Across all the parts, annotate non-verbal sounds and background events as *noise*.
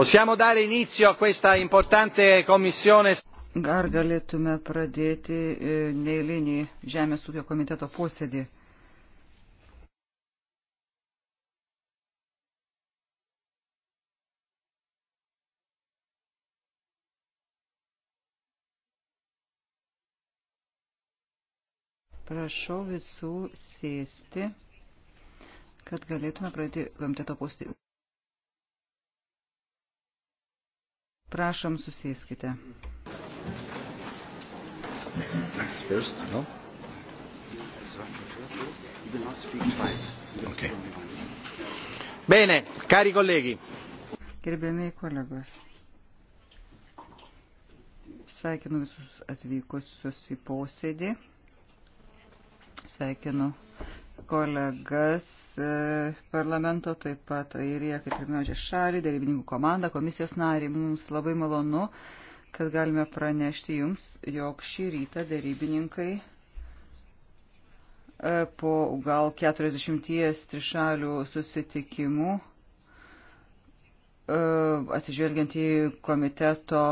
Possiamo dare inizio a questa importante commissione. Ar galėtume pradėti e, neįlinį Žemės ūkio komiteto posėdį? Prašau visų sėsti, kad galėtume pradėti komiteto posėdį. Prašom susėskite. First, no? okay. Bene, cari colleghi. Gerbiami kolegos. Sveikinu visus atvykusius į posėdį. Sveikinu kolegas e, parlamento, taip pat Airiją, kaip pirmiausia, šalį, darybininkų komandą, komisijos narį. Mums labai malonu, kad galime pranešti jums, jog šį rytą darybininkai e, po gal 40 trišalių susitikimų e, atsižvelgiant į komiteto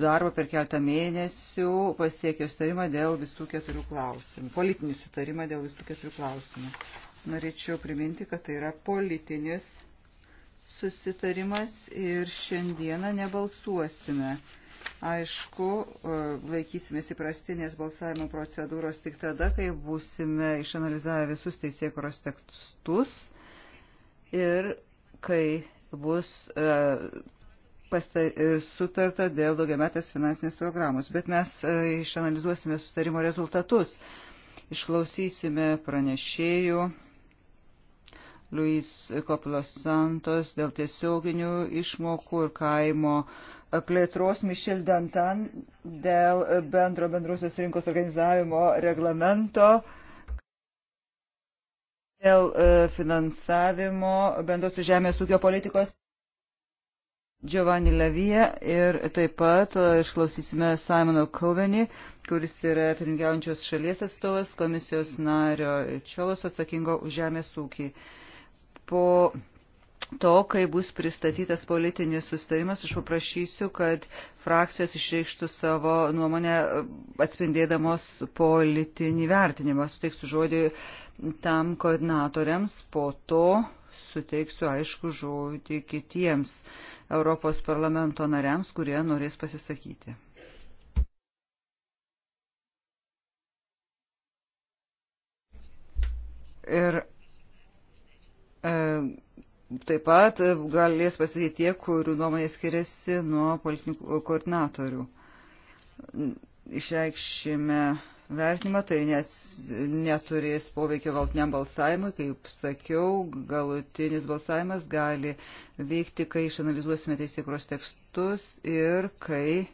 darbo per keltą mėnesių pasiekė sutarimą dėl visų keturių klausimų, politinį sutarimą dėl visų keturių klausimų. Norėčiau priminti, kad tai yra politinis susitarimas ir šiandieną nebalsuosime. Aišku, e, laikysimės įprastinės balsavimo procedūros tik tada, kai būsime išanalizavę visus teisėkuros tekstus ir kai bus e, E, sutarta dėl daugiametės finansinės programos, bet mes e, išanalizuosime sustarimo rezultatus, išklausysime pranešėjų. Luis Koplos Santos dėl tiesioginių išmokų ir kaimo plėtros Mišel Dantan dėl bendro bendrusios rinkos organizavimo reglamento dėl e, finansavimo bendros žemės ūkio politikos Giovanni Levyje ir taip pat e, išklausysime Simono Covenį, kuris yra pirmingiaujančios šalies atstovas, komisijos nario Čiolos atsakingo už žemės ūkį. Po to, kai bus pristatytas politinis sustarimas, aš paprašysiu, kad frakcijos išreikštų savo nuomonę e, atspindėdamos politinį vertinimą. Suteiksiu žodį tam koordinatoriams, po to suteiksiu aišku žodį kitiems. Uh, Europos parlamento nariams, kurie norės pasisakyti. Ir e, taip pat galės pasakyti tie, kurių nuomonė skiriasi nuo politinių koordinatorių. Išreikšime vertinimą, tai nes neturės poveikio galtiniam balsavimui. Kaip sakiau, galutinis balsavimas gali vykti, kai išanalizuosime teisėkros tekstus ir kai e,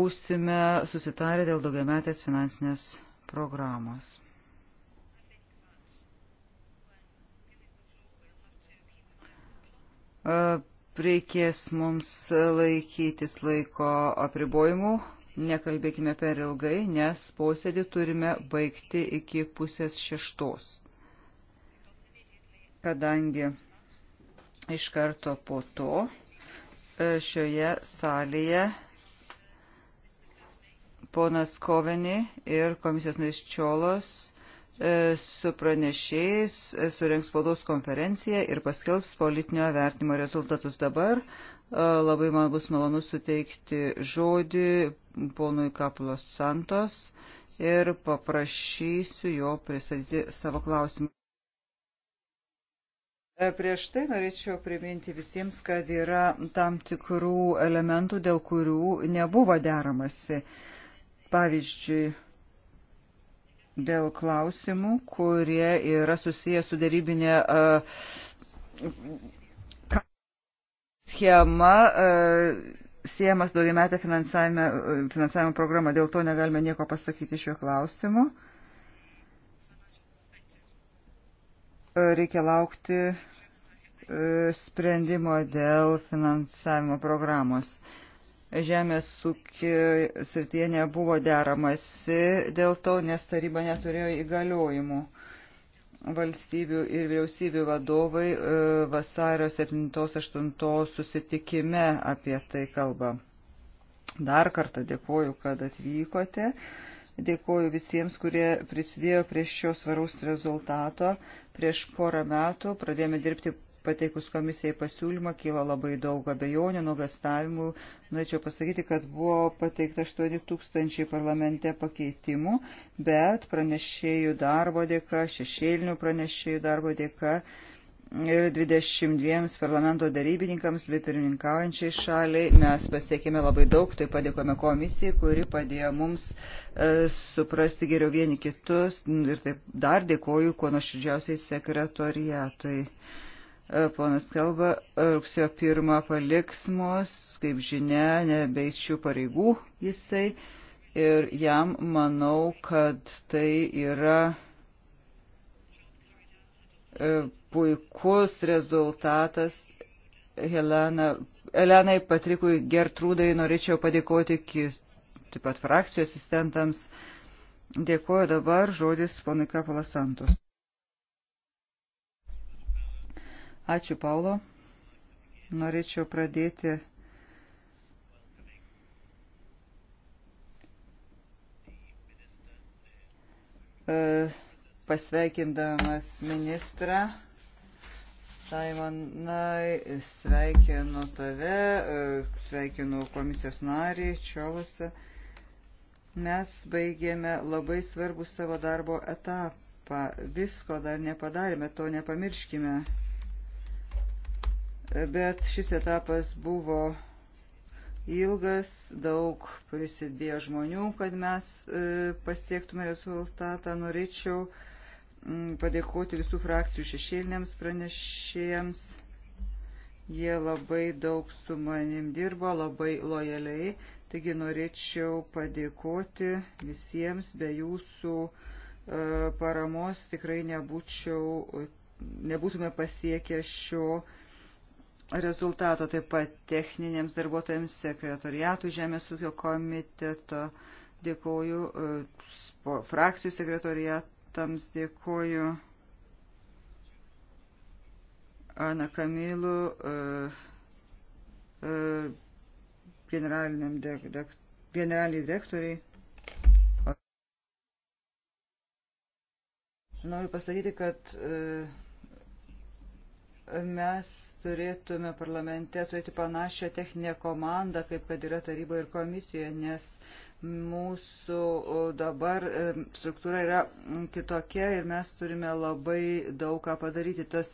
būsime susitarę dėl daugiametės finansinės programos. E, reikės mums laikytis laiko apribojimų, Nekalbėkime per ilgai, nes posėdį turime baigti iki pusės šeštos. Kadangi iš karto po to e, šioje salėje ponas Koveni ir komisijos narys Čiolos e, su pranešėjais e, surenks spaudos konferenciją ir paskelbs politinio vertinimo rezultatus dabar. Labai man bus malonu suteikti žodį ponui Kaplos Santos ir paprašysiu jo pristatyti savo klausimą. Prieš tai norėčiau priminti visiems, kad yra tam tikrų elementų, dėl kurių nebuvo deramasi. Pavyzdžiui, dėl klausimų, kurie yra susiję su darybinė schema e, siejamas daugiametę e, finansavimo, finansavimo programą, dėl to negalime nieko pasakyti šiuo klausimu. E, reikia laukti sprendimo dėl finansavimo programos. Žemės ūkio srityje nebuvo deramasi dėl to, nes taryba neturėjo įgaliojimų. Uh, valstybių ir vyriausybių vadovai e, vasario 7-8 susitikime apie tai kalba. Dar kartą dėkoju, kad atvykote. Dėkoju visiems, kurie prisidėjo prie šio svaraus rezultato. Prieš porą metų pradėjome dirbti Pateikus komisijai pasiūlymą kilo labai daug abejonių, nuogastavimų. Norėčiau pasakyti, kad buvo pateikta 8 tūkstančiai parlamente pakeitimų, bet pranešėjų darbo dėka, šešėlinių pranešėjų darbo dėka ir 22 parlamento darybininkams bei pirmininkaujančiai šaliai mes pasiekėme labai daug, tai padėkome komisijai, kuri padėjo mums e, suprasti geriau vieni kitus ir taip dar dėkoju kuo nuoširdžiausiai sekretoriatui. Tai E, ponas Kelba e, rugsėjo pirmą paliks mus, kaip žinia, nebeis šių pareigų jisai. Ir jam manau, kad tai yra e, puikus rezultatas. Helena, Elenai Patrikui Gertrūdai norėčiau padėkoti taip pat frakcijų asistentams. Dėkuoju dabar žodis ponui Kapalas Santos. Ačiū, Paulo. Norėčiau pradėti e, pasveikindamas ministrą Saimonai, sveikinu tave, e, sveikinu komisijos narį Čiolusą. Mes baigėme labai svarbų savo darbo etapą. Visko dar nepadarėme, to nepamirškime bet šis etapas buvo ilgas, daug prisidėjo žmonių, kad mes e, pasiektume rezultatą. Norėčiau mm, padėkoti visų frakcijų šešėliniams pranešėjams. Jie labai daug su manim dirbo, labai lojaliai. Taigi norėčiau padėkoti visiems, be jūsų e, paramos tikrai nebūčiau, nebūtume pasiekę šio rezultato taip pat techniniams darbuotojams sekretoriatų Žemės ūkio komiteto. Dėkoju e, frakcijų sekretoriatams, dėkoju Ana Kamilų, e, e, generaliniam direktoriui, generaliniai direktoriai. Noriu pasakyti, kad e, mes turėtume parlamente turėti panašią techninę komandą, kaip kad yra taryboje ir komisijoje, nes mūsų dabar e, struktūra yra kitokia ir mes turime labai daug ką padaryti. Tas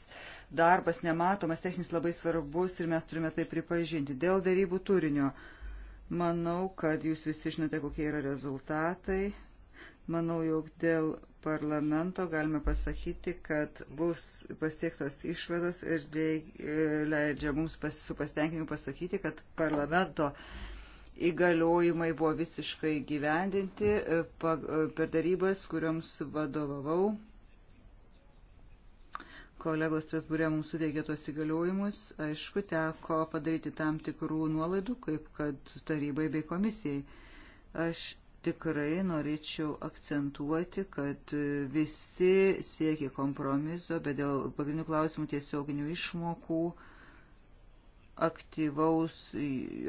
darbas nematomas, techninis labai svarbus ir mes turime tai pripažinti. Dėl darybų turinio. Manau, kad jūs visi žinote, kokie yra rezultatai. Manau, jog dėl parlamento galime pasakyti, kad bus pasiektos išvados ir e, leidžia mums pas, su pasitenkinimu pasakyti, kad parlamento įgaliojimai buvo visiškai gyvendinti e, e, per darybas, kuriams vadovavau. Kolegos Strasbūrė mums suteikė tuos įgaliojimus. Aišku, teko padaryti tam tikrų nuolaidų, kaip kad tarybai bei komisijai. Aš tikrai norėčiau akcentuoti, kad visi siekia kompromiso, bet dėl pagrindinių klausimų tiesioginių išmokų, aktyvaus,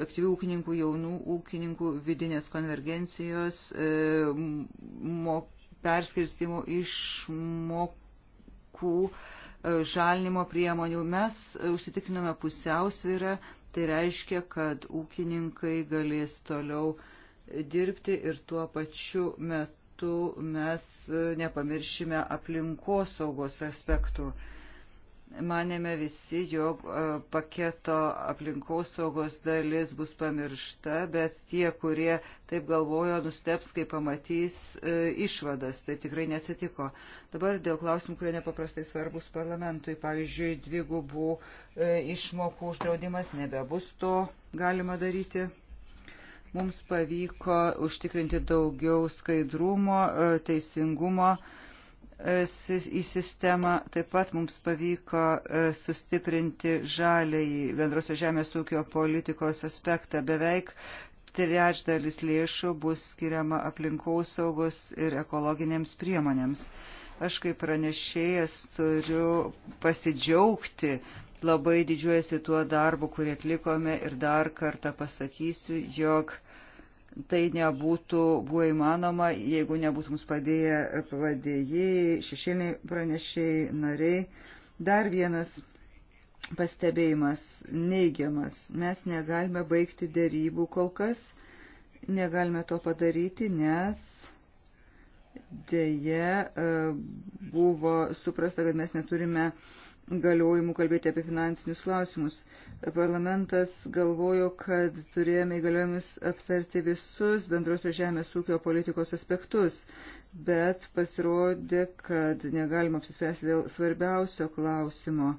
aktyvių ūkininkų, jaunų ūkininkų, vidinės konvergencijos, e, perskirstimų išmokų, e, žalinimo priemonių. Mes užsitikrinome pusiausvyrą, tai reiškia, kad ūkininkai galės toliau uh, dirbti ir tuo pačiu metu mes e, nepamiršime aplinkosaugos aspektų. Manėme visi, jog e, paketo aplinkosaugos dalis bus pamiršta, bet tie, kurie taip galvojo, nusteps, kai pamatys e, išvadas. Tai tikrai neatsitiko. Dabar dėl klausimų, kurie nepaprastai svarbus parlamentui. Pavyzdžiui, dvigubų išmokų uždraudimas nebebus to galima daryti mums pavyko užtikrinti daugiau skaidrumo, e, teisingumo e, į sistemą. Taip pat mums pavyko e, sustiprinti žaliai bendrosios žemės ūkio politikos aspektą. Beveik trečdalis lėšų bus skiriama aplinkosaugos ir ekologinėms priemonėms. Aš kaip pranešėjas turiu pasidžiaugti Labai didžiuojasi tuo darbu, kurį atlikome ir dar kartą pasakysiu, jog tai nebūtų buvo įmanoma, jeigu nebūtų mums padėję padėjėjai, šešėliai pranešėjai, nariai. Dar vienas pastebėjimas neigiamas. Mes negalime baigti dėrybų kol kas, negalime to padaryti, nes dėje e, buvo suprasta, kad mes neturime uh, galiojimų kalbėti apie finansinius klausimus. Parlamentas galvojo, kad turėjome įgaliojimus aptarti visus bendrosios žemės ūkio politikos aspektus, bet pasirodė, kad negalima apsispręsti dėl svarbiausio klausimo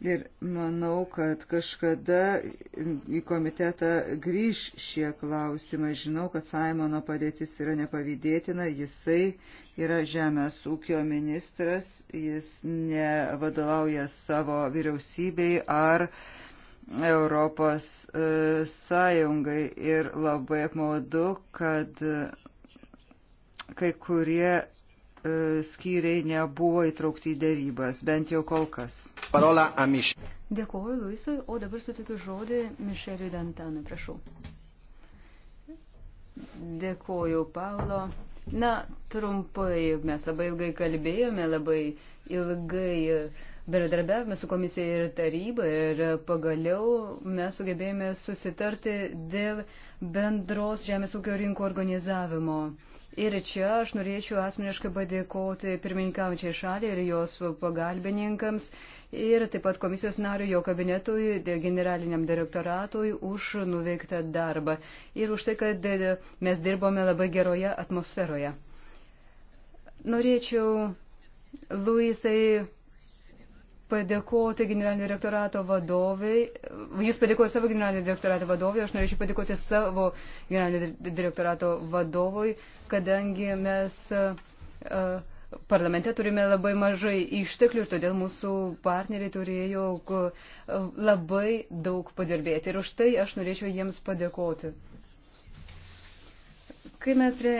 Ir manau, kad kažkada į komitetą grįž šie klausimai. Žinau, kad Saimono padėtis yra nepavydėtina, jisai yra žemės ūkio ministras, jis nevadovauja savo vyriausybei ar Europos e, Sąjungai. Ir labai apmaudu, kad kai kurie E, skyriai nebuvo įtraukti į dėrybas, bent jau kol kas. Parola Amiš. Dėkuoju Luisui, o dabar sutikiu žodį Mišeliui Dantanui, prašau. Dėkuoju, Paulo. Na, trumpai, mes labai ilgai kalbėjome, labai ilgai bendradarbiavome su komisija ir taryba ir pagaliau mes sugebėjome susitarti dėl bendros žemės ūkio rinkų organizavimo. Ir čia aš norėčiau asmeniškai padėkoti pirmininkaujančiai šaliai ir jos pagalbininkams ir taip pat komisijos nariu, jo kabinetui, generaliniam direktoratui už nuveiktą darbą ir už tai, kad mes dirbome labai geroje atmosferoje. Norėčiau, Luisai, padėkoti generalinio direktorato vadoviai. Jis padėkojo savo generalinio direktorato vadovui, aš norėčiau padėkoti savo generalinio direktorato vadovui, kadangi mes parlamente turime labai mažai išteklių ir todėl mūsų partneriai turėjo labai daug padirbėti. Ir už tai aš norėčiau jiems padėkoti. Kai mes re,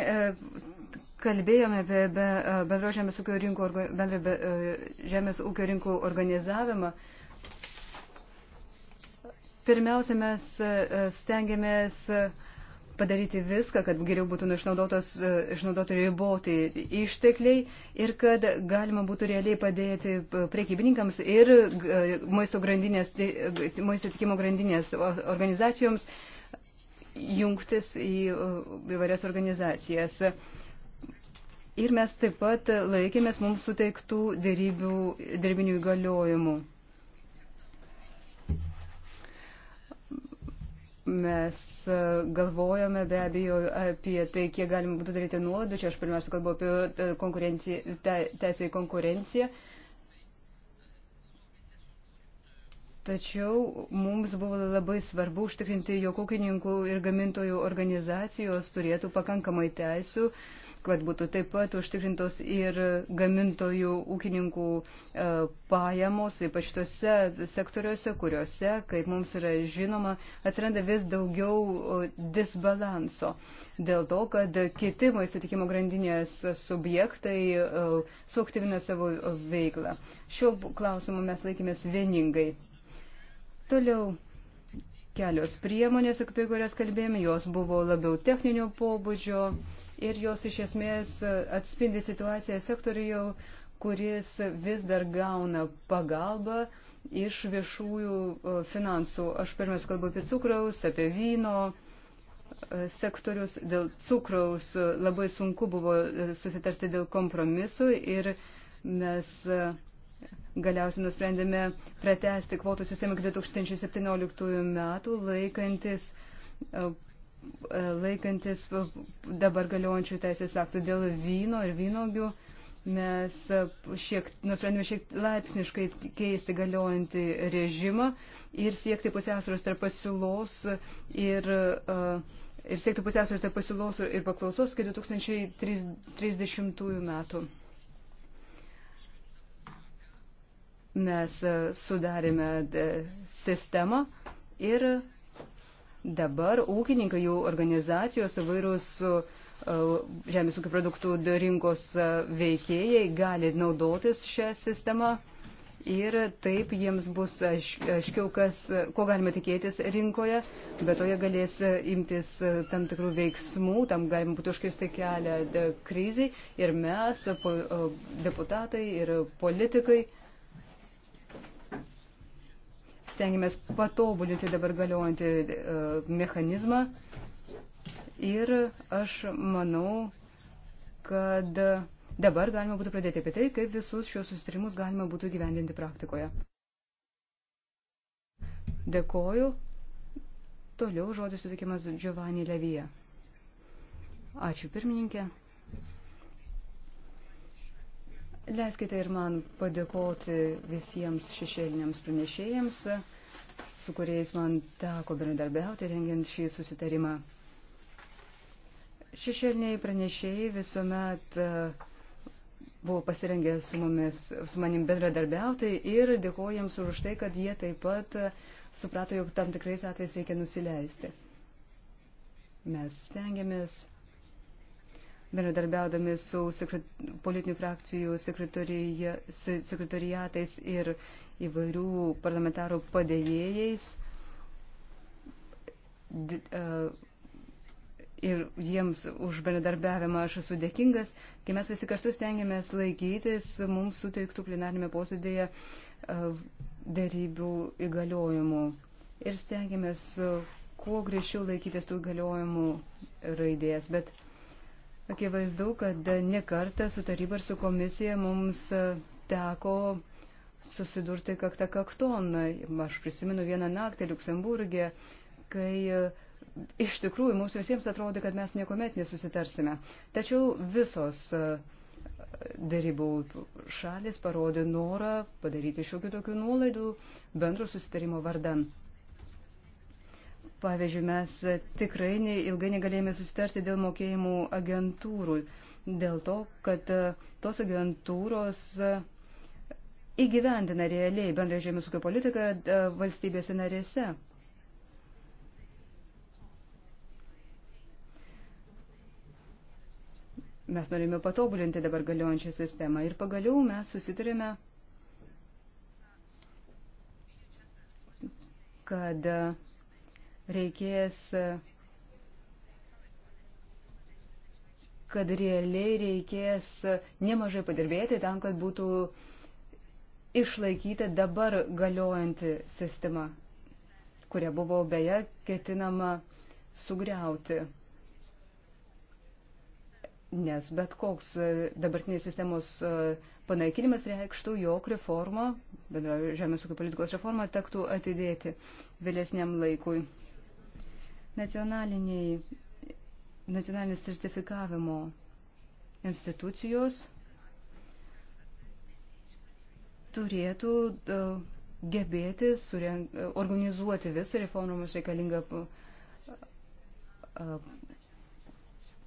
kalbėjome apie be, e, bendro žemės ūkio rinkų, bendro be, e, žemės ūkio rinkų organizavimą, pirmiausia, mes e, stengiamės padaryti viską, kad geriau būtų išnaudoti riboti ištekliai ir kad galima būtų realiai padėti priekybininkams ir maisto, grandinės, maisto tikimo grandinės organizacijoms jungtis į įvairias organizacijas. Ir mes taip pat laikėmės mums suteiktų dėrybių, dėrybinių įgaliojimų. Mes e, galvojame be abejo apie tai, kiek galima būtų daryti nuodų. Čia aš pirmiausia kalbu apie e, teisę į konkurenciją. Tačiau mums buvo labai svarbu užtikrinti, jog ūkininkų ir gamintojų organizacijos turėtų pakankamai teisų uh, kad būtų taip pat užtikrintos ir gamintojų ūkininkų e, pajamos, ypač tose sektoriuose, kuriuose, kaip mums yra žinoma, atsiranda vis daugiau disbalanso. Dėl to, kad kiti maisto tikimo grandinės subjektai e, suaktyvina savo veiklą. Šiuo klausimu mes laikėmės vieningai. Toliau kelios priemonės, apie kurias kalbėjome, jos buvo labiau techninio pobūdžio ir jos iš esmės atspindi situaciją sektorijoje, kuris vis dar gauna pagalbą iš viešųjų e, finansų. Aš pirmiausia kalbu apie cukraus, apie vyno e, sektorius. Dėl cukraus e, labai sunku buvo susitarti dėl kompromisu ir mes uh, Galiausiai nusprendėme pratesti kvotų sistemą iki 2017 metų, laikantis, e, e, laikantis dabar galiojančių teisės aktų dėl vyno ir vynogių. Mes e, šiek, nusprendėme šiek laipsniškai keisti galiojantį režimą ir siekti pusiausvėros tarp pasiūlos ir, ir siekti pusiausvėros tarp pasiūlos ir paklausos iki 2030 metų. mes e, sudarėme e, sistemą ir dabar ūkininkai, jų organizacijos, vairūs e, žemės ūkio produktų rinkos veikėjai gali naudotis šią sistemą ir taip jiems bus aiškiau, kas, ko galime tikėtis rinkoje, bet to jie galės imtis tam tikrų veiksmų, tam galima būtų užkirsti kelią krizį ir mes, deputatai ir politikai stengiamės patobulinti dabar galiojantį e, mechanizmą ir aš manau, kad dabar galima būtų pradėti apie tai, kaip visus šios susitarimus galima būtų gyvendinti praktikoje. Dėkoju. Toliau žodis sutikimas Giovanni Levija. Ačiū pirmininkė. Leiskite ir man padėkoti visiems šešėliniams pranešėjams, su kuriais man teko bendradarbiauti rengiant šį susitarimą. Šešėliniai pranešėjai visuomet e, buvo pasirengę su, mumis, su manim bendradarbiauti ir dėkoju jiems už tai, kad jie taip pat e, suprato, jog tam tikrais atvejais reikia nusileisti. Mes stengiamės bendradarbiaudami su sekret, politinių frakcijų sekretoriatais ir įvairių parlamentarų padėjėjais. D, uh, ir jiems už bendradarbiavimą aš esu dėkingas, kai mes visi kartu stengiamės laikytis mums suteiktų plenarinėme posėdėje uh, dėrybių įgaliojimų. Ir stengiamės uh, kuo greičiau laikytis tų įgaliojimų raidės. Bet uh, Akivaizdu, kad nekartą su taryba ir su komisija mums e, teko susidurti kaktą kakton. Aš prisimenu vieną naktį Luksemburgė, kai e, iš tikrųjų mums visiems atrodė, kad mes niekuomet nesusitarsime. Tačiau visos e, dėrybų šalis parodė norą padaryti šiokių tokių nuolaidų bendro susitarimo vardan. Pavyzdžiui, mes tikrai ilgai negalėjome susitarti dėl mokėjimų agentūrų, dėl to, kad e, tos agentūros e, įgyvendina realiai bendrą žemės ūkio politiką e, valstybėse narėse. Mes norime patobulinti dabar galiojančią sistemą ir pagaliau mes susitarėme, kad reikės, kad realiai reikės nemažai padirbėti tam, kad būtų išlaikyti dabar galiojanti sistema, kurią buvo beje ketinama sugriauti. Nes bet koks e, dabartinės sistemos e, panaikinimas reikštų, jog reforma, bendra žemės ūkio politikos reforma, tektų atidėti vėlesniam laikui nacionalinės sertifikavimo institucijos turėtų gebėti sureng, organizuoti visą reformomis reikalingą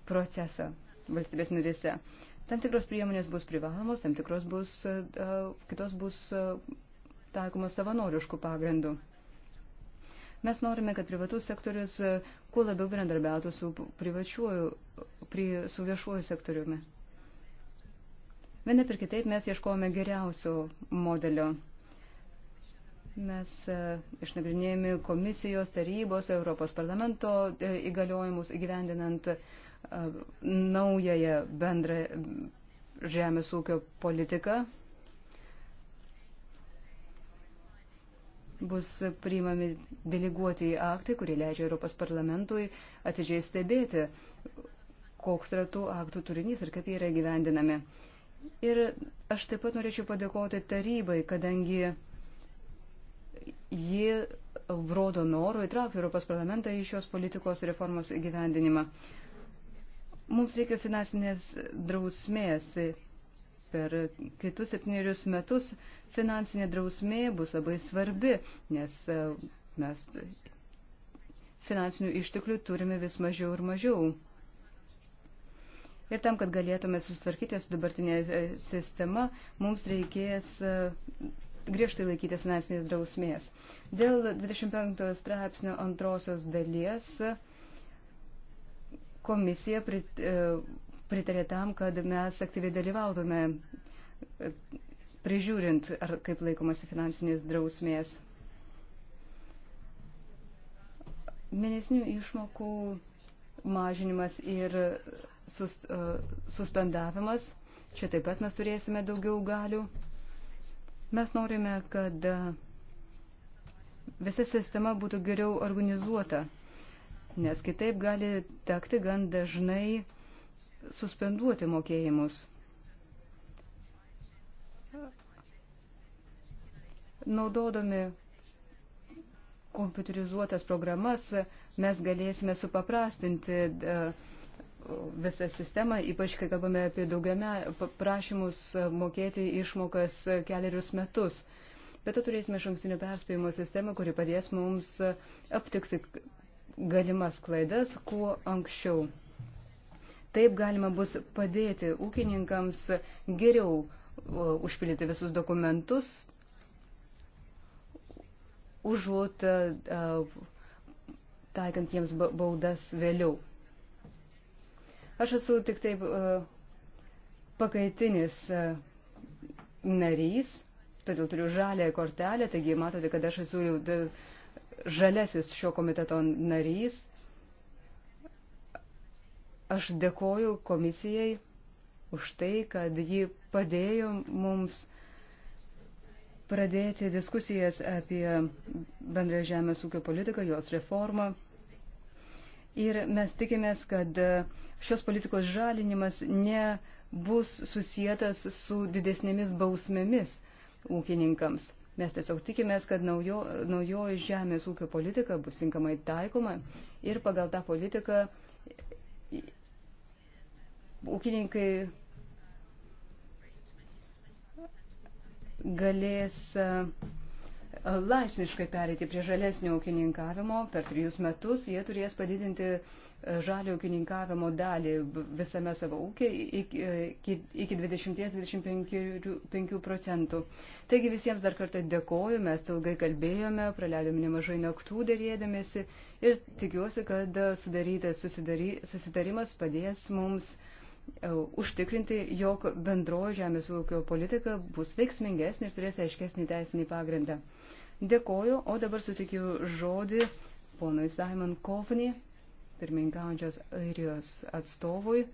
procesą valstybės narėse. Tam tikros priemonės bus privalomos, tam tikros bus, kitos bus taikomos savanoriškų pagrindų. Mes norime, kad privatus sektorius e, kuo labiau bendradarbiautų su, pri, su viešuoju sektoriumi. Viena per kitaip mes ieškojame geriausio modelio. Mes e, išnagrinėjame komisijos, tarybos, Europos parlamento e, įgaliojimus įgyvendinant naująją bendrą žemės ūkio politiką. bus priimami deleguoti į aktai, kurie leidžia Europos parlamentui atidžiai stebėti, koks yra tų aktų turinys ir kaip jie yra gyvendinami. Ir aš taip pat norėčiau padėkoti tarybai, kadangi ji rodo norų įtraukti Europos parlamentą į šios politikos reformos gyvendinimą. Mums reikia finansinės drausmės per kitus septynerius metus finansinė drausmė bus labai svarbi, nes e, mes finansinių išteklių turime vis mažiau ir mažiau. Ir tam, kad galėtume sustvarkyti su dabartinė e, sistema, mums reikės e, griežtai laikytis finansinės drausmės. Dėl 25 straipsnio antrosios dalies komisija prit, pritarė tam, kad mes aktyviai dalyvautume e, prižiūrint, ar kaip laikomasi finansinės drausmės. Mėnesnių išmokų mažinimas ir sus, uh, suspendavimas. Čia taip pat mes turėsime daugiau galių. Mes norime, kad e, visa sistema būtų geriau organizuota, nes kitaip gali tekti gan dažnai uh, suspenduoti mokėjimus. Naudodami kompiuterizuotas programas mes galėsime supaprastinti e, visą sistemą, ypač kai kalbame apie daugiame prašymus mokėti išmokas keliarius metus. Bet to turėsime šankstinio perspėjimo sistemą, kuri padės mums aptikti galimas klaidas kuo anksčiau. Taip galima bus padėti ūkininkams geriau užpildyti visus dokumentus, užuot e, e, taikant jiems baudas vėliau. Aš esu tik taip e, pakaitinis narys, todėl turiu žalę kortelę, taigi matote, kad aš esu jau žalesis šio komiteto narys. Aš dėkoju komisijai už tai, kad ji padėjo mums pradėti diskusijas apie bendrąją žemės ūkio politiką, jos reformą. Ir mes tikimės, kad šios politikos žalinimas nebus susijęs su didesnėmis bausmėmis ūkininkams. Mes tiesiog tikimės, kad naujo, naujoji žemės ūkio politika bus tinkamai taikoma ir pagal tą politiką ūkininkai galės e, laipsniškai perėti prie žalesnio ūkininkavimo. Per trijus metus jie turės padidinti e, žalio ūkininkavimo dalį visame savo ūkė iki, e, iki 20-25 procentų. Taigi visiems dar kartą dėkoju, mes ilgai kalbėjome, praleidome nemažai naktų dėrėdamėsi ir tikiuosi, kad sudarytas susitarimas padės mums uh, E, užtikrinti, jog bendroji žemės ūkio politika bus veiksmingesnė ir turės aiškesnį teisinį pagrindą. Dėkoju, o dabar sutikiu žodį ponui Simon Kovnį, pirmininkaujančios airijos atstovui.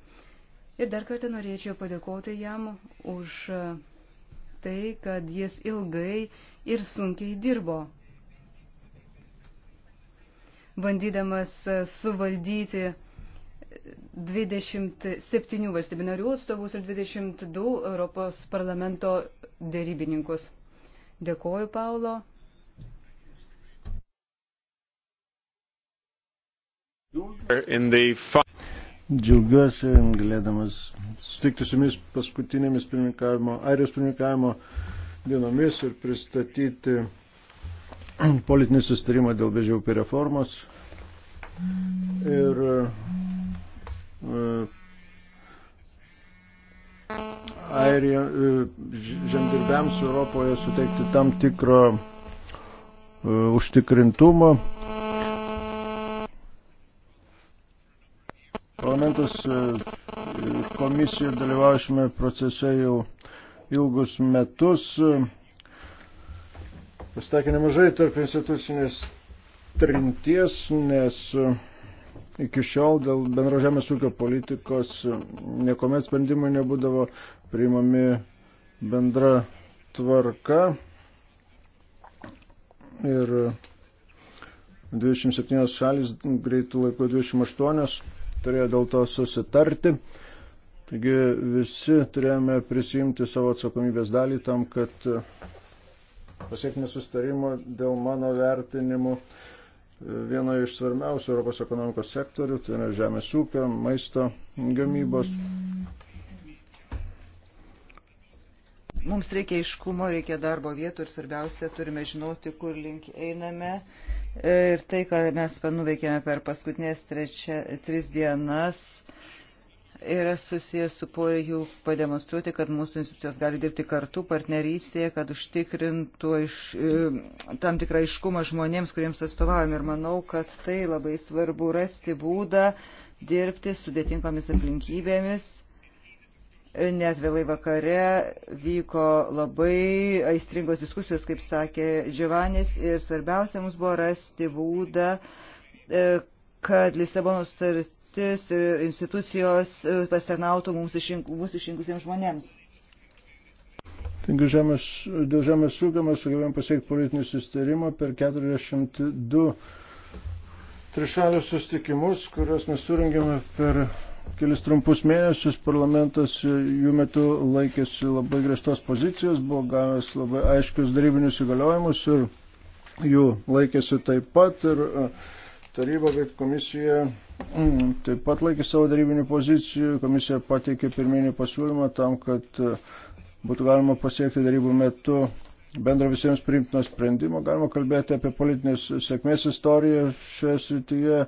Ir dar kartą norėčiau padėkoti jam už tai, kad jis ilgai ir sunkiai dirbo, bandydamas suvaldyti 27 valstybių narių atstovus ir 22 Europos parlamento dėrybininkus. Dėkoju, Paulo. Džiaugiuosi, galėdamas sutikti su jumis paskutinėmis pirmininkavimo, airijos pirmininkavimo dienomis ir pristatyti politinį sustarimą dėl bežiaupį reformos ir e, Airija e, žemdirbiams Europoje suteikti tam tikrą e, užtikrintumą. Parlamentas ir komisija dalyvauja šiame procese jau ilgus metus. Pastakė nemažai tarp institucinės trinties, nes iki šiol dėl bendro žemės ūkio politikos niekuomet sprendimai nebūdavo priimami bendra tvarka. Ir 27 šalis greitų laikų 28 turėjo dėl to susitarti. Taigi visi turėjome prisijimti savo atsakomybės dalį tam, kad pasiekime sustarimo dėl mano vertinimų vieno iš svarbiausių Europos ekonomikos sektorių, tai yra žemės ūkio, maisto gamybos. Mums reikia iškumo, reikia darbo vietų ir svarbiausia, turime žinoti, kur link einame. E, ir tai, ką mes nuveikėme per paskutinės trečia, tris dienas, yra susijęs su poreikiu pademonstruoti, kad mūsų institucijos gali dirbti kartu partnerystėje, kad užtikrintų iš, e, tam tikrą iškumą žmonėms, kuriems atstovavom. Ir manau, kad tai labai svarbu rasti būdą dirbti sudėtingomis aplinkybėmis. Net vėlai vakare vyko labai aistringos diskusijos, kaip sakė Džiovanis, ir svarbiausia mums buvo rasti būdą, e, kad Lisabonos sutartis patys ir institucijos e, pasitarnautų mums išink, mūsų išrinkusiems žmonėms. Taigi žemės, dėl žemės ūkio mes sugebėjom pasiekti politinį sustarimą per 42 trišalius sustikimus, kuriuos mes surengėme per kelis trumpus mėnesius. Parlamentas jų metu laikėsi labai griežtos pozicijos, buvo gavęs labai aiškius darybinius įgaliojimus ir jų laikėsi taip pat. Ir, uh, Taryba kaip komisija mm, taip pat laikė savo darybinių pozicijų, komisija pateikė pirminį pasiūlymą tam, kad e, būtų galima pasiekti darybų metu bendro visiems priimtino sprendimo. Galima kalbėti apie politinės sėkmės istoriją šioje srityje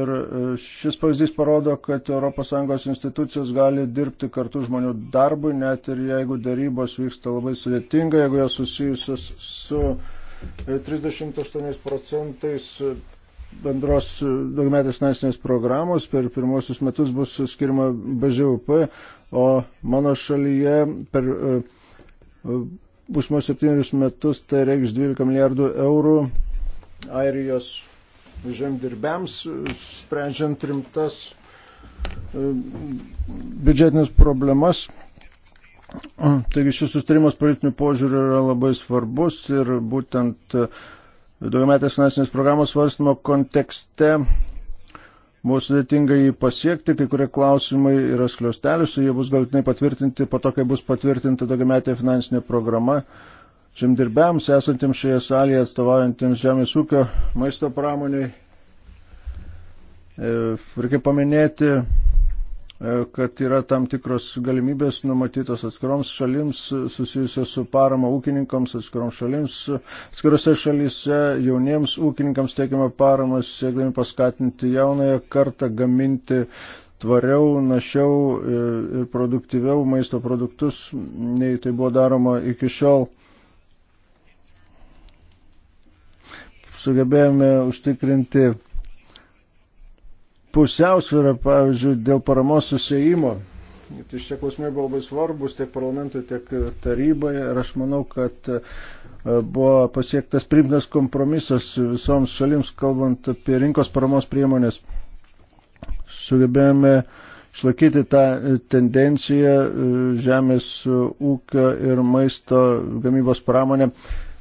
ir e, šis pavyzdys parodo, kad ES institucijos gali dirbti kartu žmonių darbui, net ir jeigu darybos vyksta labai sudėtinga, jeigu jos susijusios su 38 e, procentais bendros e, daugmetės finansinės programos per pirmosius metus bus skirma BŽUP, o mano šalyje per e, e, būsimo septynius metus tai reiks 12 milijardų eurų Airijos žemdirbiams, sprendžiant rimtas biudžetinės problemas. Taigi šis sustarimas politinių požiūrių yra labai svarbus ir būtent uh, daugiametės finansinės programos svarstymo kontekste buvo sudėtinga jį pasiekti, kai kurie klausimai yra skliaustelius, jie bus galtinai patvirtinti, po to, kai bus patvirtinta daugiametė finansinė programa. Žemdirbėms, esantiems šioje salėje, atstovaujantiems žemės ūkio maisto pramoniai, e, reikia paminėti E, kad yra tam tikros galimybės numatytos atskiroms šalims susijusios su parama ūkininkams, atskiroms šalims, atskirose šalyse jauniems ūkininkams teikiama parama, siekdami paskatinti jaunąją kartą gaminti tvariau, našiau e, ir produktyviau maisto produktus, nei tai buvo daroma iki šiol. Sugebėjome užtikrinti pusiausvyrą, pavyzdžiui, dėl paramos susėjimo. Tai šie klausimai buvo labai svarbus tiek parlamentui, tiek tarybai ir aš manau, kad e, buvo pasiektas primtas kompromisas visoms šalims, kalbant apie rinkos paramos priemonės. Sugebėjome išlaikyti tą e, tendenciją e, žemės ūkio ir maisto gamybos pramonė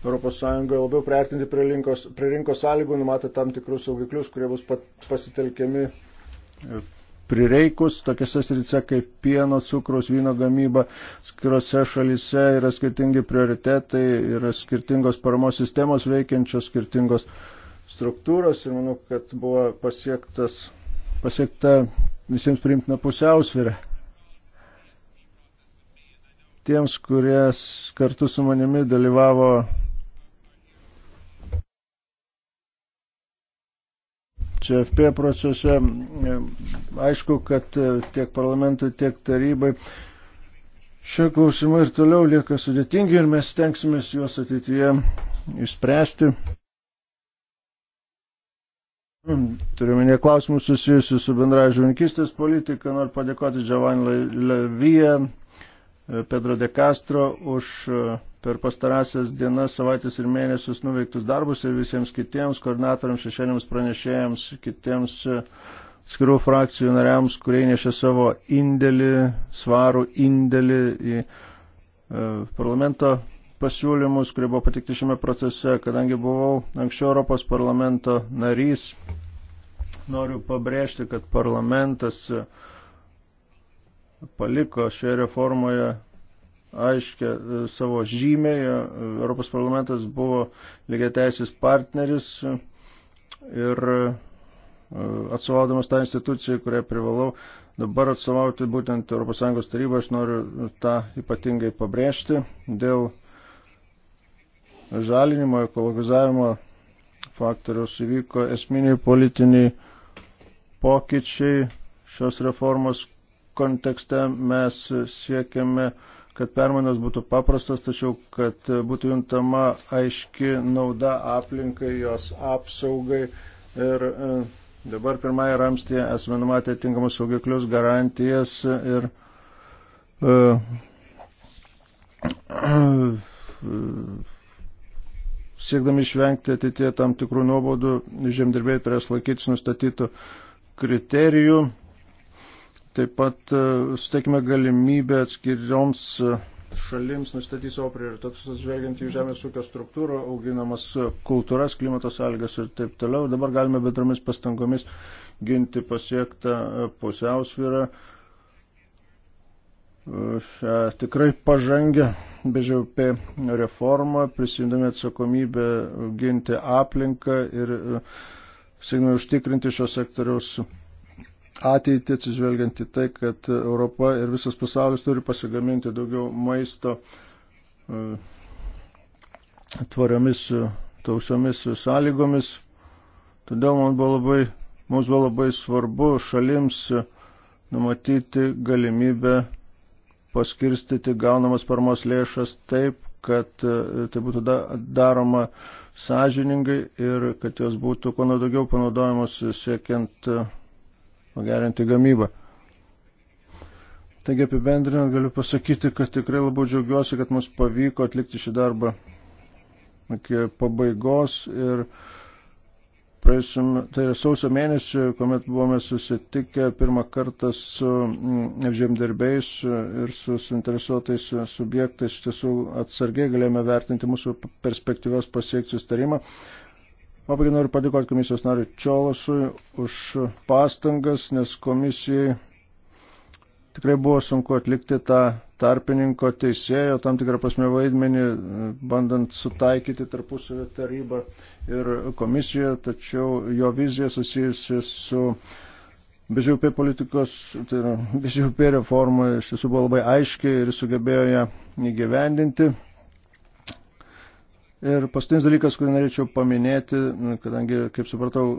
ES labiau priartinti prie rinkos, prie rinkos sąlygų, numatė tam tikrus saugiklius, kurie bus pasitelkiami e, prireikus, tokiose srityse kaip pieno, cukraus, vyno gamyba, skiriose šalyse yra skirtingi prioritetai, yra skirtingos paramos sistemos veikiančios, skirtingos struktūros ir manau, kad buvo pasiektas, pasiekta visiems priimtina pusiausvyrė tiems, kurie kartu su manimi dalyvavo CFP procese. Aišku, kad e, tiek parlamentui, tiek tarybai šie klausimai ir toliau lieka sudėtingi ir mes tenksimės juos ateityje išspręsti. Turiuomenė klausimus susijusius su bendra žuvininkistės politika. Noriu padėkoti Džavan Levyje, Pedro de Castro už e, per pastarąsias dienas, savaitės ir mėnesius nuveiktus darbus ir visiems kitiems koordinatoriams, šešėliams pranešėjams, kitiems e, skirų frakcijų nariams, kurie nešė savo indėlį, svarų indėlį į e, parlamento pasiūlymus, kurie buvo patikti šiame procese, kadangi buvau anksčiau Europos parlamento narys. Noriu pabrėžti, kad parlamentas uh, paliko šioje reformoje aiškia e, savo žymę. E, Europos parlamentas buvo lygiai teisės partneris ir e, atsovaudamas tą instituciją, kurią privalau dabar atsovauti būtent ES tarybą, aš noriu tą ypatingai pabrėžti dėl žalinimo, ekologizavimo faktoriaus įvyko esminiai politiniai pokyčiai šios reformos kontekste mes siekiame, kad permainos būtų paprastas, tačiau kad būtų juntama aiški nauda aplinkai, jos apsaugai. Ir e, dabar pirmąją ramstį esame numatę tinkamus saugiklius, garantijas ir e, siekdami išvengti ateitie tam tikrų nuobaudų, žemdirbėjai turės laikytis nustatytų kriterijų Taip pat e, suteikime galimybę atskirioms e, šalims nustatyti savo prioritetus, atsvelgiant į žemės ūkio struktūrą, auginamas e, kultūras, klimato sąlygas ir taip toliau. Dabar galime bedromis pastangomis ginti pasiektą pusiausvyrą šią tikrai pažangę BŽP reformą, prisimdami atsakomybę ginti aplinką ir siekime užtikrinti šios sektoriaus ateitį, atsižvelgiant į tai, kad Europa ir visas pasaulis turi pasigaminti daugiau maisto e, tvariomis e, tausiomis sąlygomis. Todėl man buvo labai, mums buvo labai svarbu šalims e, numatyti galimybę paskirstyti gaunamas paramos lėšas taip, kad tai būtų daroma sąžiningai ir kad jos būtų kuo daugiau panaudojamos siekiant pagerinti gamybą. Taigi apibendrinant galiu pasakyti, kad tikrai labai džiaugiuosi, kad mums pavyko atlikti šį darbą iki pabaigos ir praėjusim, tai yra sausio mėnesį, kuomet buvome susitikę pirmą kartą su mm, žemdirbiais ir su suinteresuotais subjektais, iš tiesų atsargiai galėjome vertinti mūsų perspektyvos pasiekti sustarimą. Pabaigai noriu padėkoti komisijos nariu Čiolasui už pastangas, nes komisijai tikrai buvo sunku atlikti tą tarpininko teisėjo tam tikrą prasme vaidmenį, bandant sutaikyti tarpusavio tarybą ir komisiją, tačiau jo vizija susijusi su BŽUP politikos, tai yra *laughs* BŽUP reforma iš tiesų buvo labai aiški ir sugebėjo ją įgyvendinti. Ir paskutinis dalykas, kurį norėčiau paminėti, kadangi, kaip supratau,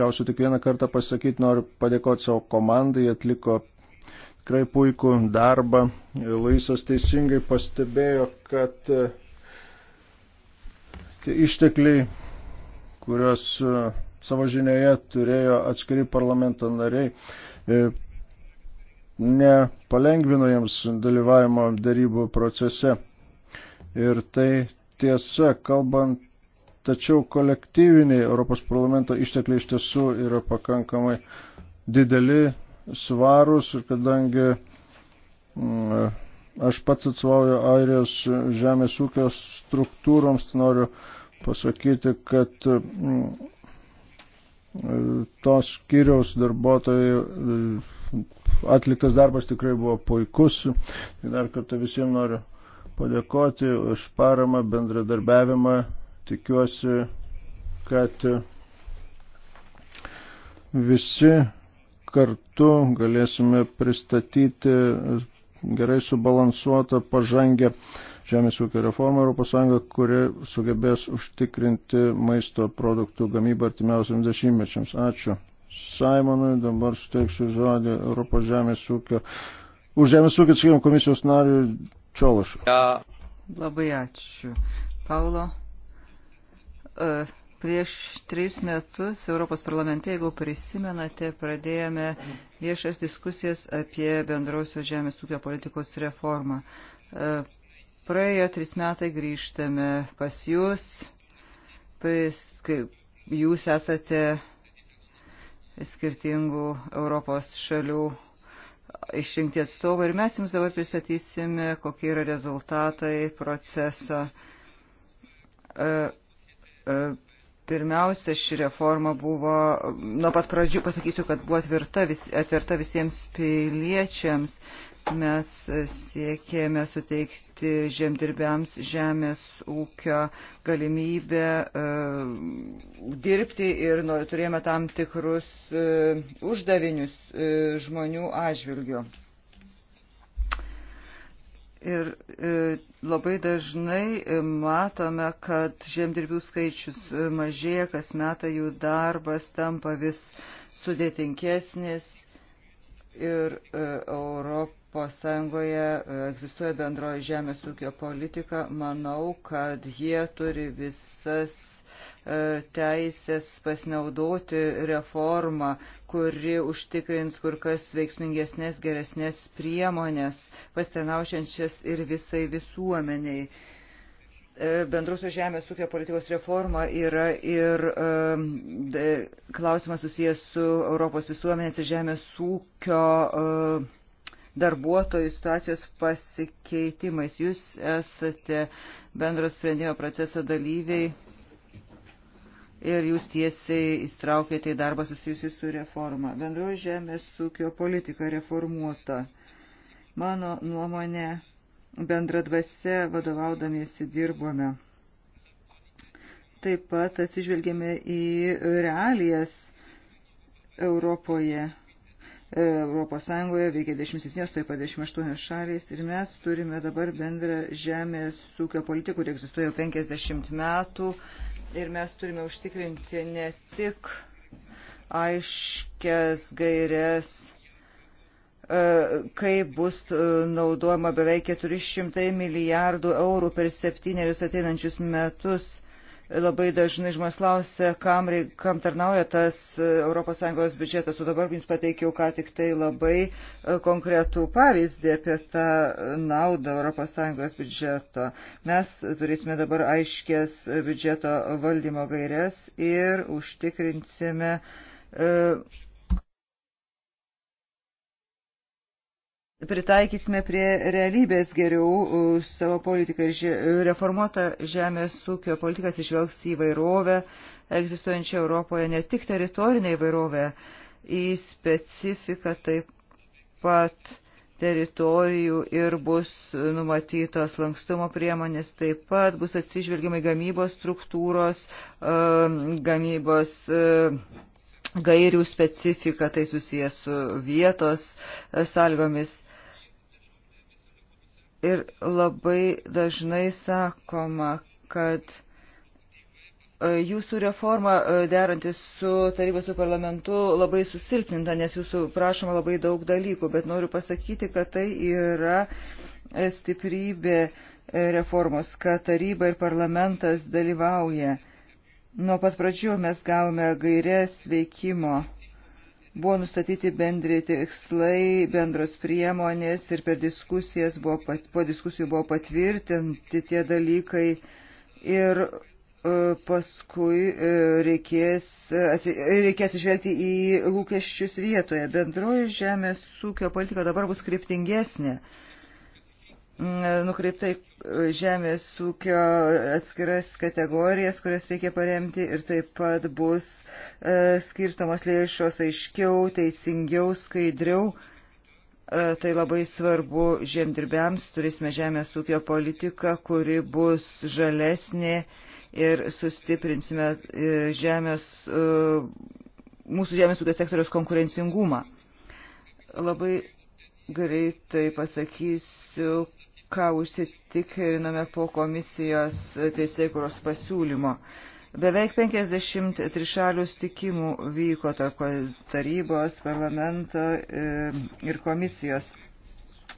gausiu tik vieną kartą pasakyti, noriu padėkoti savo komandai, atliko tikrai puikų darbą. Luisas teisingai pastebėjo, kad e, tie ištekliai, kuriuos e, savo žinioje turėjo atskiri parlamento nariai, e, nepalengvino jiems dalyvavimo darybų procese. Ir tai tiesa, kalbant, tačiau kolektyviniai Europos parlamento ištekliai iš tiesų yra pakankamai dideli, svarūs ir kadangi mm, aš pats atsvauju Airijos žemės ūkio struktūroms, tai noriu pasakyti, kad mm, tos skyriaus darbuotojai atliktas darbas tikrai buvo puikus. Tai dar kartą visiems noriu padėkoti už paramą, bendradarbiavimą. Tikiuosi, kad visi kartu galėsime pristatyti gerai subalansuotą pažangę žemės ūkio reformą ES, kuri sugebės užtikrinti maisto produktų gamybą artimiausiams dešimtmečiams. Ačiū. Simonui dabar suteiksiu žodį Europos žemės ūkio. Už žemės ūkio, sakykime, komisijos nariui Čiolaš. Labai ačiū. Paulo, e, prieš trejus metus Europos parlamente, jeigu prisimenate, pradėjome viešas diskusijas apie bendrausios žemės ūkio politikos reformą. E, praėjo trys metai grįžtame pas jūs, jūs esate skirtingų Europos šalių išrinkti atstovai ir mes jums dabar pristatysime, kokie yra rezultatai proceso. E, e, pirmiausia, ši reforma buvo, nuo pat pradžių pasakysiu, kad buvo atverta, vis, atverta visiems piliečiams. Mes siekėme suteikti žemdirbiams žemės ūkio galimybę e, dirbti ir nu, turėjome tam tikrus e, uždavinius e, žmonių atžvilgių. Ir e, labai dažnai e, matome, kad žemdirbių skaičius e, mažėja, kas metą jų darbas tampa vis sudėtingesnis ir e, Europos ES e, egzistuoja bendroji žemės ūkio politika, manau, kad jie turi visas e, teisės pasinaudoti reformą, kuri užtikrins kur kas veiksmingesnės, geresnės priemonės, pastarnaušiančias ir visai visuomeniai. E, Bendrusios žemės ūkio politikos reforma yra ir klausimas susijęs su Europos visuomenės ir žemės ūkio darbuotojų situacijos pasikeitimais. Jūs esate bendro sprendimo proceso dalyviai ir jūs tiesiai įstraukėte į darbą susijusi su reforma. Bendro žemės ūkio politika reformuota. Mano nuomonė, bendra dvasia vadovaudamiesi dirbome. Taip pat atsižvelgėme į realijas Europoje Europos Sąjungoje veikia 27, taip pat 28 šalys ir mes turime dabar bendrą žemės ūkio politiką, kuri egzistuoja jau 50 metų ir mes turime užtikrinti ne tik aiškias gairias, e, kaip bus e, naudojama beveik 400 milijardų eurų per septynerius ateinančius metus Labai dažnai žmonės klausia, kam, reik, kam tarnauja tas ES biudžetas, o dabar jums pateikiau ką tik tai labai e, konkretų pavyzdį apie tą e, naudą ES biudžeto. Mes turėsime dabar aiškės e, biudžeto valdymo gairias ir užtikrinsime. E, pritaikysime prie realybės geriau savo politiką ir reformuota žemės ūkio politika atsižvelgs į vairovę, egzistuojančią Europoje, ne tik teritorinę įvairovę, į specifiką taip pat teritorijų ir bus numatytos lankstumo priemonės, taip pat bus atsižvelgiamai gamybos struktūros, um, gamybos um, gairių specifika, tai susijęs su vietos e, sąlygomis. Ir labai dažnai sakoma, kad e, jūsų reforma e, derantis su taryba su parlamentu labai susilpninta, nes jūsų prašoma labai daug dalykų, bet noriu pasakyti, kad tai yra stiprybė reformos, kad taryba ir parlamentas dalyvauja Nuo pat pradžių mes gavome gairės veikimo. Buvo nustatyti bendri tikslai, bendros priemonės ir per diskusijas buvo, pat, po diskusijų buvo patvirtinti tie dalykai. Ir e, paskui e, reikės, reikės išvelgti į lūkesčius vietoje. Bendroji žemės ūkio politika dabar bus kryptingesnė. Ne nukreiptai e, žemės ūkio atskiras kategorijas, kurias reikia paremti ir taip pat bus e, skirstamos lėšos aiškiau, teisingiau, skaidriau. E, tai labai svarbu žemdirbiams, turėsime žemės ūkio politiką, kuri bus žalesnė ir sustiprinsime žemės, mūsų žemės ūkio sektoriaus konkurencingumą. Labai greitai pasakysiu, ką užsitikrinome po komisijos teisėkuros pasiūlymo. Beveik 50 trišalių stikimų vyko tarp tarybos, parlamento e, ir komisijos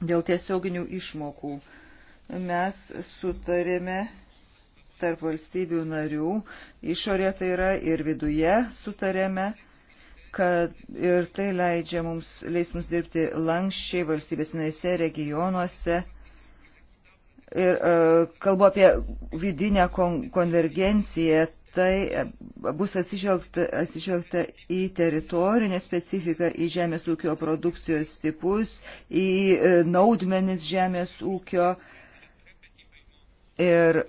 dėl tiesioginių išmokų. Mes sutarėme tarp valstybių narių, išorė tai yra ir viduje sutarėme, kad ir tai leidžia mums, leis mums dirbti lankščiai valstybės naise regionuose ir e, kalbu apie vidinę kon konvergenciją, tai e, bus atsižvelgta, atsižvelgta į teritorinę specifiką, į žemės ūkio produkcijos tipus, į e, naudmenis žemės ūkio ir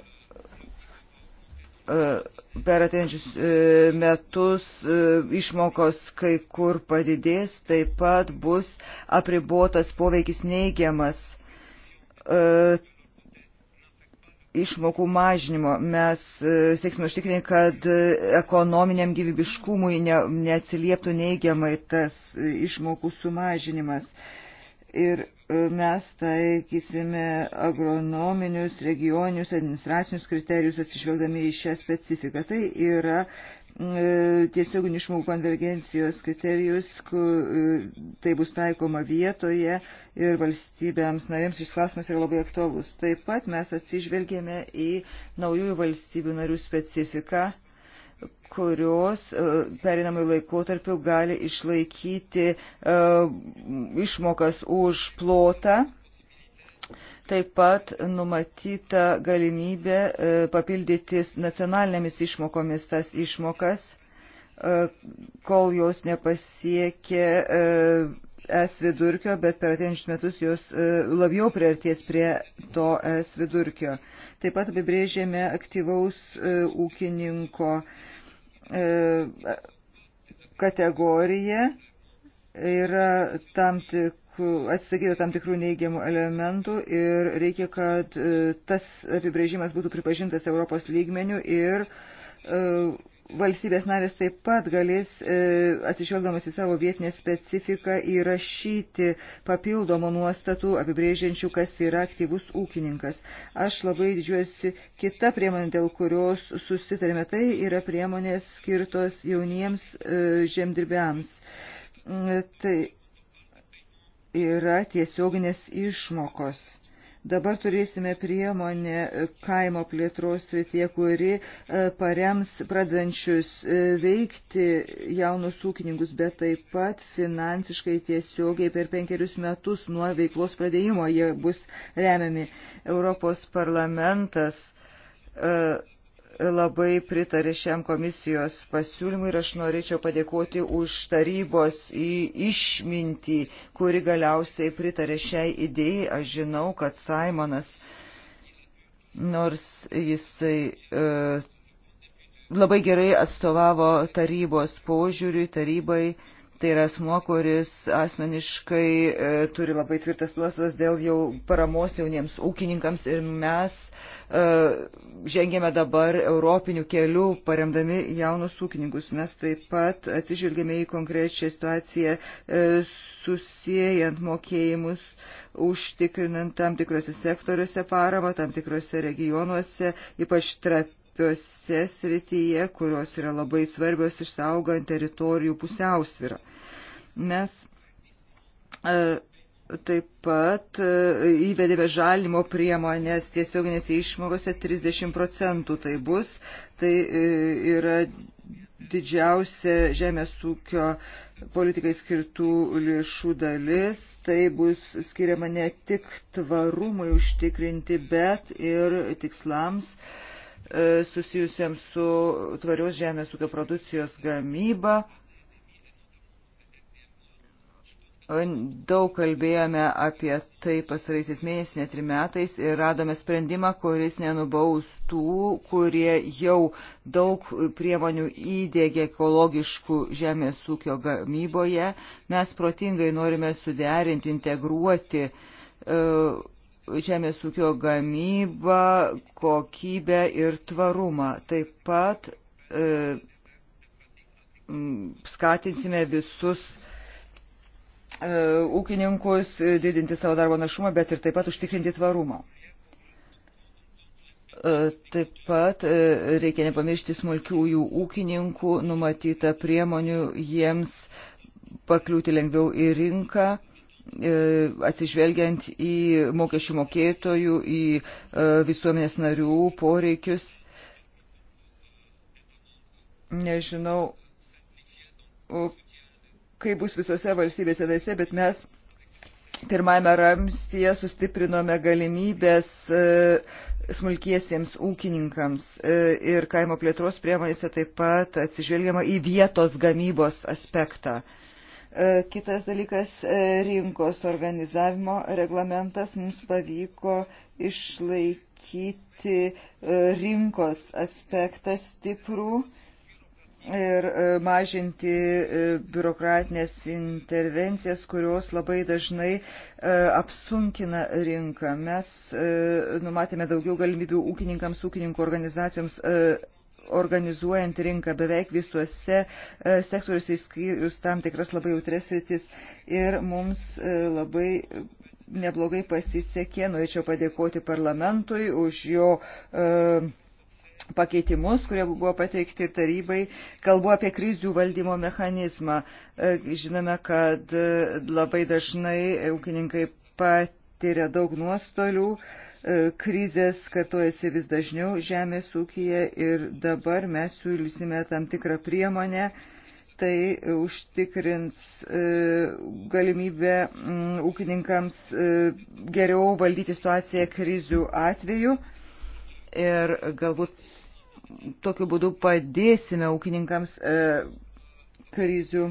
per ateinančius metus išmokos kai kur padidės, taip pat bus apribotas poveikis neigiamas išmokų mažinimo. Mes e, sieksime užtikrinti, kad e, ekonominiam gyvybiškumui ne, neatsilieptų neigiamai tas e, išmokų sumažinimas. Ir mes taikysime agronominius, regioninius, administracinius kriterijus atsižvelgdami į šią specifiką. Tai yra E, tiesioginių išmokų konvergencijos kriterijus, kur e, tai bus taikoma vietoje ir valstybėms narėms šis klausimas yra labai aktualus. Taip pat mes atsižvelgėme į naujųjų valstybių narių specifiką, kurios e, perinamųjų laikotarpių gali išlaikyti išmokas už plotą Taip pat numatyta galimybė e, papildyti nacionalinėmis išmokomis tas išmokas, e, kol jos nepasiekė e, es vidurkio, bet per atėjančius metus jos labiau priartės prie to es vidurkio. Taip pat apibrėžėme aktyvaus ūkininko kategoriją. Yra tam tik atsisakyta tam tikrų neigiamų elementų ir reikia, kad e, tas apibrėžimas būtų pripažintas Europos lygmenių ir e, valstybės narės taip pat galės, e, atsižvelgdamas į savo vietinę specifiką, įrašyti papildomų nuostatų apibrėžiančių, kas yra aktyvus ūkininkas. Aš labai didžiuosi kita priemonė, dėl kurios susitarėme, tai yra priemonės skirtos jauniems žemdirbiams. Mm, tai yra tiesioginės išmokos. Dabar turėsime priemonę kaimo plėtros srityje, kuri e, parems pradančius e, veikti jaunus ūkininkus, bet taip pat finansiškai tiesiogiai per penkerius metus nuo veiklos pradėjimo jie bus remiami. Europos parlamentas e, labai pritarė šiam komisijos pasiūlymui ir aš norėčiau padėkoti už tarybos išmintį, kuri galiausiai pritarė šiai idėjai. Aš žinau, kad Simonas, nors jisai e, labai gerai atstovavo tarybos požiūriui, tarybai, Tai yra asmuo, kuris asmeniškai e, turi labai tvirtas nuostatas dėl jau paramos jauniems ūkininkams ir mes e, žengėme dabar europinių kelių, paremdami jaunus ūkininkus. Mes taip pat atsižvelgėme į konkrečią situaciją e, susijęjant mokėjimus, užtikrinant tam tikrose sektoriuose paramą, tam tikrose regionuose, ypač trapi svarbiose srityje, kurios yra labai svarbios išsaugant teritorijų pusiausvyrą. Mes e, taip pat e, įvedėme žalimo priemonės tiesioginėse išmokose 30 procentų tai bus. Tai e, yra didžiausia žemės ūkio politikai skirtų lėšų dalis. Tai bus skiriama ne tik tvarumui užtikrinti, bet ir tikslams uh, E, susijusiems su tvarios žemės ūkio produkcijos gamyba. E, daug kalbėjome apie tai pastaraisiais mėnesiais, net ir metais ir radome sprendimą, kuris nenubaus tų, kurie jau daug priemonių įdėgė ekologiškų žemės ūkio gamyboje. Mes protingai norime suderinti, integruoti uh, žemės ūkio gamybą, kokybę ir tvarumą. Taip pat e, skatinsime visus e, ūkininkus didinti savo darbo našumą, bet ir taip pat užtikrinti tvarumą. E, taip pat e, reikia nepamiršti smulkiųjų ūkininkų, numatyta priemonių jiems pakliūti lengviau į rinką E, atsižvelgiant į mokesčių mokėtojų, į e, visuomenės narių poreikius. Nežinau, kaip bus visose valstybėse daise, bet mes pirmajame ramstyje sustiprinome galimybės e, smulkiesiems ūkininkams ir kaimo plėtros priemonėse taip pat atsižvelgiama į vietos gamybos aspektą. E, kitas dalykas e, - rinkos organizavimo reglamentas. Mums pavyko išlaikyti e, rinkos aspektą stiprų ir mažinti biurokratinės intervencijas, kurios labai dažnai apsunkina rinką. Mes numatėme daugiau galimybių ūkininkams, ūkininkų organizacijoms organizuojant rinką beveik visuose e, sektoriuose įskyrus tam tikras labai jautres rytis. Ir mums e, labai neblogai pasisekė, norėčiau padėkoti parlamentui už jo e, pakeitimus, kurie buvo pateikti ir tarybai, kalbu apie krizių valdymo mechanizmą. Žinome, kad labai dažnai ūkininkai patiria daug nuostolių, E, krizės kartojasi vis dažniau žemės ūkyje ir dabar mes siūlysime tam tikrą priemonę, tai užtikrins e, galimybę mm, ūkininkams e, geriau valdyti situaciją krizių atveju ir galbūt tokiu būdu padėsime ūkininkams krizių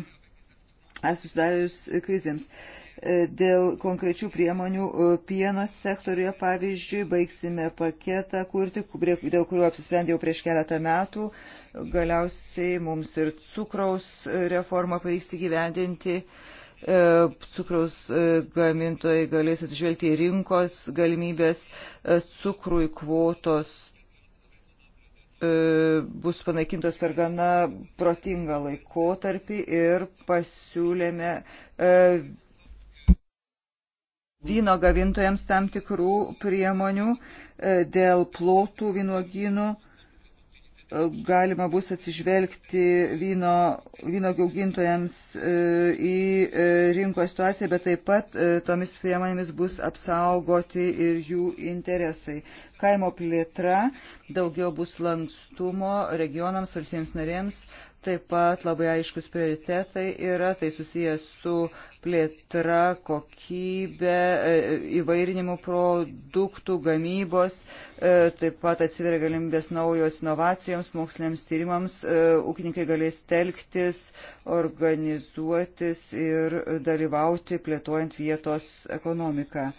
susidarius krizėms. E, dėl konkrečių priemonių e, pieno sektoriuje, pavyzdžiui, baigsime paketą kurti, dėl kurio apsisprendėjau prieš keletą metų. Galiausiai mums ir cukraus e, reformą pavyks įgyvendinti. Cukraus gamintojai galės atsižvelgti į rinkos galimybės, cukrui kvotos bus panaikintos per gana protingą laikotarpį ir pasiūlėme vyno gavintojams tam tikrų priemonių e, dėl plotų vynoginų. E, galima bus atsižvelgti vyno, vyno gaugintojams e, į rinkos situaciją, bet taip pat tomis priemonėmis bus apsaugoti ir jų interesai. Kaimo plėtra, daugiau bus lankstumo regionams, valstybėms narėms, Taip pat labai aiškus prioritetai yra, tai susijęs su plėtra, kokybė, e, įvairinimu produktų, gamybos, e, taip pat atsiveria galimybės naujos inovacijoms, moksliniams tyrimams, e, ūkininkai galės telktis, organizuotis ir dalyvauti plėtojant vietos ekonomiką.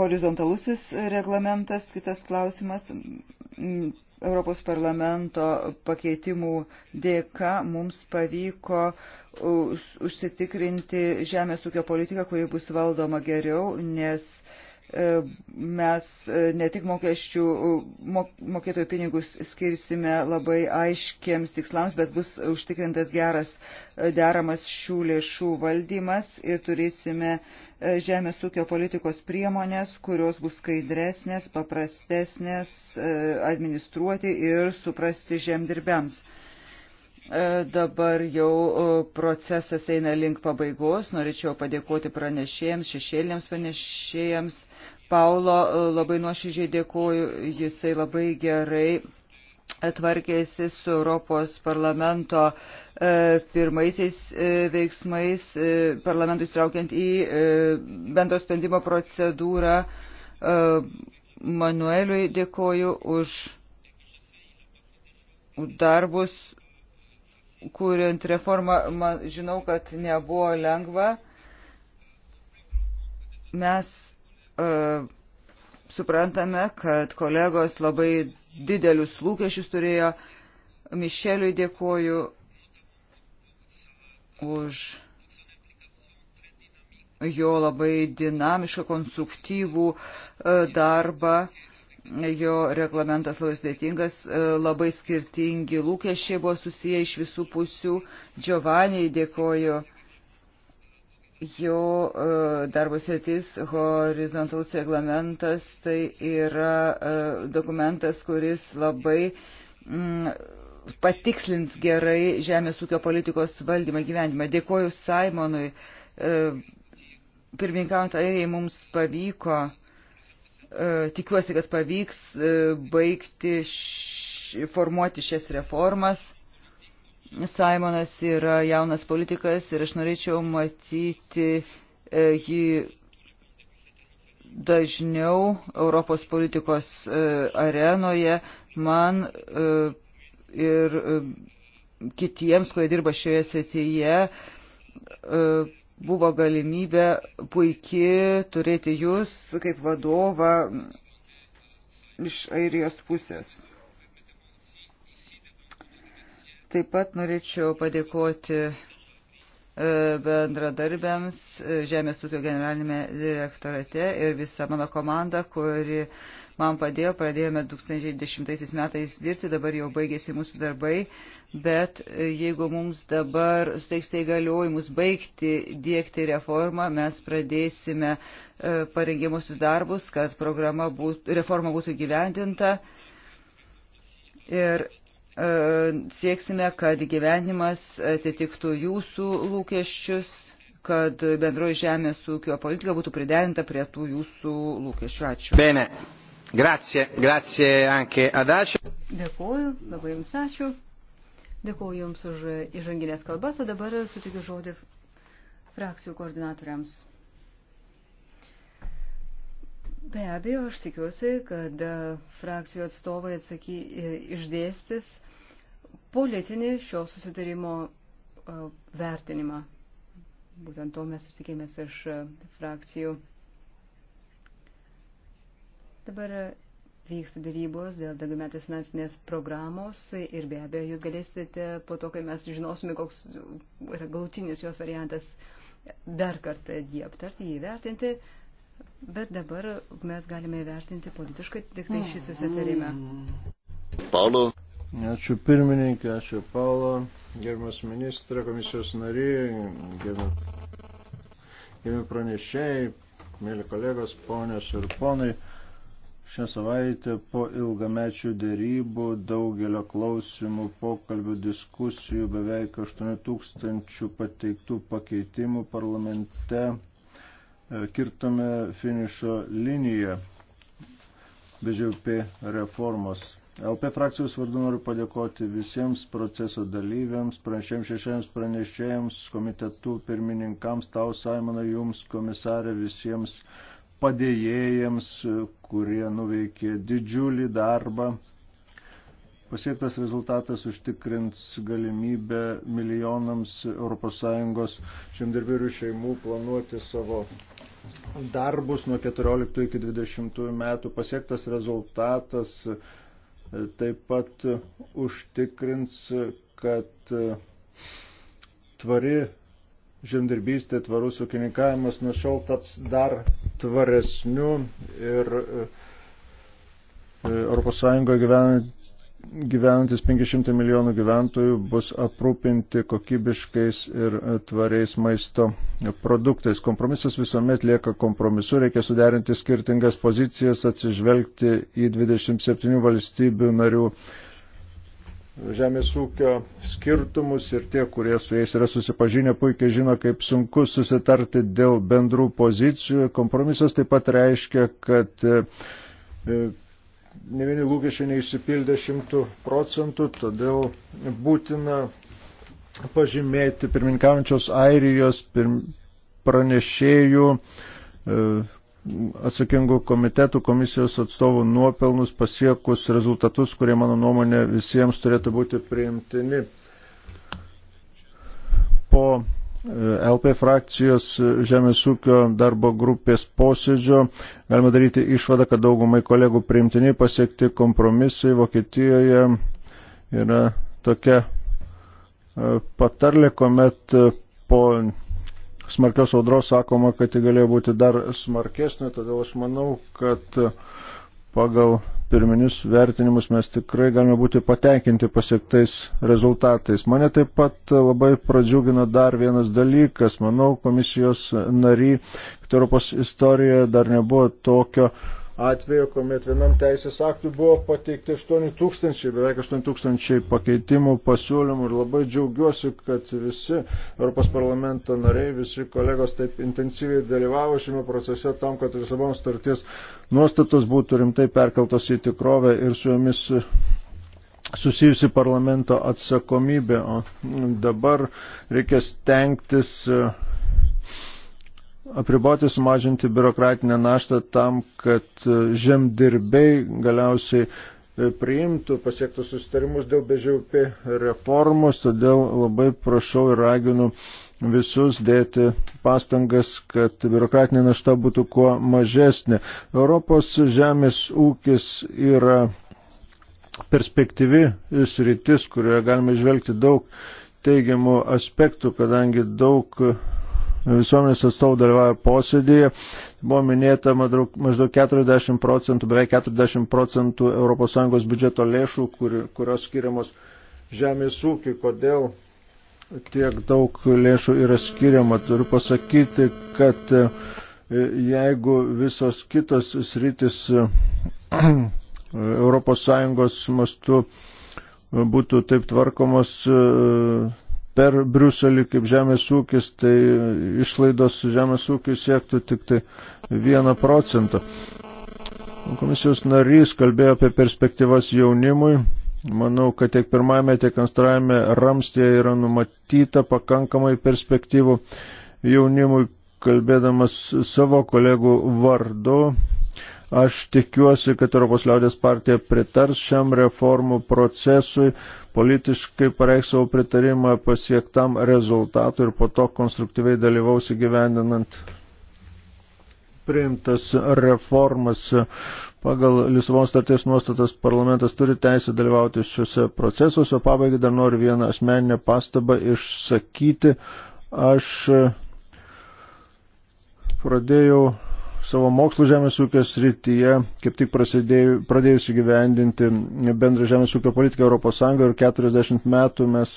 Horizontalusis reglamentas, kitas klausimas, Europos parlamento pakeitimų dėka mums pavyko užsitikrinti žemės ūkio politiką, kuri bus valdoma geriau, nes e, mes e, ne tik mokesčių e, mokėtojų pinigus skirsime labai aiškiems tikslams, bet bus užtikrintas geras deramas šių lėšų valdymas ir turėsime uh, žemės ūkio politikos priemonės, kurios bus skaidresnės, paprastesnės e, administruoti ir suprasti žemdirbiams. E, dabar jau e, procesas eina link pabaigos. Norėčiau padėkoti pranešėjams, šešėlėms pranešėjams. Paulo labai nuoširdžiai dėkoju, jisai labai gerai tvarkėsi su Europos parlamento e, pirmaisiais e, veiksmais, e, parlamentui traukiant į bendro sprendimo procedūrą. Manueliui dėkoju už darbus, kuriant reformą. Man, žinau, kad nebuvo lengva. Mes uh, Suprantame, kad kolegos labai didelius lūkesčius turėjo. Mišeliui dėkoju už jo labai dinamišką, konstruktyvų e, darbą. Jo reglamentas labai sudėtingas, e, labai skirtingi lūkesčiai buvo susiję iš visų pusių. Giovanniai dėkoju jo e, darbo sėtis horizontalus reglamentas, tai yra e, dokumentas, kuris labai mm, patikslins gerai žemės ūkio politikos valdymą gyvenimą. Dėkoju Simonui. E, pirmininkaujant airiai mums pavyko, tikiuosi, kad pavyks baigti š, formuoti šias reformas Simonas yra jaunas politikas ir aš norėčiau matyti e, jį dažniau Europos politikos e, arenoje man e, ir kitiems, kurie dirba šioje srityje, buvo galimybė puikiai turėti jūs kaip vadovą iš airijos pusės. Taip pat norėčiau padėkoti e, bendradarbiams e, Žemės ūkio generalinėme direktorate ir visą mano komandą, kuri man padėjo. Pradėjome 2010 metais dirbti, dabar jau baigėsi mūsų darbai, bet e, jeigu mums dabar suteiksite tai įgaliojimus baigti dėkti reformą, mes pradėsime parengimusius darbus, kad programa būtų, reforma būtų gyvendinta. Ir E, sieksime, kad gyvenimas atitiktų jūsų lūkesčius, kad bendroji žemės ūkio politika būtų priderinta prie tų jūsų lūkesčių. Ačiū. Bene. Grazie, grazie anche ad Ačiū. Dėkuoju, labai Jums ačiū. Dėkuoju Jums už įžanginės kalbas, o dabar sutikiu žodį frakcijų koordinatoriams. Be abejo, aš tikiuosi, kad e, frakcijų atstovai atsaky, e, išdėstis politinį šio susitarimo e, vertinimą. Būtent to mes ir tikėjomės iš frakcijų. Dabar vyksta darybos dėl daugiametės finansinės programos ir be abejo jūs galėsite po to, kai mes žinosime, koks yra galutinis jos variantas, dar kartą jį aptarti, jį vertinti. Bet dabar mes galime įvertinti politiškai tik tai šį mm. susitarimą. Paulo. Ačiū pirmininkė, ačiū Paulo, gerbiamas ministra, komisijos nariai, gerbiami pranešėjai, mėly kolegos, ponios ir ponai. Šią savaitę po ilgamečių dėrybų, daugelio klausimų, pokalbių, diskusijų, beveik 8 tūkstančių pateiktų pakeitimų parlamente E, kirtome finišo liniją BŽP reformos. LP frakcijos vardu noriu padėkoti visiems proceso dalyviams, pranešėjams, šešėjams, pranešėjams, komitetų pirmininkams, tau, Saimonai, jums, komisarė, visiems padėjėjams, kurie nuveikė didžiulį darbą Pasiektas rezultatas užtikrins galimybę milijonams ES žemdirbių ir šeimų planuoti savo darbus nuo 14 iki 20 metų. Pasiektas rezultatas e, taip pat užtikrins, kad e, tvari žemdirbystė, tvarus ūkininkavimas nuo šiol taps dar tvaresniu ir e, ES gyvenant gyvenantis 500 milijonų gyventojų bus aprūpinti kokybiškais ir e, tvariais maisto produktais. Kompromisas visuomet lieka kompromisu, reikia suderinti skirtingas pozicijas, atsižvelgti į 27 valstybių narių žemės ūkio skirtumus ir tie, kurie su jais yra susipažinę, puikiai žino, kaip sunku susitarti dėl bendrų pozicijų. Kompromisas taip pat reiškia, kad e, ne vieni lūkesčiai neįsipildė šimtų procentų, todėl būtina pažymėti pirmininkaujančios Airijos pirm, pranešėjų e, atsakingų komitetų komisijos atstovų nuopelnus pasiekus rezultatus, kurie mano nuomonė visiems turėtų būti priimtini. Po E, LP frakcijos e, Žemės ūkio darbo grupės posėdžio galima daryti išvadą, kad daugumai kolegų priimtiniai pasiekti kompromisai Vokietijoje yra tokia e, patarlė, kuomet po smarkios audros sakoma, kad ji galėjo būti dar smarkesnė, todėl aš manau, kad pagal pirminius vertinimus mes tikrai galime būti patenkinti pasiektais rezultatais. Mane taip pat labai pradžiugina dar vienas dalykas. Manau, komisijos nary, kad Europos istorijoje dar nebuvo tokio atveju, kuomet vienam teisės aktui buvo pateikti 8 tūkstančiai, beveik 8 tūkstančiai pakeitimų, pasiūlymų ir labai džiaugiuosi, kad visi Europos parlamento nariai, visi kolegos taip intensyviai dalyvavo šiame procese tam, kad Lisabonos starties nuostatos būtų rimtai perkeltos į tikrovę ir su jomis susijusi parlamento atsakomybė. O dabar reikia stengtis apriboti, sumažinti biurokratinę naštą tam, kad e, žemdirbiai galiausiai e, priimtų pasiektus sustarimus dėl BŽUP reformos, todėl labai prašau ir raginu visus dėti pastangas, kad biurokratinė našta būtų kuo mažesnė. Europos žemės ūkis yra perspektyvi sritis, kurioje galime žvelgti daug teigiamų aspektų, kadangi daug visuomenės atstovų dalyvauja posėdėje. Buvo minėta maždaug 40 procentų, beveik 40 procentų ES biudžeto lėšų, kur, kurios skiriamos žemės ūkiai. Kodėl tiek daug lėšų yra skiriama? Turiu pasakyti, kad e, jeigu visos kitos sritis e, ES mastu būtų taip tvarkomos, e, per Briuselį kaip žemės ūkis, tai išlaidos žemės ūkiai siektų tik tai vieną procentą. Komisijos narys kalbėjo apie perspektyvas jaunimui. Manau, kad tiek pirmame, tiek antrajame ramstėje yra numatyta pakankamai perspektyvų jaunimui, kalbėdamas savo kolegų vardu. Aš tikiuosi, kad Europos liaudės partija pritars šiam reformų procesui, politiškai pareikš savo pritarimą pasiektam rezultatui ir po to konstruktyviai dalyvaus įgyvendinant priimtas reformas. Pagal Lisabonos starties nuostatas parlamentas turi teisę dalyvauti šiuose procesuose. Pabaigai dar noriu vieną asmeninę pastabą išsakyti. Aš pradėjau savo mokslų žemės ūkio srityje, kaip tik prasidėjau, pradėjus įgyvendinti bendrą žemės ūkio politiką ES ir 40 metų mes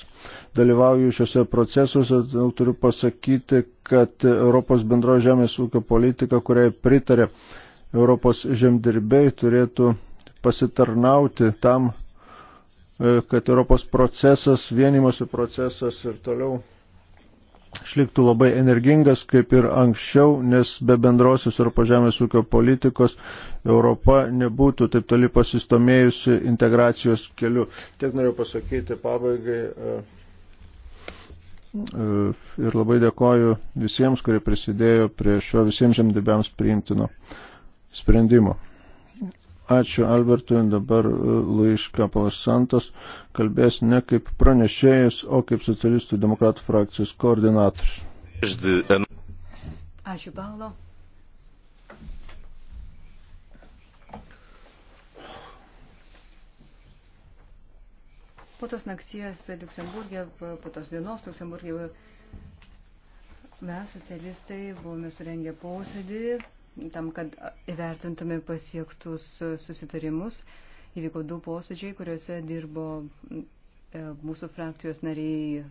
dalyvauju šiuose procesuose, turiu pasakyti, kad Europos bendro žemės ūkio politika, kuriai pritarė Europos žemdirbiai, turėtų pasitarnauti tam, e, kad Europos procesas, vienimosi procesas ir toliau išliktų labai energingas kaip ir anksčiau, nes be bendrosios Europos žemės ūkio politikos Europa nebūtų taip toli pasistomėjusi integracijos keliu. Tiek noriu pasakyti pabaigai. E, e, ir labai dėkoju visiems, kurie prisidėjo prie šio visiems žemdibiams priimtino sprendimo. Ačiū Albertui, dabar e, Luis Kapalas Santos kalbės ne kaip pranešėjas, o kaip socialistų demokratų frakcijos koordinatorius. Ačiū Paulo. Po tos nakties Luksemburgė, po tos dienos Luksemburgė mes socialistai buvome surengę posėdį tam, kad įvertintume pasiektus susitarimus. Įvyko du posėdžiai, kuriuose dirbo e, mūsų frakcijos nariai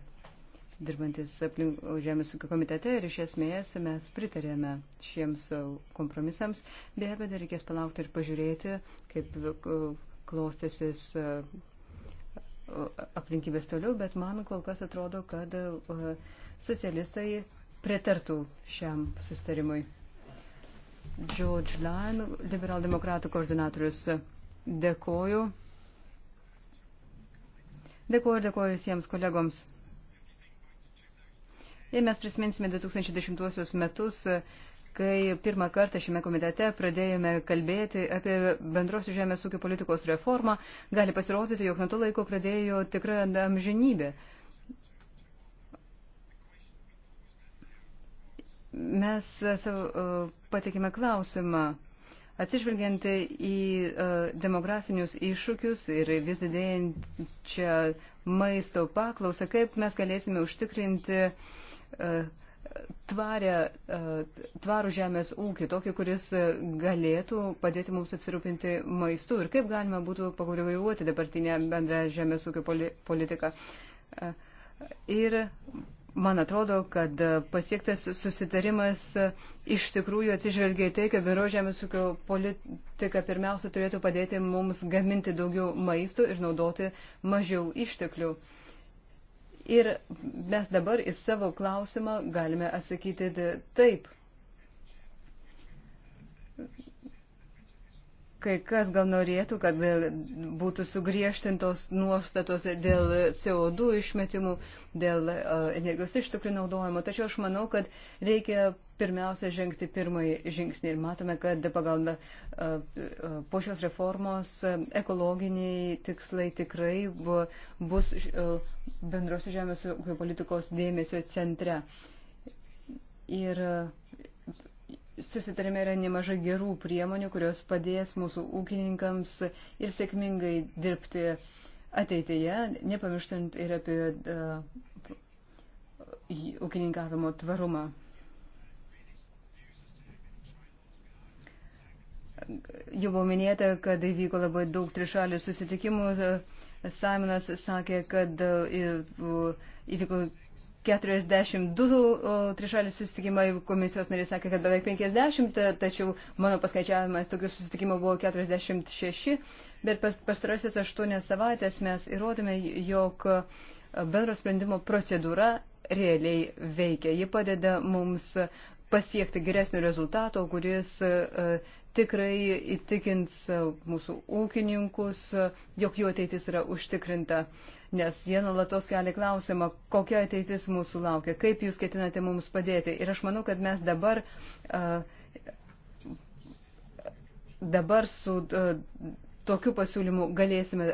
dirbantis aplink Žemės ūkio komitete ir iš esmės mes pritarėme šiems kompromisams. Be abejo, dar reikės palaukti ir pažiūrėti, kaip e, klostėsis e, aplinkybės toliau, bet man kol kas atrodo, kad socialistai pritartų šiam sustarimui. George Lyon, liberaldemokratų koordinatorius. Dėkoju. Dėkoju ir dėkoju visiems kolegoms. Jei mes prisiminsime 2010 metus, kai pirmą kartą šiame komitete pradėjome kalbėti apie bendrosios žemės ūkio politikos reformą, gali pasirodyti, jog nuo to laiko pradėjo tikra amžinybė. Mes e, e, patikime klausimą. Atsižvelgiant į e, demografinius iššūkius ir vis didėjančią maisto paklausą, kaip mes galėsime užtikrinti tvarę, tvarų žemės ūkį, tokį, kuris galėtų padėti mums apsirūpinti maistu ir kaip galima būtų pakoreguoti dabartinę bendrą žemės ūkio politiką. Ir Man atrodo, kad pasiektas susitarimas e, iš tikrųjų atsižvelgia į tai, kad vyro žemės ūkio politika pirmiausia turėtų padėti mums gaminti daugiau maisto ir naudoti mažiau išteklių. Ir mes dabar į savo klausimą galime atsakyti taip. Kai kas gal norėtų, kad būtų sugriežtintos nuostatos dėl CO2 išmetimų, dėl e, energijos išteklių naudojimo, tačiau aš manau, kad reikia pirmiausia žengti pirmąjį žingsnį ir matome, kad pagal e, e, po šios reformos ekologiniai tikslai tikrai bus bendros žemės politikos dėmesio centre. Ir susitarime yra nemažai gerų priemonių, kurios padės mūsų ūkininkams ir sėkmingai dirbti ateityje, nepamirštant ir apie uh, ūkininkavimo tvarumą. Jau buvo minėta, kad įvyko labai daug trišalių susitikimų. Simonas sakė, kad e, įvyko 42 trišalių susitikimai, komisijos narys sakė, kad beveik 50, tačiau mano paskaičiavimas tokių susitikimų buvo 46, bet pas, pastarasis aštuonias savaitės mes įrodėme, jog bendro sprendimo procedūra realiai veikia. Ji padeda mums pasiekti geresnio rezultato, kuris e, tikrai įtikins mūsų ūkininkus, jog jų ateitis yra užtikrinta. Uh, nes jie nulatos kelia klausimą, kokia ateitis mūsų laukia, kaip jūs ketinate mums padėti. Ir aš manau, kad mes dabar, dabar su tokiu pasiūlymu galėsime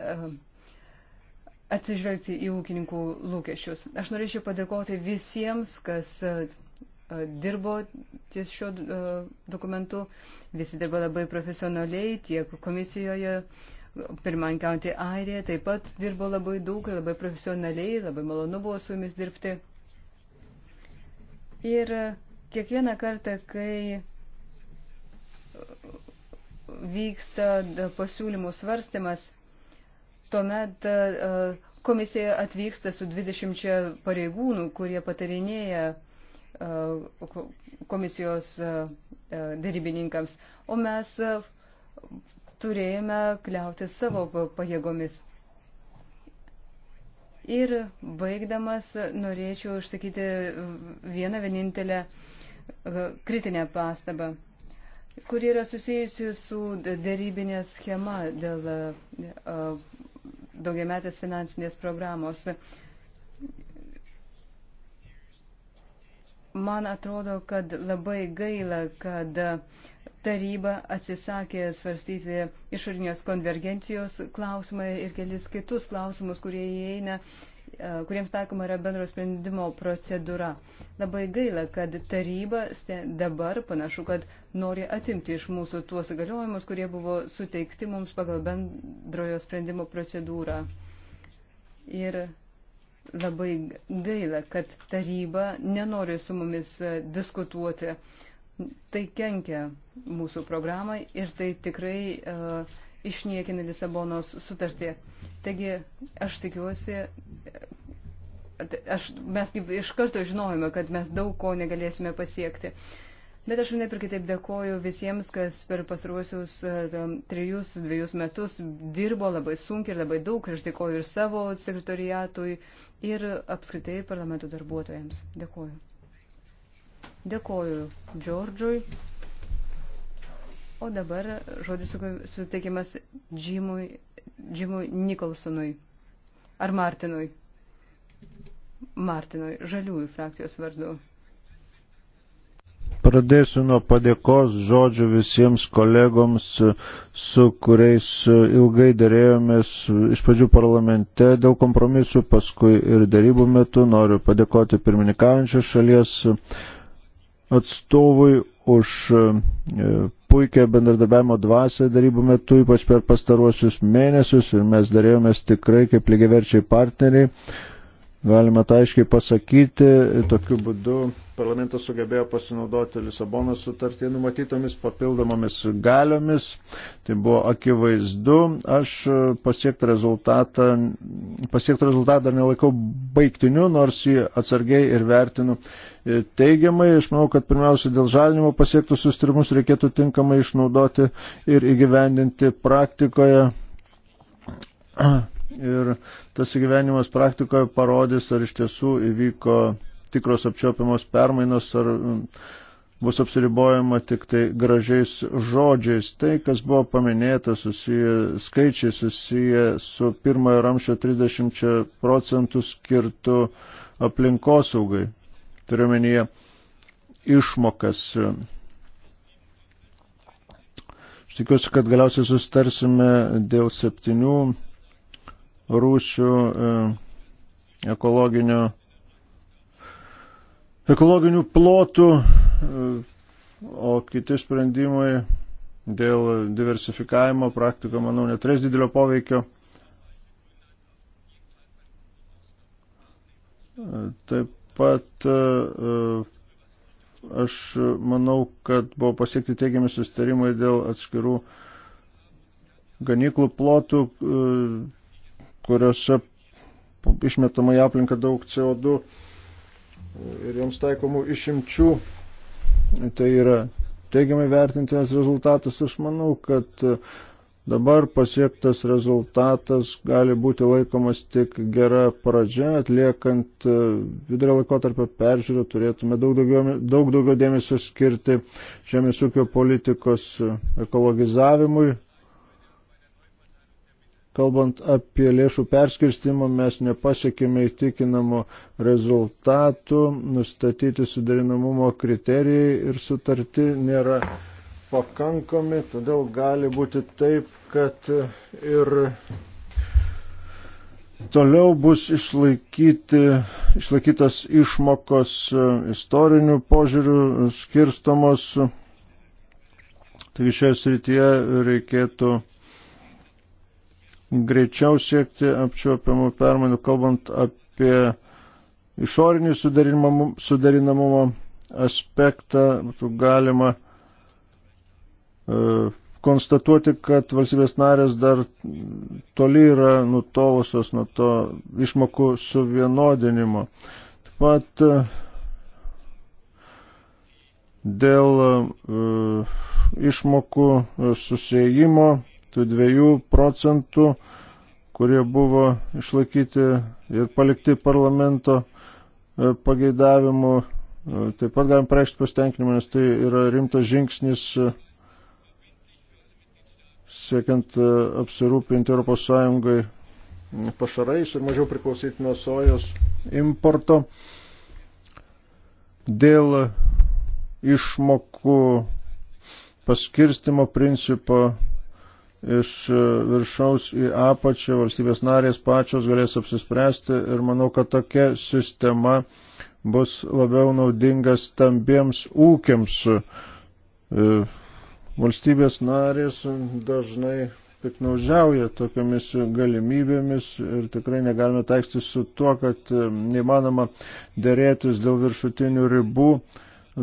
atsižvelgti į ūkininkų lūkesčius. Aš norėčiau padėkoti visiems, kas dirbo ties šiuo dokumentu, visi dirbo labai profesionaliai, tiek komisijoje, uh, pirmankiauti Airija, taip pat dirbo labai daug, labai profesionaliai, labai malonu buvo su jumis dirbti. Ir kiekvieną kartą, kai vyksta pasiūlymų svarstymas, tuomet e, komisija atvyksta su 20 pareigūnų, kurie patarinėja e, komisijos e, darybininkams, o mes turėjome kliauti savo pajėgomis. Ir baigdamas norėčiau išsakyti vieną vienintelę e, kritinę pastabą, kuri yra susijusi su dėrybinė schema dėl e, daugiametės finansinės programos. Man atrodo, kad labai gaila, kad uh, taryba atsisakė svarstyti išorinės konvergencijos klausimą ir kelis kitus klausimus, kurie įeina e, kuriems taikoma yra bendro sprendimo procedūra. Labai gaila, kad taryba dabar panašu, kad nori atimti iš mūsų tuos įgaliojimus, kurie buvo suteikti mums pagal bendrojo sprendimo procedūrą. Ir labai gaila, kad taryba nenori su mumis e, diskutuoti Tai kenkia mūsų programai ir tai tikrai uh, išniekina Lisabonos sutartį. Taigi aš tikiuosi, e, aš, mes iš karto žinojome, kad mes daug ko negalėsime pasiekti. Bet aš ne per kitaip dėkoju visiems, kas per pastaruosius e, trijus, dviejus metus dirbo labai sunkiai ir labai daug. Ir aš dėkoju ir savo sekretoriatui, ir apskritai parlamento darbuotojams. Dėkoju. Dėkoju Džordžui. O dabar žodis suteikiamas Džimui, Džimui Nikolsonui ar Martinui. Martinui, žaliųjų frakcijos vardu. Pradėsiu nuo padėkos žodžių visiems kolegoms, su kuriais ilgai dėrėjomės iš pradžių parlamente dėl kompromisų, paskui ir darybų metu. Noriu padėkoti pirmininkaujančios šalies atstovui už e, e, puikią bendradarbiavimo dvasę darybų metu, ypač per pastaruosius mėnesius ir mes darėjomės tikrai kaip lygiaverčiai partneriai. Galime tai aiškiai pasakyti, tokiu būdu parlamentas sugebėjo pasinaudoti Lisabonos sutartį numatytomis papildomomis galiomis. Tai buvo akivaizdu. Aš e, pasiektą rezultatą, pasiektą rezultatą dar nelaikau baigtiniu, nors jį atsargiai ir vertinu E, teigiamai. Aš manau, kad pirmiausia dėl žalinimo pasiektų sustarimus reikėtų tinkamai išnaudoti ir įgyvendinti praktikoje. *clears throat* Ir tas įgyvenimas praktikoje parodys, ar iš tiesų įvyko tikros apčiopiamos permainos, ar bus apsiribojama tik tai gražiais žodžiais. Tai, kas buvo paminėta, susiję, skaičiai susiję su pirmojo ramščio 30 procentų skirtų aplinkosaugai turiuomenyje išmokas. Aš tikiuosi, kad galiausiai sustarsime dėl septynių rūšių e, ekologinio, ekologinių plotų, e, o kiti sprendimai dėl diversifikavimo praktika, manau, neturės didelio poveikio. E, taip pat e, e, aš manau, kad buvo pasiekti teigiami sustarimai dėl atskirų ganyklų plotų, e, kuriuose išmetama į aplinką daug CO2 ir joms taikomų išimčių. Tai yra teigiamai vertintinas rezultatas. Aš manau, kad Dabar pasiektas rezultatas gali būti laikomas tik gera pradžia, atliekant e, vidurio laikotarpio peržiūrą turėtume daug daugiau, daug daugiau dėmesio skirti žemės ūkio politikos e, ekologizavimui. Kalbant apie lėšų perskirstimą, mes nepasiekime įtikinamo rezultatų, nustatyti suderinamumo kriterijai ir sutarti nėra nepakankami, todėl gali būti taip, kad ir toliau bus išlaikyti, išlaikytas išmokos istorinių požiūrių skirstomos. Taigi šioje srityje reikėtų greičiau siekti apčiuopiamų permainų, kalbant apie išorinį suderinamumą aspektą, būtų galima E, konstatuoti, kad valstybės narės dar toli yra nutolusios nuo to išmokų suvienodinimo. Taip pat e, dėl e, išmokų susijimo tų dviejų procentų, kurie buvo išlaikyti ir palikti parlamento pageidavimu, taip pat galim praeikšti pasitenkinimą, nes tai yra rimtas žingsnis siekiant e, apsirūpinti ES pašarais ir mažiau priklausyti nuo sojos importo. Dėl išmokų paskirstimo principo iš e, viršaus į apačią valstybės narės pačios galės apsispręsti ir manau, kad tokia sistema bus labiau naudinga stambiems ūkiams. E, Valstybės narės dažnai piknaužiauja tokiamis galimybėmis ir tikrai negalime taikstis su tuo, kad e, neįmanoma dėrėtis dėl viršutinių ribų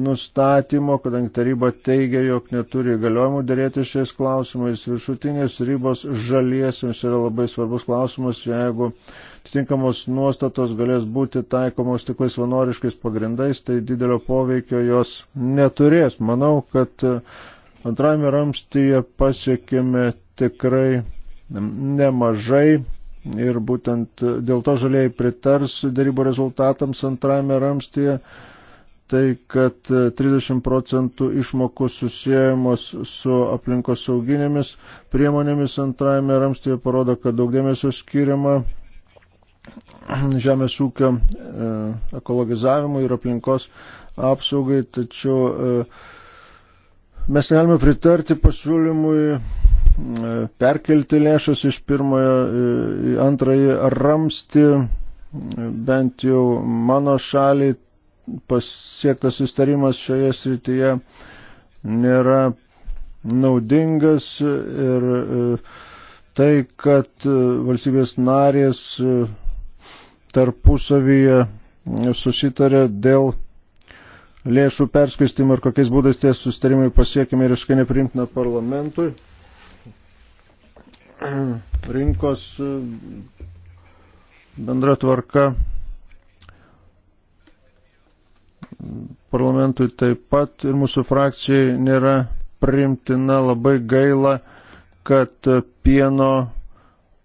nustatymo, kadangi taryba teigia, jog neturi galiojimų dėrėti šiais klausimais. Viršutinės ribos žaliesiams yra labai svarbus klausimas, jeigu tinkamos nuostatos galės būti taikomos tik laisvanoriškais pagrindais, tai didelio poveikio jos neturės. Manau, kad e, Antrajame ramstyje pasiekėme tikrai nemažai ir būtent dėl to žaliai pritars darybo rezultatams antrajame ramstyje, tai kad 30 procentų išmokų susijęjamos su aplinkos sauginėmis priemonėmis antrajame ramstyje parodo, kad daug dėmesio skiriama žemės ūkio e, ekologizavimui ir aplinkos apsaugai, tačiau e, Mes galime pritarti pasiūlymui e, perkelti lėšas iš pirmojo e, į antrąjį ramstį, bent jau mano šaliai pasiektas sustarimas šioje srityje nėra naudingas ir e, tai, kad valstybės narės tarpusavyje susitarė dėl lėšų perskaistimu ir kokiais būdais tie sustarimai pasiekime ir iškai neprimtina parlamentui. *clears throat* Rinkos e, bendra tvarka parlamentui taip pat ir mūsų frakcijai nėra primtina labai gaila, kad e, pieno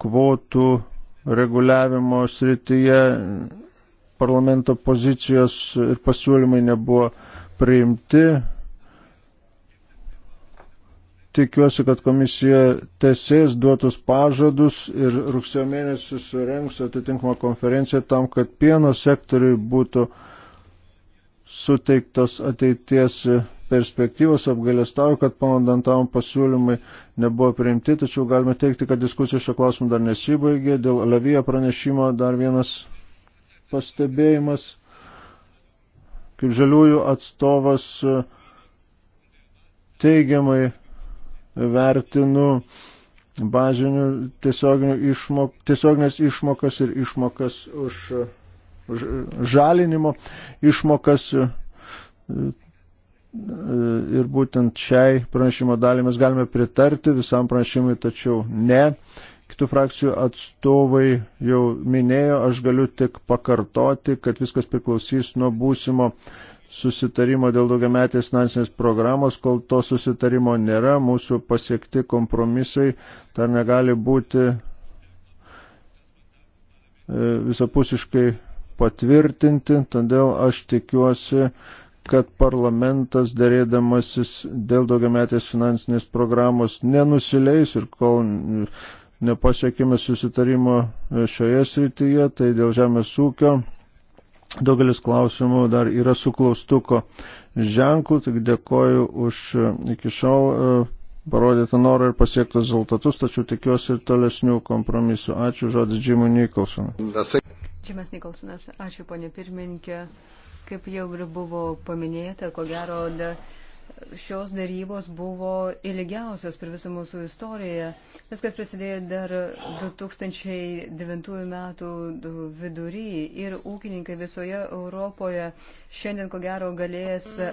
kvotų reguliavimo srityje parlamento pozicijos ir pasiūlymai nebuvo priimti. Tikiuosi, kad komisija tesės duotus pažadus ir rugsėjo mėnesį surengs atitinkamą konferenciją tam, kad pieno sektoriui būtų suteiktos ateities perspektyvos apgalėstauju, kad pamandantavom pasiūlymai nebuvo priimti, tačiau galime teikti, kad diskusija šio klausimu dar nesibaigė. Dėl Levyje pranešimo dar vienas pastebėjimas. Kaip žaliųjų atstovas e, teigiamai vertinu bazinių išmok, tiesioginės išmokas ir išmokas už žalinimo išmokas. E, e, ir būtent šiai pranešimo dalį mes galime pritarti, visam pranešimui tačiau ne kitų frakcijų atstovai jau minėjo, aš galiu tik pakartoti, kad viskas priklausys nuo būsimo susitarimo dėl daugiametės finansinės programos, kol to susitarimo nėra, mūsų pasiekti kompromisai dar negali būti e, visapusiškai patvirtinti, todėl aš tikiuosi, kad parlamentas dėrėdamasis dėl daugiametės finansinės programos nenusileis ir kol nepasiekime susitarimo e, šioje srityje, tai dėl žemės ūkio daugelis klausimų dar yra su klaustuko ženklu, tik dėkoju už e, iki šiol e, parodytą norą ir pasiektus rezultatus, tačiau tikiuosi ir tolesnių kompromisų. Ačiū žodis Džimui Nikolsonui. Džimas Nikolsonas, ačiū ponė pirmininkė. Kaip jau ir buvo paminėta, ko gero. De... Da šios darybos buvo ilgiausios per visą mūsų istoriją. Viskas prasidėjo dar 2009 metų vidury ir ūkininkai visoje Europoje šiandien ko gero galės e,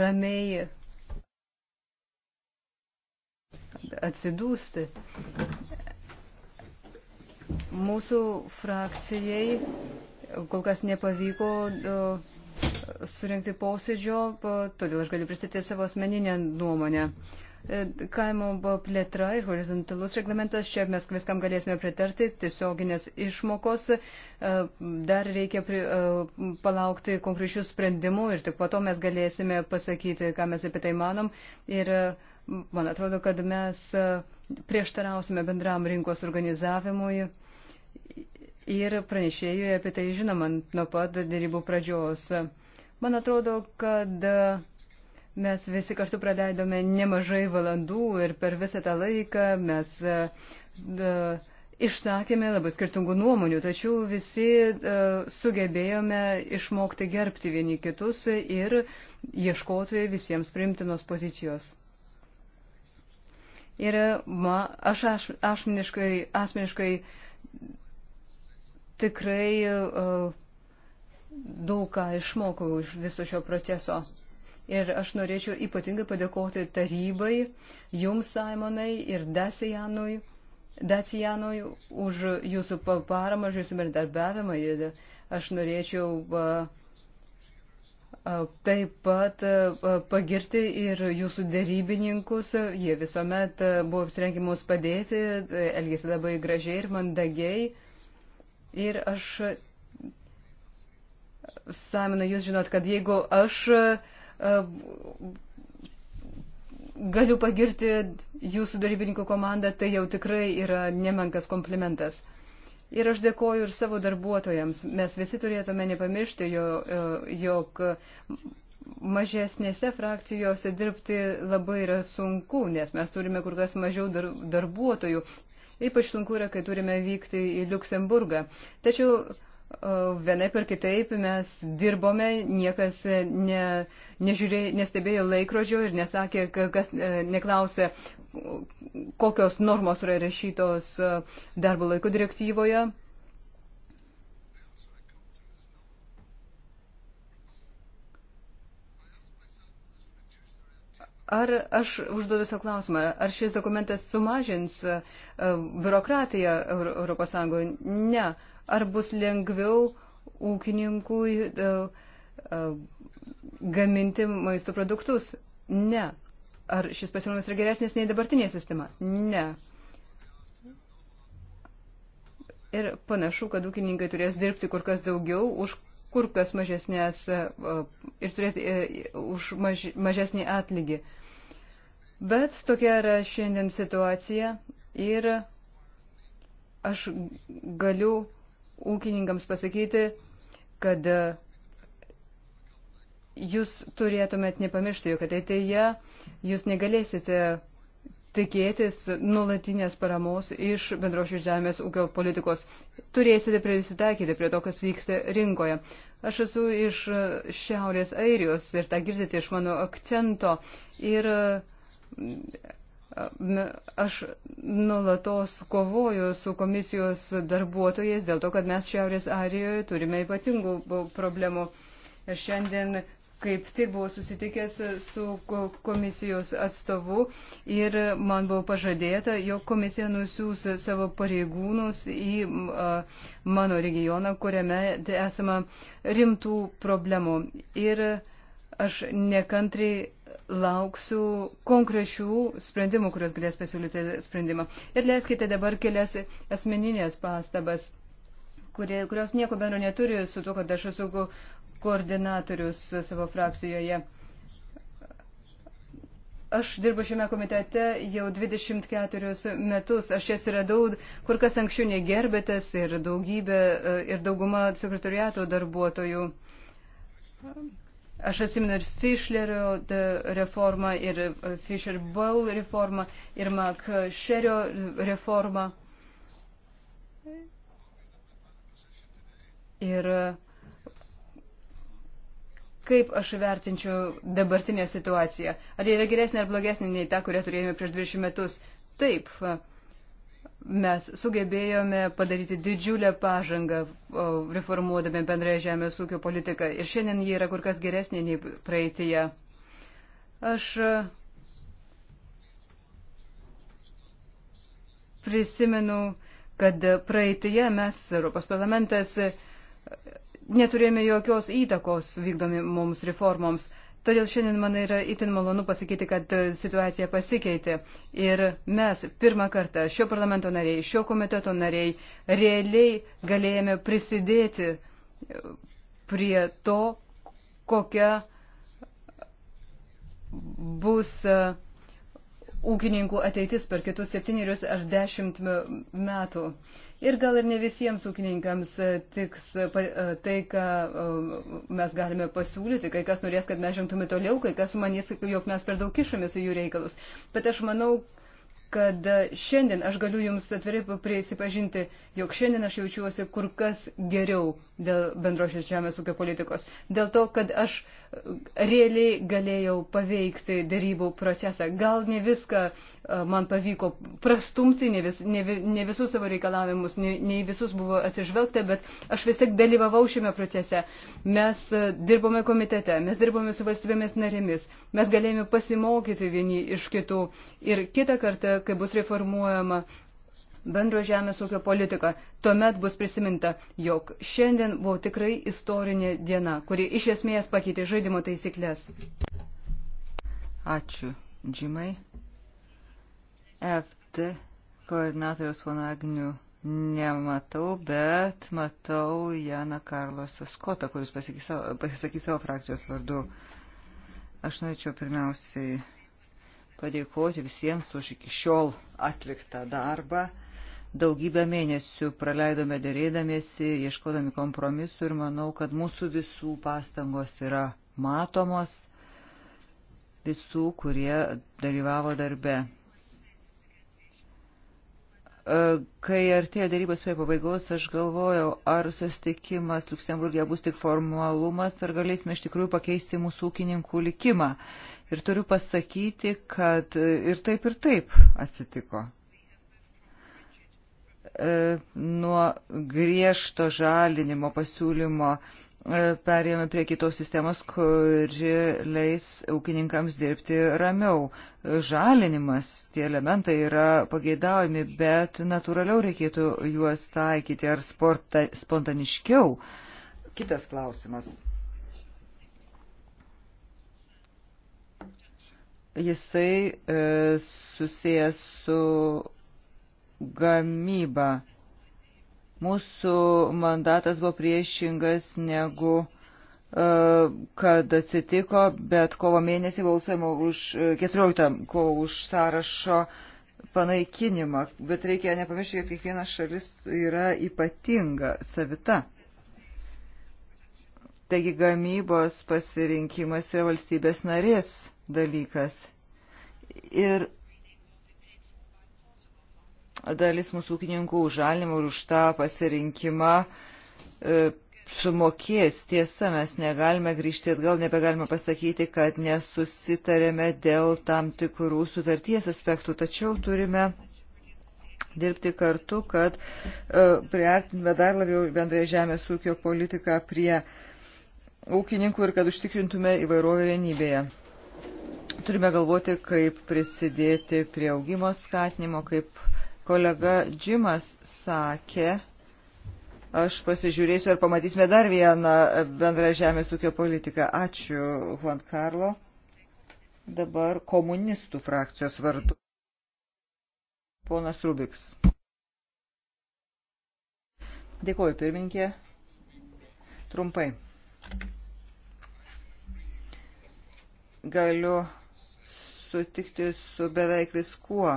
ramiai atsidūsti. Mūsų frakcijai kol kas nepavyko uh, surinkti posėdžio, todėl aš galiu pristatyti savo asmeninę nuomonę. E, kaimo plėtra ir horizontalus reglamentas, čia mes viskam galėsime pritarti, tiesioginės išmokos, e, dar reikia pri, e, palaukti konkrečių sprendimų ir tik po to mes galėsime pasakyti, ką mes apie tai manom. Ir man atrodo, kad mes prieštarausime bendram rinkos organizavimui. Ir pranešėjui apie tai žinoma nuo pat dėrybų pradžios. Man atrodo, kad mes visi kartu praleidome nemažai valandų ir per visą tą laiką mes e, išsakėme labai skirtingų nuomonių, tačiau visi e, sugebėjome išmokti gerbti vieni kitus ir ieškoti visiems primtinos pozicijos. Ir ma, aš, aš asmeniškai, asmeniškai tikrai uh, daug ką išmokau iš viso šio proceso. Ir aš norėčiau ypatingai padėkoti tarybai, jums, Simonai, ir Dacijanui, Dacijanui už jūsų paramą, už jūsų bendarbiavimą. Aš norėčiau taip pat pagirti ir jūsų dėrybininkus. Jie visuomet buvo apsirengę mums padėti, elgėsi labai gražiai ir mandagiai. Ir aš Samina, jūs žinot, kad jeigu aš e, galiu pagirti jūsų darybininkų komandą, tai jau tikrai yra nemenkas komplimentas. Ir aš dėkoju ir savo darbuotojams. Mes visi turėtume nepamiršti, e, jog mažesnėse frakcijose dirbti labai yra sunku, nes mes turime kur kas mažiau dar, darbuotojų. Ypač sunku yra, kai turime vykti į Luksemburgą. Tačiau vienaip ir kitaip mes dirbome, niekas ne, nežiūrė, nestebėjo laikrodžio ir nesakė, kas e, neklausė, kokios normos yra rašytos e, darbo laiko direktyvoje. Ar aš užduodu savo klausimą, ar šis dokumentas sumažins e, biurokratiją ES? Ne ar bus lengviau ūkininkui e, e, gaminti maisto produktus? Ne. Ar šis pasiūlymas yra geresnis nei dabartinė sistema? Ne. Ir panašu, kad ūkininkai turės dirbti kur kas daugiau už kur kas mažesnės e, ir turėti už maž, mažesnį atlygį. Bet tokia yra šiandien situacija ir aš galiu ūkininkams pasakyti, kad e, jūs turėtumėt nepamiršti, jog ateityje jūs negalėsite tikėtis nulatinės paramos iš bendrošių žemės ūkio politikos. Turėsite prisitaikyti prie to, kas vyksta rinkoje. Aš esu iš Šiaurės Airijos ir tą girdite iš mano akcento. Ir Aš nulatos kovoju su komisijos darbuotojais dėl to, kad mes Šiaurės Arijoje turime ypatingų problemų. Aš šiandien kaip tik buvau susitikęs su komisijos atstovu ir man buvo pažadėta, jog komisija nusiūs savo pareigūnus į mano regioną, kuriame esama rimtų problemų. Ir aš nekantriai lauksiu konkrečių sprendimų, kurios galės pasiūlyti sprendimą. Ir leiskite dabar kelias asmeninės pastabas, kurie, kurios nieko bendro neturi su to, kad aš esu koordinatorius savo frakcijoje. Aš dirbu šiame komitete jau 24 metus. Aš jas radau kur kas anksčiau nei gerbėtės ir daugybė ir dauguma sekretariato darbuotojų. Aš atsimenu ir Fischlerio e, reformą, ir e, Fischer-Bowl reformą, ir Makšerio e, reformą. Ir kaip aš vertinčiau dabartinę situaciją? Ar ji yra geresnė ar blogesnė nei ta, kurią turėjome prieš 20 metus? Taip. Uh, mes sugebėjome padaryti didžiulę pažangą reformuodami bendrąją žemės ūkio politiką ir šiandien ji yra kur kas geresnė nei praeitėje. Aš e, prisimenu, kad praeitėje mes, Europos parlamentas, neturėjome jokios įtakos vykdomi mums reformoms. Todėl šiandien man yra itin malonu pasakyti, kad e, situacija pasikeitė ir mes pirmą kartą šio parlamento nariai, šio komiteto nariai realiai galėjome prisidėti e, prie to, kokia bus e, ūkininkų ateitis per kitus septynerius ar dešimt metų. Uh, ir gal ir ne visiems ūkininkams e, tiks e, e, tai, ką mes galime pasiūlyti, kai kas norės, kad mes žengtume toliau, kai kas manys, jog mes per daug kišamės į jų reikalus. Bet aš manau, kad šiandien aš galiu Jums atvirai prisipažinti, jog šiandien aš jaučiuosi kur kas geriau dėl bendrošios žemės ūkio politikos. Dėl to, kad aš e, realiai galėjau paveikti dėrybų procesą. Gal ne viską e, man pavyko prastumti, ne, vis, ne, ne visus savo reikalavimus, ne, ne visus buvo atsižvelgta, bet aš vis tiek dalyvavau šiame procese. Mes e, dirbome komitete, mes dirbome su valstybėmis narėmis, mes galėjome pasimokyti vieni iš kitų. Ir kitą kartą kai bus reformuojama bendro žemės ūkio politika, tuomet bus prisiminta, jog šiandien buvo tikrai istorinė diena, kuri iš esmės pakeitė žaidimo taisyklės. Ačiū, Džimai. FT koordinatorius pono Agnių nematau, bet matau Janą Karlosą Skotą, kuris pasisakys savo frakcijos vardu. Aš norėčiau pirmiausiai padėkoti visiems už iki šiol atliktą darbą. Daugybę mėnesių praleidome dėrėdamiesi, ieškodami kompromisų ir manau, kad mūsų visų pastangos yra matomos, visų, kurie dalyvavo darbe. E, kai artėjo darybos prie pabaigos, aš galvojau, ar susitikimas Luksemburgė bus tik formalumas, ar galėsime iš tikrųjų pakeisti mūsų ūkininkų likimą. Ir turiu pasakyti, kad e, ir taip ir taip atsitiko. E, nuo griežto žalinimo pasiūlymo e, perėjome prie kitos sistemos, kuri leis ūkininkams dirbti ramiau. Žalinimas, tie elementai yra pageidaujami, bet natūraliau reikėtų juos taikyti ar sporta, spontaniškiau. Kitas klausimas. Jisai e, susijęs su gamyba. Mūsų mandatas buvo priešingas negu e, kad atsitiko, bet kovo mėnesį balsuojama už 14 e, kovo už sąrašo panaikinimą. Bet reikia nepamiršti, kad kiekviena šalis yra ypatinga, savita. Taigi gamybos pasirinkimas yra valstybės narės dalykas. Ir dalis mūsų ūkininkų užalimų ir už tą pasirinkimą e, sumokės. Tiesa, mes negalime grįžti atgal, nebegalime pasakyti, kad nesusitarėme dėl tam tikrų sutarties aspektų, tačiau turime dirbti kartu, kad e, priartintume dar labiau bendrąją žemės ūkio politiką prie ūkininkų ir kad užtikrintume įvairovę vienybėje turime galvoti, kaip prisidėti prie augimo skatinimo, kaip kolega Džimas sakė. Aš pasižiūrėsiu ir pamatysime dar vieną bendrą žemės ūkio politiką. Ačiū, Juan Karlo. Dabar komunistų frakcijos vardu. Ponas Rubiks. Dėkuoju, pirminkė. Trumpai galiu sutikti su beveik viskuo,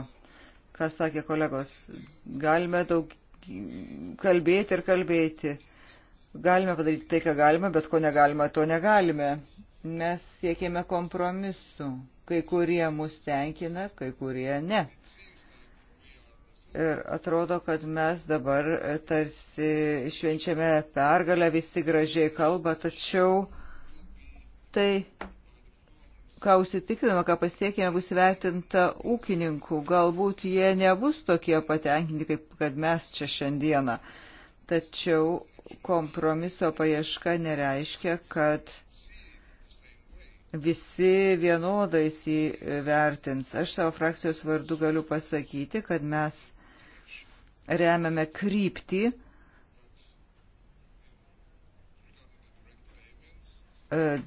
ką sakė kolegos. Galime daug kalbėti ir kalbėti. Galime padaryti tai, ką galime, bet ko negalime, to negalime. Mes siekėme kompromisu. Kai kurie mus tenkina, kai kurie ne. Ir atrodo, kad mes dabar tarsi švenčiame pergalę, visi gražiai kalba, tačiau tai ką užsitikrinama, ką pasiekėme, bus vertinta ūkininkų. Galbūt jie nebus tokie patenkinti, kaip kad mes čia šiandieną. Tačiau kompromiso paieška nereiškia, kad visi vienodai įvertins. Aš savo frakcijos vardu galiu pasakyti, kad mes remiame kryptį, e,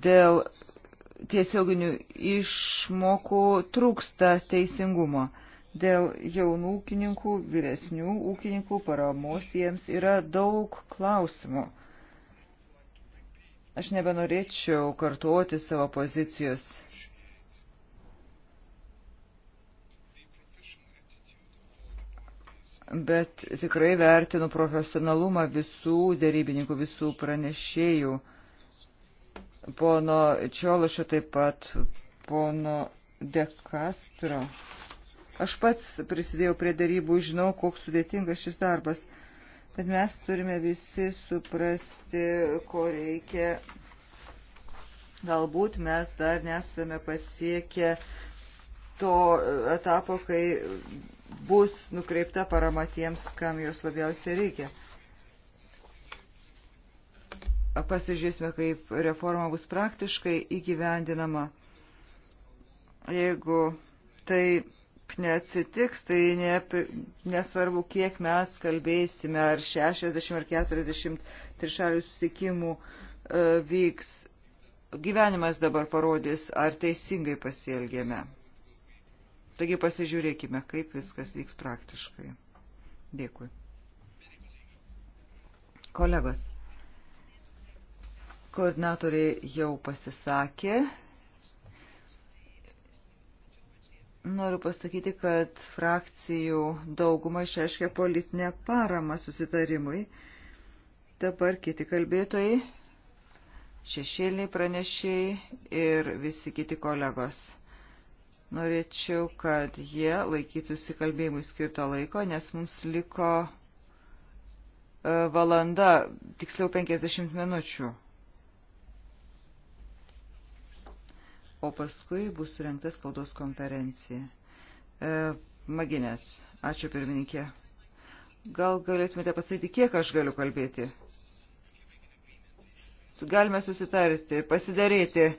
dėl tiesioginių išmokų trūksta teisingumo. Dėl jaunų ūkininkų, vyresnių ūkininkų paramos jiems yra daug klausimų. Aš nebenorėčiau kartuoti savo pozicijos. Bet tikrai vertinu profesionalumą visų dėrybininkų, visų pranešėjų pono Čiološio, taip pat pono De Castro. Aš pats prisidėjau prie darybų, žinau, koks sudėtingas šis darbas, bet mes turime visi suprasti, ko reikia. Galbūt mes dar nesame pasiekę to etapo, kai bus nukreipta parama tiems, kam jos labiausiai reikia pasižiūrėsime, kaip reforma bus praktiškai įgyvendinama. Jeigu tai neatsitiks, tai ne, nesvarbu, kiek mes kalbėsime, ar 60 ar 40 trišalių susikimų e, vyks, gyvenimas dabar parodys, ar teisingai pasielgėme. Taigi pasižiūrėkime, kaip viskas vyks praktiškai. Dėkui. Kolegos. Koordinatoriai jau pasisakė. Noriu pasakyti, kad frakcijų dauguma išreiškė politinę paramą susitarimui. Dabar kiti kalbėtojai, šešėliniai pranešėjai ir visi kiti kolegos. Norėčiau, kad jie laikytųsi kalbėjimui skirto laiko, nes mums liko e, valanda, tiksliau 50 minučių. o paskui bus surinkta spaudos konferencija. E, maginės, ačiū pirmininkė. Gal galėtumėte pasakyti, kiek aš galiu kalbėti? Galime susitarti, pasidaryti.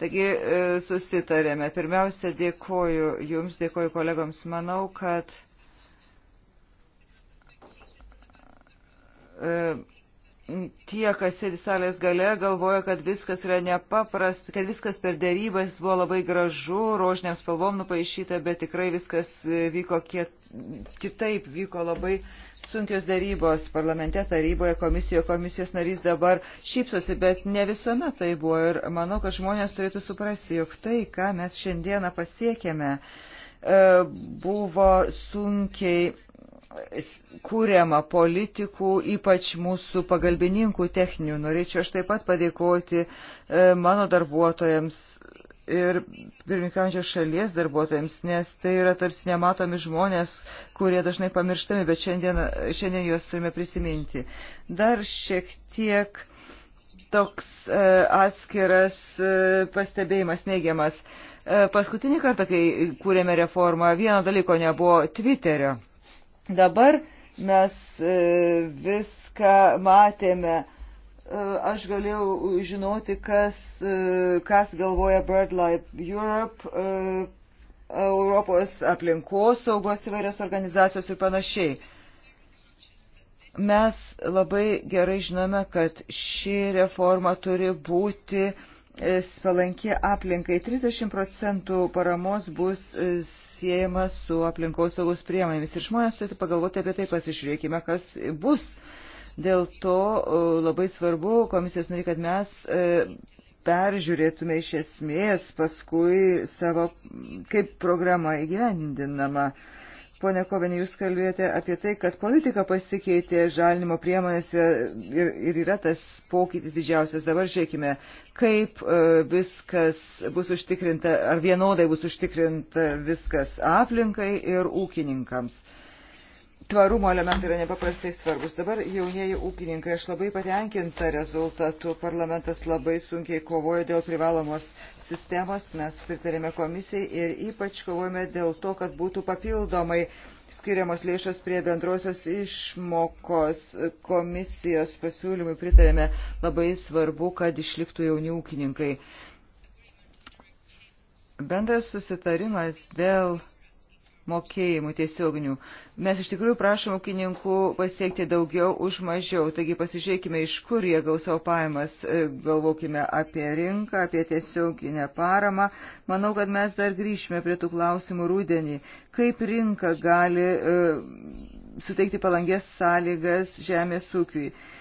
Taigi e, susitarėme. Pirmiausia, dėkoju Jums, dėkoju kolegoms. Manau, kad e, tie, kas sėdi salės gale, galvoja, kad viskas yra nepaprasta, kad viskas per dėrybas buvo labai gražu, rožiniam spalvom nupaišyta, bet tikrai viskas e, vyko kiek kitaip, vyko labai sunkios dėrybos parlamente, taryboje, komisijoje, komisijos narys dabar šypsosi, bet ne visuomet tai buvo ir manau, kad žmonės turėtų suprasti, jog tai, ką mes šiandieną pasiekėme, e, buvo sunkiai kūriama politikų, ypač mūsų pagalbininkų techninių. Norėčiau aš taip pat padėkoti e, mano darbuotojams ir pirmininkančios šalies darbuotojams, nes tai yra tarsi nematomi žmonės, kurie dažnai pamirštami, bet šiandien, šiandien juos turime prisiminti. Dar šiek tiek toks e, atskiras e, pastebėjimas neigiamas. E, paskutinį kartą, kai kūrėme reformą, vieno dalyko nebuvo Twitterio. E, Dabar mes e, viską matėme. E, aš galėjau žinoti, kas, e, kas galvoja BirdLife Europe, Europos aplinkos saugos įvairios organizacijos ir panašiai. Mes labai gerai žinome, kad ši reforma turi būti palanki aplinkai. 30 procentų paramos bus siejama su aplinkosaugos priemonėmis. Ir žmonės turėtų pagalvoti apie tai, pasižiūrėkime, kas bus. Dėl to e, labai svarbu, komisijos nariai, kad mes e, peržiūrėtume iš esmės paskui savo, kaip programa įgyvendinama. Pone Kovenė, jūs kalbėjote apie tai, kad politika pasikeitė žalinimo priemonės ir, ir yra tas pokytis didžiausias. Dabar žiūrėkime, kaip e, viskas bus užtikrinta, ar vienodai bus užtikrinta viskas aplinkai ir ūkininkams. Uh, tvarumo elementai yra nepaprastai svarbus. Dabar jaunieji ūkininkai, aš labai patenkinta rezultatu. Parlamentas labai sunkiai kovojo dėl privalomos sistemos, mes pritarėme komisijai ir ypač kovojame dėl to, kad būtų papildomai skiriamos lėšos prie bendrosios išmokos komisijos pasiūlymui. Pritarėme labai svarbu, kad išliktų jauni ūkininkai. Bendras susitarimas dėl mokėjimų tiesioginių. Mes iš tikrųjų prašom ūkininkų pasiekti daugiau už mažiau, taigi pasižiūrėkime, iš kur jie gaus savo pajamas, e, galvokime apie rinką, apie tiesioginę paramą. Manau, kad mes dar grįšime prie tų klausimų rūdienį. Kaip rinka gali e, suteikti palangės sąlygas žemės ūkiui? E,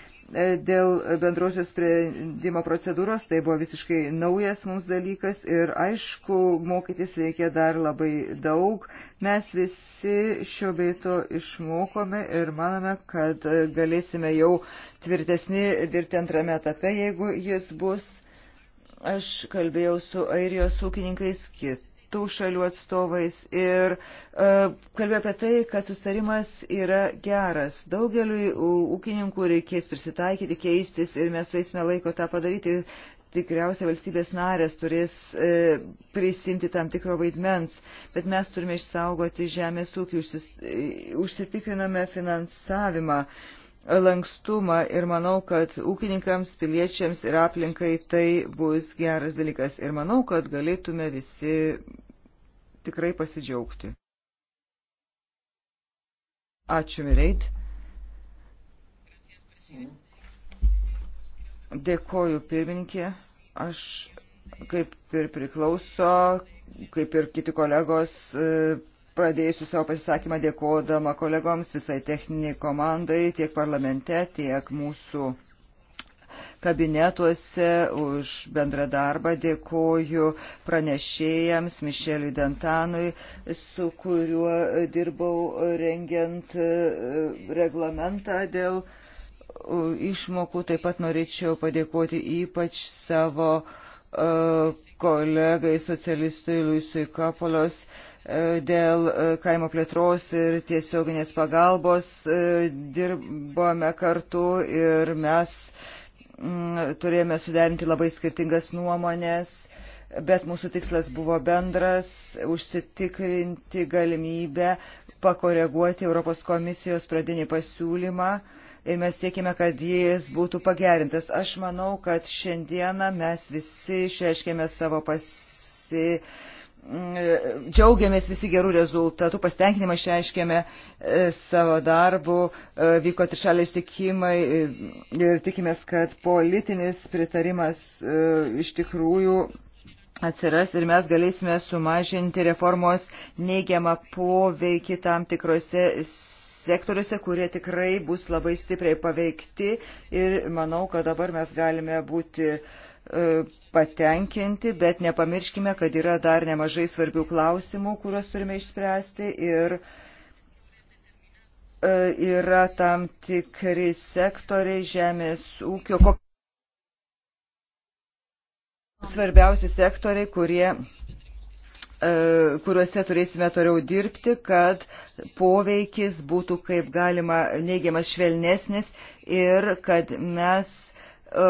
dėl bendrosios sprendimo procedūros, tai buvo visiškai naujas mums dalykas ir aišku, mokytis reikia dar labai daug. Mes visi šio beito išmokome ir manome, kad galėsime jau tvirtesni dirbti antrame etape, jeigu jis bus. Aš kalbėjau su airijos ūkininkais kit tų šalių atstovais ir e, kalbėjo apie tai, kad sustarimas yra geras. Daugeliui ūkininkų reikės prisitaikyti, keistis ir mes turėsime laiko tą padaryti. Tikriausiai valstybės narės turės e, prisimti tam tikro vaidmens, bet mes turime išsaugoti žemės ūkį, užsis, e, užsitikriname finansavimą. E, lankstumą ir manau, kad ūkininkams, piliečiams ir aplinkai tai bus geras dalykas. Ir manau, kad galėtume visi tikrai pasidžiaugti. Ačiū, Mireit. Dėkoju, pirmininkė. Aš kaip ir priklauso, kaip ir kiti kolegos, e, pradėsiu savo pasisakymą dėkodama kolegoms, visai techniniai komandai, tiek parlamente, tiek mūsų kabinetuose už bendrą darbą. Dėkoju pranešėjams Mišeliui Dantanui, su kuriuo dirbau rengiant e, reglamentą dėl e, išmokų. Taip pat norėčiau padėkoti ypač savo e, kolegai socialistui Luisui Kapolos dėl kaimo plėtros ir tiesioginės pagalbos dirbome kartu ir mes Mm, turėjome suderinti labai skirtingas nuomonės, bet mūsų tikslas buvo bendras - užsitikrinti galimybę pakoreguoti Europos komisijos pradinį pasiūlymą ir mes siekime, kad jis būtų pagerintas. Aš manau, kad šiandieną mes visi išreiškėme savo pasiūlymą džiaugiamės visi gerų rezultatų, pasitenkinimą išreiškėme e, savo darbų, e, vyko trišaliai ištikimai e, ir tikimės, kad politinis pritarimas iš tikrųjų atsiras ir mes galėsime sumažinti reformos neigiamą poveikį tam tikrose sektoriuose, kurie tikrai bus labai stipriai paveikti ir manau, kad dabar mes galime būti patenkinti, bet nepamirškime, kad yra dar nemažai svarbių klausimų, kuriuos turime išspręsti ir e, yra tam tikri sektoriai žemės ūkio. Svarbiausi sektoriai, kurie e, kuriuose turėsime toliau dirbti, kad poveikis būtų kaip galima neigiamas švelnesnis ir kad mes E,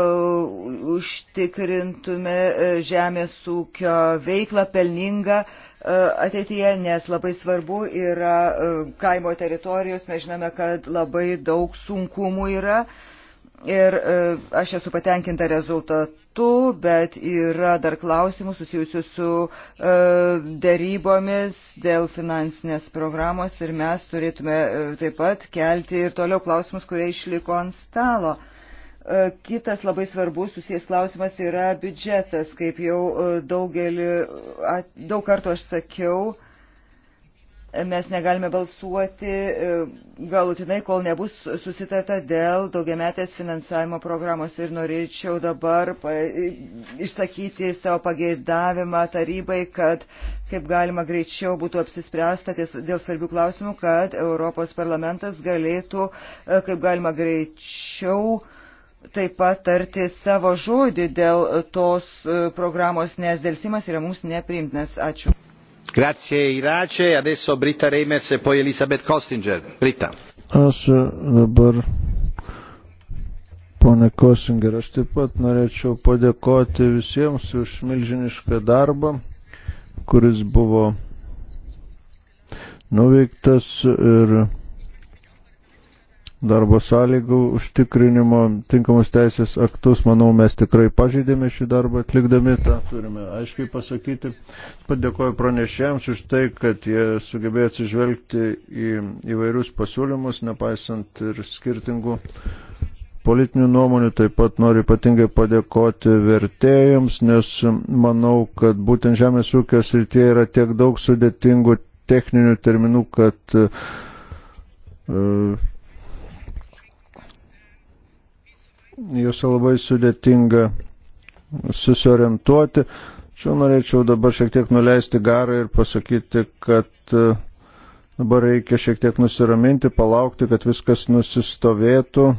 užtikrintume e, žemės ūkio veiklą pelningą e, ateityje, nes labai svarbu yra kaimo teritorijos, mes žinome, kad labai daug sunkumų yra ir aš esu patenkinta rezultatu, bet yra dar klausimų susijusių su darybomis dėl finansinės programos ir mes turėtume taip pat kelti ir toliau klausimus, kurie išliko ant stalo. E, kitas labai svarbus susijęs klausimas yra biudžetas, kaip jau e, daugelį, daug kartų aš sakiau, mes negalime balsuoti e, galutinai, kol nebus susitata dėl daugiametės finansavimo programos. Ir norėčiau dabar pa, išsakyti savo pageidavimą tarybai, kad kaip galima greičiau būtų apsispręsta ties, dėl svarbių klausimų, kad Europos parlamentas galėtų kaip galima greičiau taip pat tarti savo žodį dėl tos e, programos, nes dėlsimas yra mums nepriimtinas. Ačiū. Grazie Irace, adesso Britta Reimers e poi Elisabeth Kostinger. Britta. Aš e, dabar, ponė Kostinger, aš taip pat norėčiau padėkoti visiems už milžinišką darbą, kuris buvo nuveiktas ir darbo sąlygų užtikrinimo, tinkamus teisės aktus, manau, mes tikrai pažeidėme šį darbą atlikdami, tą turime aiškiai pasakyti. Padėkoju pranešėjams už tai, kad jie sugebėjo atsižvelgti į įvairius pasiūlymus, nepaisant ir skirtingų politinių nuomonių, taip pat noriu ypatingai padėkoti vertėjams, nes manau, kad būtent žemės ūkio srityje yra tiek daug sudėtingų techninių terminų, kad uh, juose labai sudėtinga susiorientuoti. Čia norėčiau dabar šiek tiek nuleisti garą ir pasakyti, kad e, dabar reikia šiek tiek nusiraminti, palaukti, kad viskas nusistovėtų.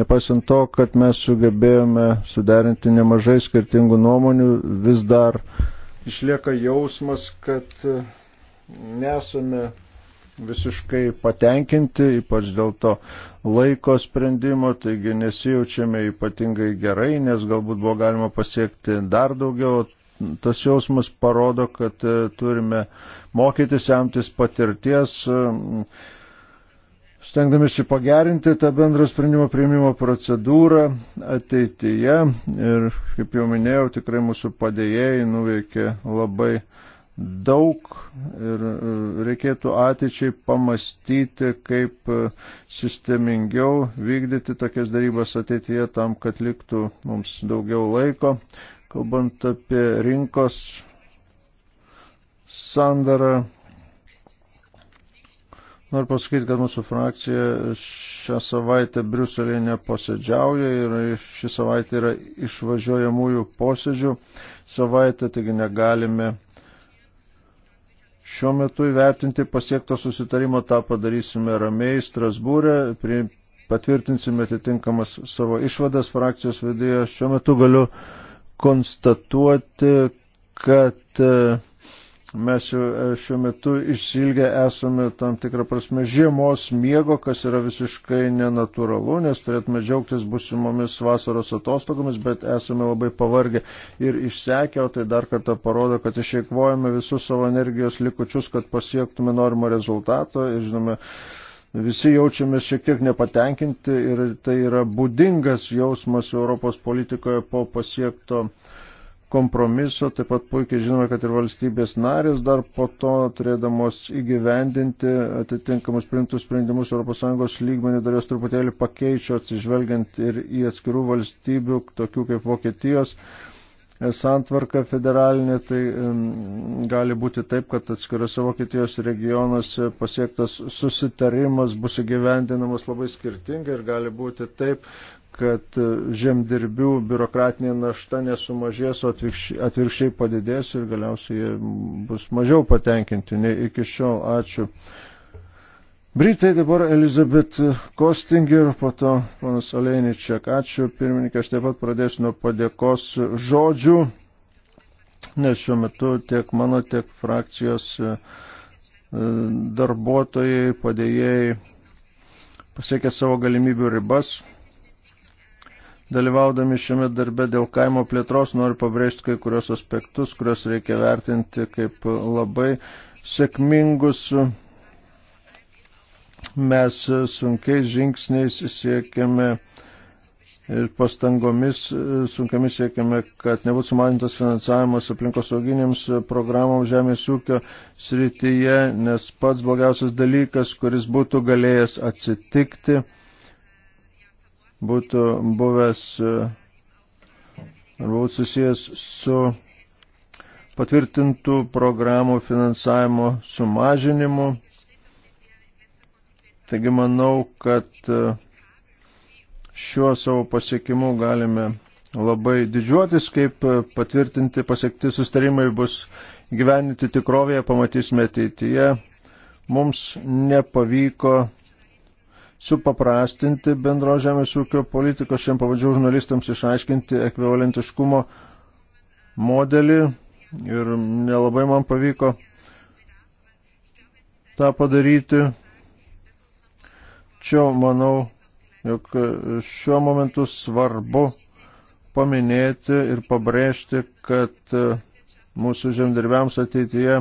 Nepaisant to, kad mes sugebėjome suderinti nemažai skirtingų nuomonių, vis dar išlieka jausmas, kad e, nesame visiškai patenkinti, ypač dėl to laiko sprendimo, taigi nesijaučiame ypatingai gerai, nes galbūt buvo galima pasiekti dar daugiau. Tas jausmas parodo, kad e, turime mokytis, semtis patirties, e, stengdamėsi pagerinti tą bendrą sprendimo prieimimo procedūrą ateityje. Ir, kaip jau minėjau, tikrai mūsų padėjėjai nuveikė labai daug ir e, reikėtų ateičiai pamastyti, kaip e, sistemingiau vykdyti tokias darybas ateityje tam, kad liktų mums daugiau laiko. Kalbant apie rinkos sandarą, noriu pasakyti, kad mūsų frakcija šią savaitę Briuselėje neposėdžiauja ir ši savaitė yra išvažiuojamųjų posėdžių savaitė, taigi negalime šiuo metu įvertinti pasiektą susitarimo, tą padarysime ramiai Strasbūrė, prie, patvirtinsime atitinkamas savo išvadas frakcijos vidėje. Šiuo metu galiu konstatuoti, kad e, Mes jau e, šiuo metu išsilgę esame tam tikrą prasme žiemos miego, kas yra visiškai nenatūralu, nes turėtume džiaugtis busimomis vasaros atostogomis, bet esame labai pavargę ir išsekę, o tai dar kartą parodo, kad išeikvojame visus savo energijos likučius, kad pasiektume norimo rezultato ir žinome, visi jaučiamės šiek tiek nepatenkinti ir tai yra būdingas jausmas Europos politikoje po pasiekto kompromiso, taip pat puikiai žinome, kad ir valstybės narės dar po to turėdamos įgyvendinti atitinkamus priimtus sprendimus ES lygmenį dar jos truputėlį pakeičio atsižvelgiant ir į atskirų valstybių, tokių kaip Vokietijos e, santvarka federalinė, tai gali būti taip, kad atskirose Vokietijos regionuose pasiektas susitarimas bus įgyvendinamas labai skirtingai ir gali būti taip, kad žemdirbių biurokratinė našta nesumažės, o atvirkščiai padidės ir galiausiai jie bus mažiau patenkinti nei iki šiol. Ačiū. Britai dabar Elizabeth Kostinger, po to panas Oleiničiak. Ačiū, pirmininkė, aš taip pat pradėsiu nuo padėkos žodžių, nes šiuo metu tiek mano, tiek frakcijos e, darbuotojai, padėjėjai pasiekė savo galimybių ribas Dalyvaudami šiame darbe dėl kaimo plėtros noriu pabrėžti kai kurios aspektus, kuriuos reikia vertinti kaip labai sėkmingus. Mes sunkiais žingsniais siekiame ir pastangomis sunkiamis siekiame, kad nebūtų sumažintas finansavimas aplinkosauginėms programoms žemės ūkio srityje, nes pats blogiausias dalykas, kuris būtų galėjęs atsitikti, būtų buvęs arba e, būtų susijęs su patvirtintų programų finansavimo sumažinimu. Taigi manau, kad e, šiuo savo pasiekimu galime labai didžiuotis, kaip e, patvirtinti pasiekti sustarimai bus gyveninti tikrovėje, pamatysime ateityje. Mums nepavyko supaprastinti bendro žemės ūkio politikos. Šiandien pavadžiau žurnalistams išaiškinti ekvivalentiškumo modelį ir nelabai man pavyko tą padaryti. Čia manau, jog šiuo momentu svarbu paminėti ir pabrėžti, kad mūsų žemdirbiams ateityje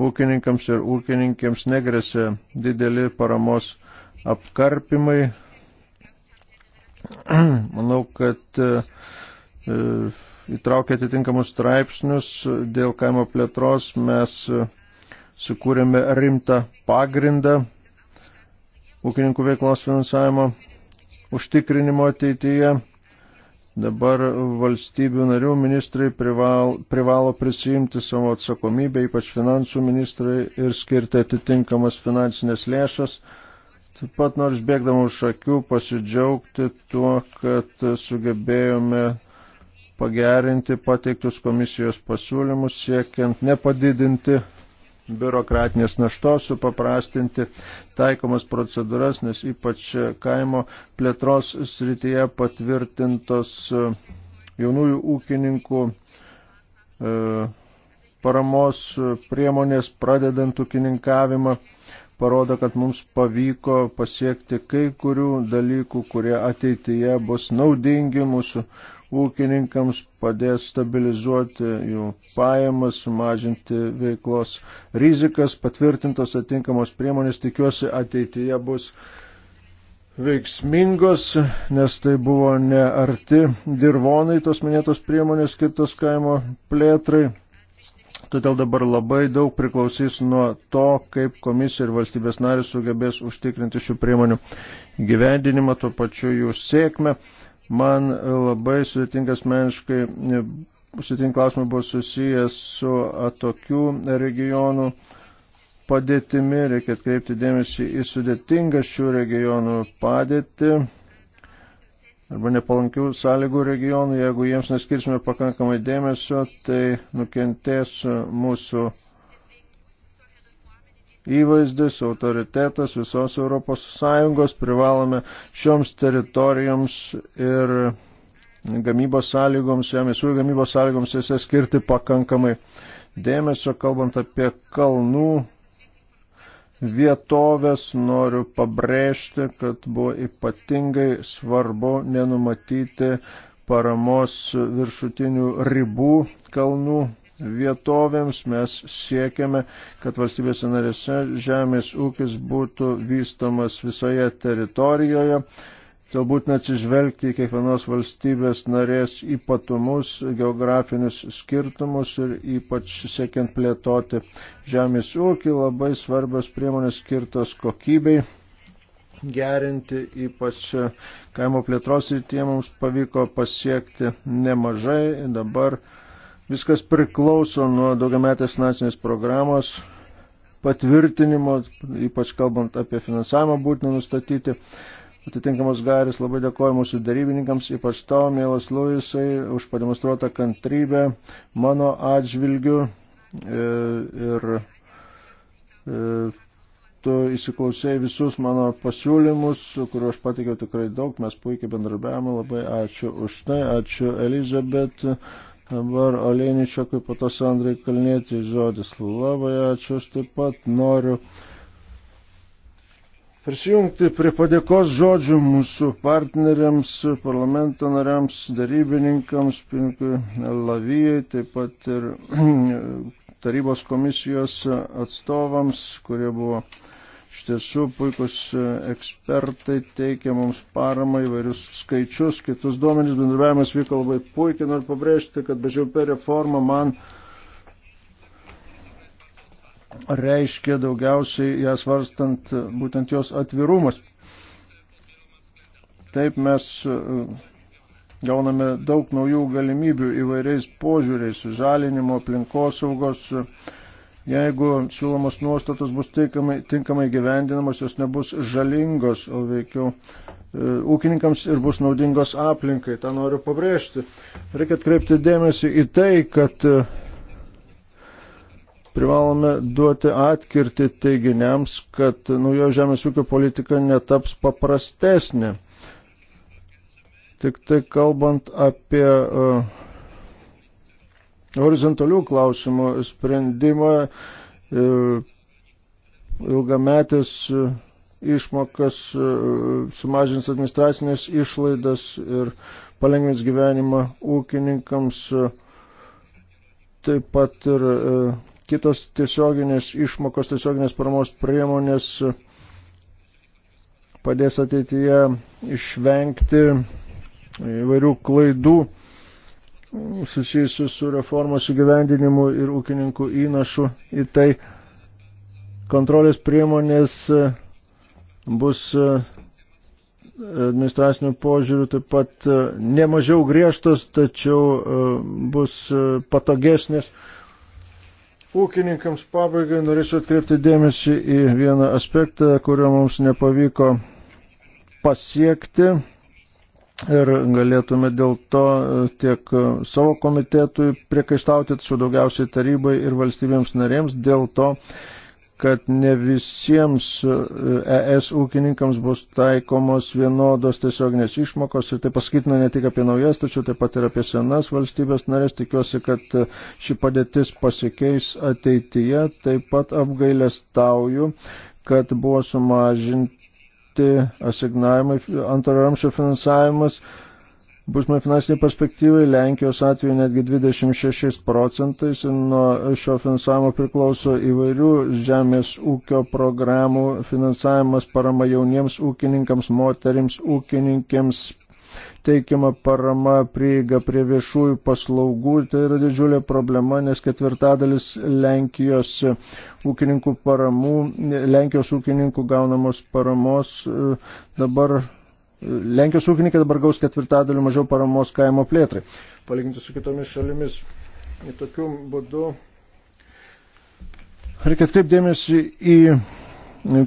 ūkininkams ir ūkininkėms negresia dideli paramos apkarpimai. *clears throat* Manau, kad e, e, įtraukia atitinkamus straipsnius dėl kaimo plėtros mes e, sukūrėme rimtą pagrindą ūkininkų veiklos finansavimo užtikrinimo ateityje. Dabar valstybių narių ministrai privalo, privalo prisijimti savo atsakomybę, ypač finansų ministrai, ir skirti atitinkamas finansinės lėšas Taip pat nors bėgdama už akių pasidžiaugti tuo, kad sugebėjome pagerinti pateiktus komisijos pasiūlymus, siekiant nepadidinti biurokratinės naštos, supaprastinti taikomas procedūras, nes ypač kaimo plėtros srityje patvirtintos jaunųjų ūkininkų e, paramos priemonės pradedant ūkininkavimą parodo, kad mums pavyko pasiekti kai kurių dalykų, kurie ateityje bus naudingi mūsų ūkininkams, padės stabilizuoti jų pajamas, sumažinti veiklos rizikas, patvirtintos atinkamos priemonės, tikiuosi, ateityje bus veiksmingos, nes tai buvo ne arti dirvonai tos minėtos priemonės skirtos kaimo plėtrai. Todėl dabar labai daug priklausys nuo to, kaip komisija ir valstybės narės sugebės užtikrinti šių priemonių gyvendinimą, tuo pačiu jų sėkmę. Man labai sudėtingas meniškai, sudėtingi klausimai buvo susijęs su atokių regionų padėtimi, reikia atkreipti dėmesį į sudėtingą šių regionų padėtį arba nepalankių sąlygų regionų, jeigu jiems neskirsime pakankamai dėmesio, tai nukentės mūsų įvaizdis, autoritetas visos Europos Sąjungos, privalome šioms teritorijoms ir gamybos sąlygoms, žemės ūkio gamybos sąlygoms jose skirti pakankamai dėmesio, kalbant apie kalnų vietovės noriu pabrėžti, kad buvo ypatingai svarbu nenumatyti paramos viršutinių ribų kalnų vietovėms. Mes siekiame, kad valstybės narėse žemės ūkis būtų vystomas visoje teritorijoje Todėl būtina atsižvelgti į kiekvienos valstybės narės ypatumus, geografinius skirtumus ir ypač siekiant plėtoti žemės ūkį labai svarbios priemonės skirtos kokybei gerinti, ypač kaimo plėtros rytie mums pavyko pasiekti nemažai. Dabar viskas priklauso nuo daugiametės nacinės programos patvirtinimo, ypač kalbant apie finansavimą būtina nustatyti atitinkamos garis. Labai dėkoju mūsų darybininkams, ypač to, mielas Luisai, už pademonstruotą kantrybę mano atžvilgiu. E, ir, ir e, tu įsiklausėjai visus mano pasiūlymus, kuriuos aš patikiau tikrai daug, mes puikiai bendrabiavome, labai ačiū už tai, ačiū Elizabet, dabar Oleničiokui, po to Sandrai Kalnėti žodis, labai ačiū, aš taip pat noriu prisijungti prie padėkos žodžių mūsų partneriams, parlamento nariams, darybininkams, Pinkui Lavijai, taip pat ir *clears throat* tarybos komisijos atstovams, kurie buvo iš tiesų puikus ekspertai, teikia mums paramą įvairius skaičius, kitus duomenys, bendravimas vyko labai puikiai, noriu pabrėžti, kad bežiaupė reforma man reiškia daugiausiai ją svarstant būtent jos atvirumas. Taip mes e, gauname daug naujų galimybių įvairiais požiūriais, žalinimo, aplinkosaugos. Jeigu siūlomos nuostatos bus tinkamai, tinkamai gyvendinamos, jos nebus žalingos, o veikiau e, ūkininkams ir bus naudingos aplinkai. Ta noriu pabrėžti. Reikia atkreipti dėmesį į tai, kad e, privalome duoti atkirti teiginiams, kad naujo žemės ūkio politika netaps paprastesnė. Tik tai kalbant apie uh, horizontalių klausimų sprendimą, uh, e, ilgametis uh, e, išmokas, sumažins administracinės išlaidas ir palengvins gyvenimą ūkininkams, taip pat ir Kitos tiesioginės išmokos, tiesioginės paramos priemonės padės ateityje išvengti įvairių klaidų susijusių su reformos įgyvendinimu ir ūkininkų įnašu į tai. Kontrolės priemonės bus administracinių požiūrių taip pat nemažiau griežtos, tačiau bus patogesnės Ūkininkams pabaigai norėčiau atkreipti dėmesį į vieną aspektą, kurio mums nepavyko pasiekti ir galėtume dėl to e, tiek e, savo komitetui priekaištauti, su daugiausiai tarybai ir valstybėms narėms, dėl to, kad ne visiems ES e ūkininkams bus taikomos vienodos tiesioginės išmokos ir tai pasakytina ne tik apie naujas, tačiau taip pat ir apie senas valstybės narės. Tikiuosi, kad e, ši padėtis pasikeis ateityje. Taip pat apgailestauju, kad buvo sumažinti asignavimai antrojo ramšio finansavimas Būsimai finansiniai perspektyvai Lenkijos atveju netgi 26 procentais ir nuo šio finansavimo priklauso įvairių žemės ūkio programų finansavimas, parama jauniems ūkininkams, moterims, ūkininkėms, teikiama parama prieiga prie viešųjų paslaugų. Tai yra didžiulė problema, nes ketvirtadalis Lenkijos ūkininkų paramų, Lenkijos ūkininkų gaunamos paramos e, dabar Lenkijos ūkininkai dabar gaus ketvirtadalių mažiau paramos kaimo plėtrai, palyginti su kitomis šalimis. Į tokiu būdu reikia atkreipdėmėsi į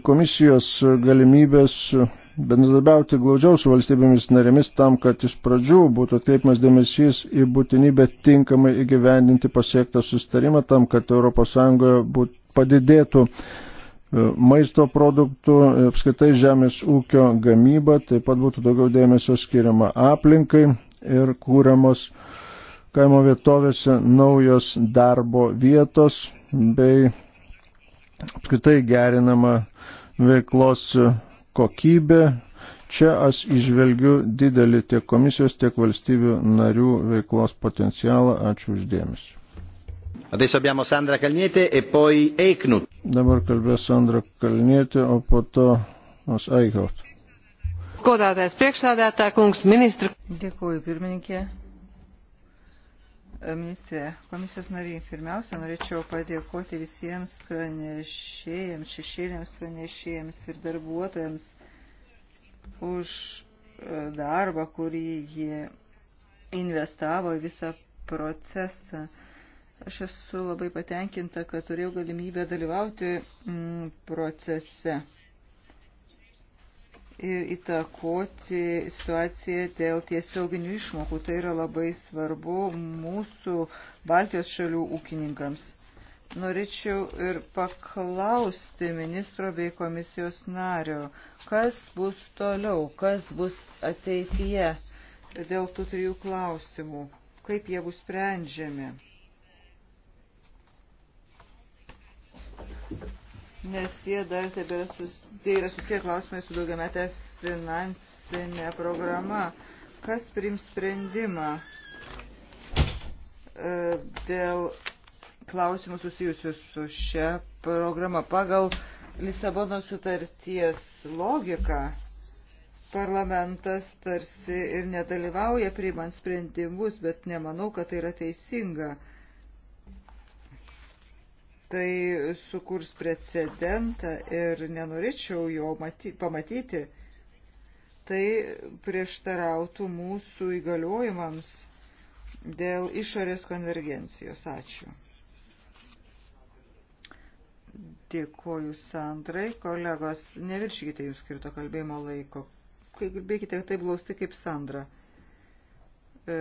komisijos galimybės bendradarbiauti glaudžiau su valstybėmis narėmis tam, kad iš pradžių būtų atkreipimas dėmesys į būtinybę tinkamai įgyvendinti pasiektą sustarimą tam, kad ES padidėtų E, maisto produktų, e, apskaitai žemės ūkio gamyba, taip pat būtų daugiau dėmesio skiriama aplinkai ir kūriamos kaimo vietovėse naujos darbo vietos bei apskritai gerinama veiklos kokybė. Čia aš išvelgiu didelį tiek komisijos, tiek valstybių narių veiklos potencialą. Ačiū uždėmesi. Adesso abbiamo Sandra Kalnietė e poi Eiknut. Dabar kalbės Sandra Kalnietė, o po to Mas Eichhoff. Godātais priekšsādātā kungs, ministra. Dėkuoju, pirmininkė. E, ministrė, komisijos nariai, pirmiausia, norėčiau padėkoti visiems pranešėjams, šešėliams pranešėjams ir darbuotojams už e, darbą, kurį jie investavo į visą procesą. Uh, Aš esu labai patenkinta, kad turėjau galimybę dalyvauti mm, procese ir įtakoti situaciją dėl tiesioginių išmokų. Tai yra labai svarbu mūsų Baltijos šalių ūkininkams. Norėčiau ir paklausti ministro bei komisijos nario, kas bus toliau, kas bus ateityje dėl tų trijų klausimų, kaip jie bus sprendžiami. nes jie dar tebėra sus... tai yra susiję klausimai su daugiametė finansinė programa. Kas prims sprendimą e, dėl klausimų susijusių su šia programa? Pagal Lisabono sutarties logiką parlamentas tarsi ir nedalyvauja priimant sprendimus, bet nemanau, kad tai yra teisinga tai sukurs precedentą ir nenorėčiau jo maty, pamatyti, tai prieštarautų mūsų įgaliojimams dėl išorės konvergencijos. Ačiū. Dėkoju Sandrai. Kolegos, neviršykite jūs skirto kalbėjimo laiko. Kalbėkite taip glausti kaip Sandra. E,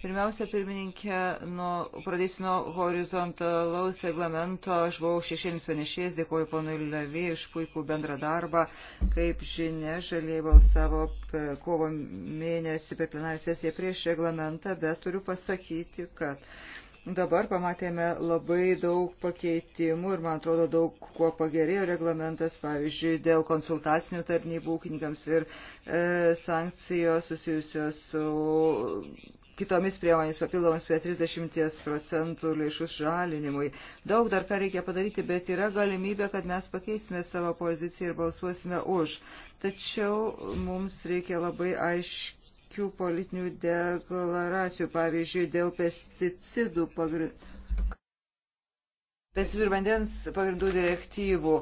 Pirmiausia, pirmininkė, nuo, pradėsiu nuo horizontalaus reglamento. Aš buvau šešėlis panešėjas, dėkuoju ponui Levy iš puikų bendrą darbą. Kaip žinia, žaliai balsavo kovo mėnesį per plenarinę sesiją prieš reglamentą, bet turiu pasakyti, kad dabar pamatėme labai daug pakeitimų ir, man atrodo, daug kuo pagerėjo reglamentas, pavyzdžiui, dėl konsultacinių tarnybų ūkininkams ir e, sankcijos susijusios su kitomis priemonės papildomas prie 30 procentų lėšų žalinimui. Daug dar ką reikia padaryti, bet yra galimybė, kad mes pakeisime savo poziciją ir balsuosime už. Tačiau mums reikia labai aiškių politinių deklaracijų, pavyzdžiui, dėl pesticidų pagrindų. Pesticidų ir vandens pagrindų direktyvų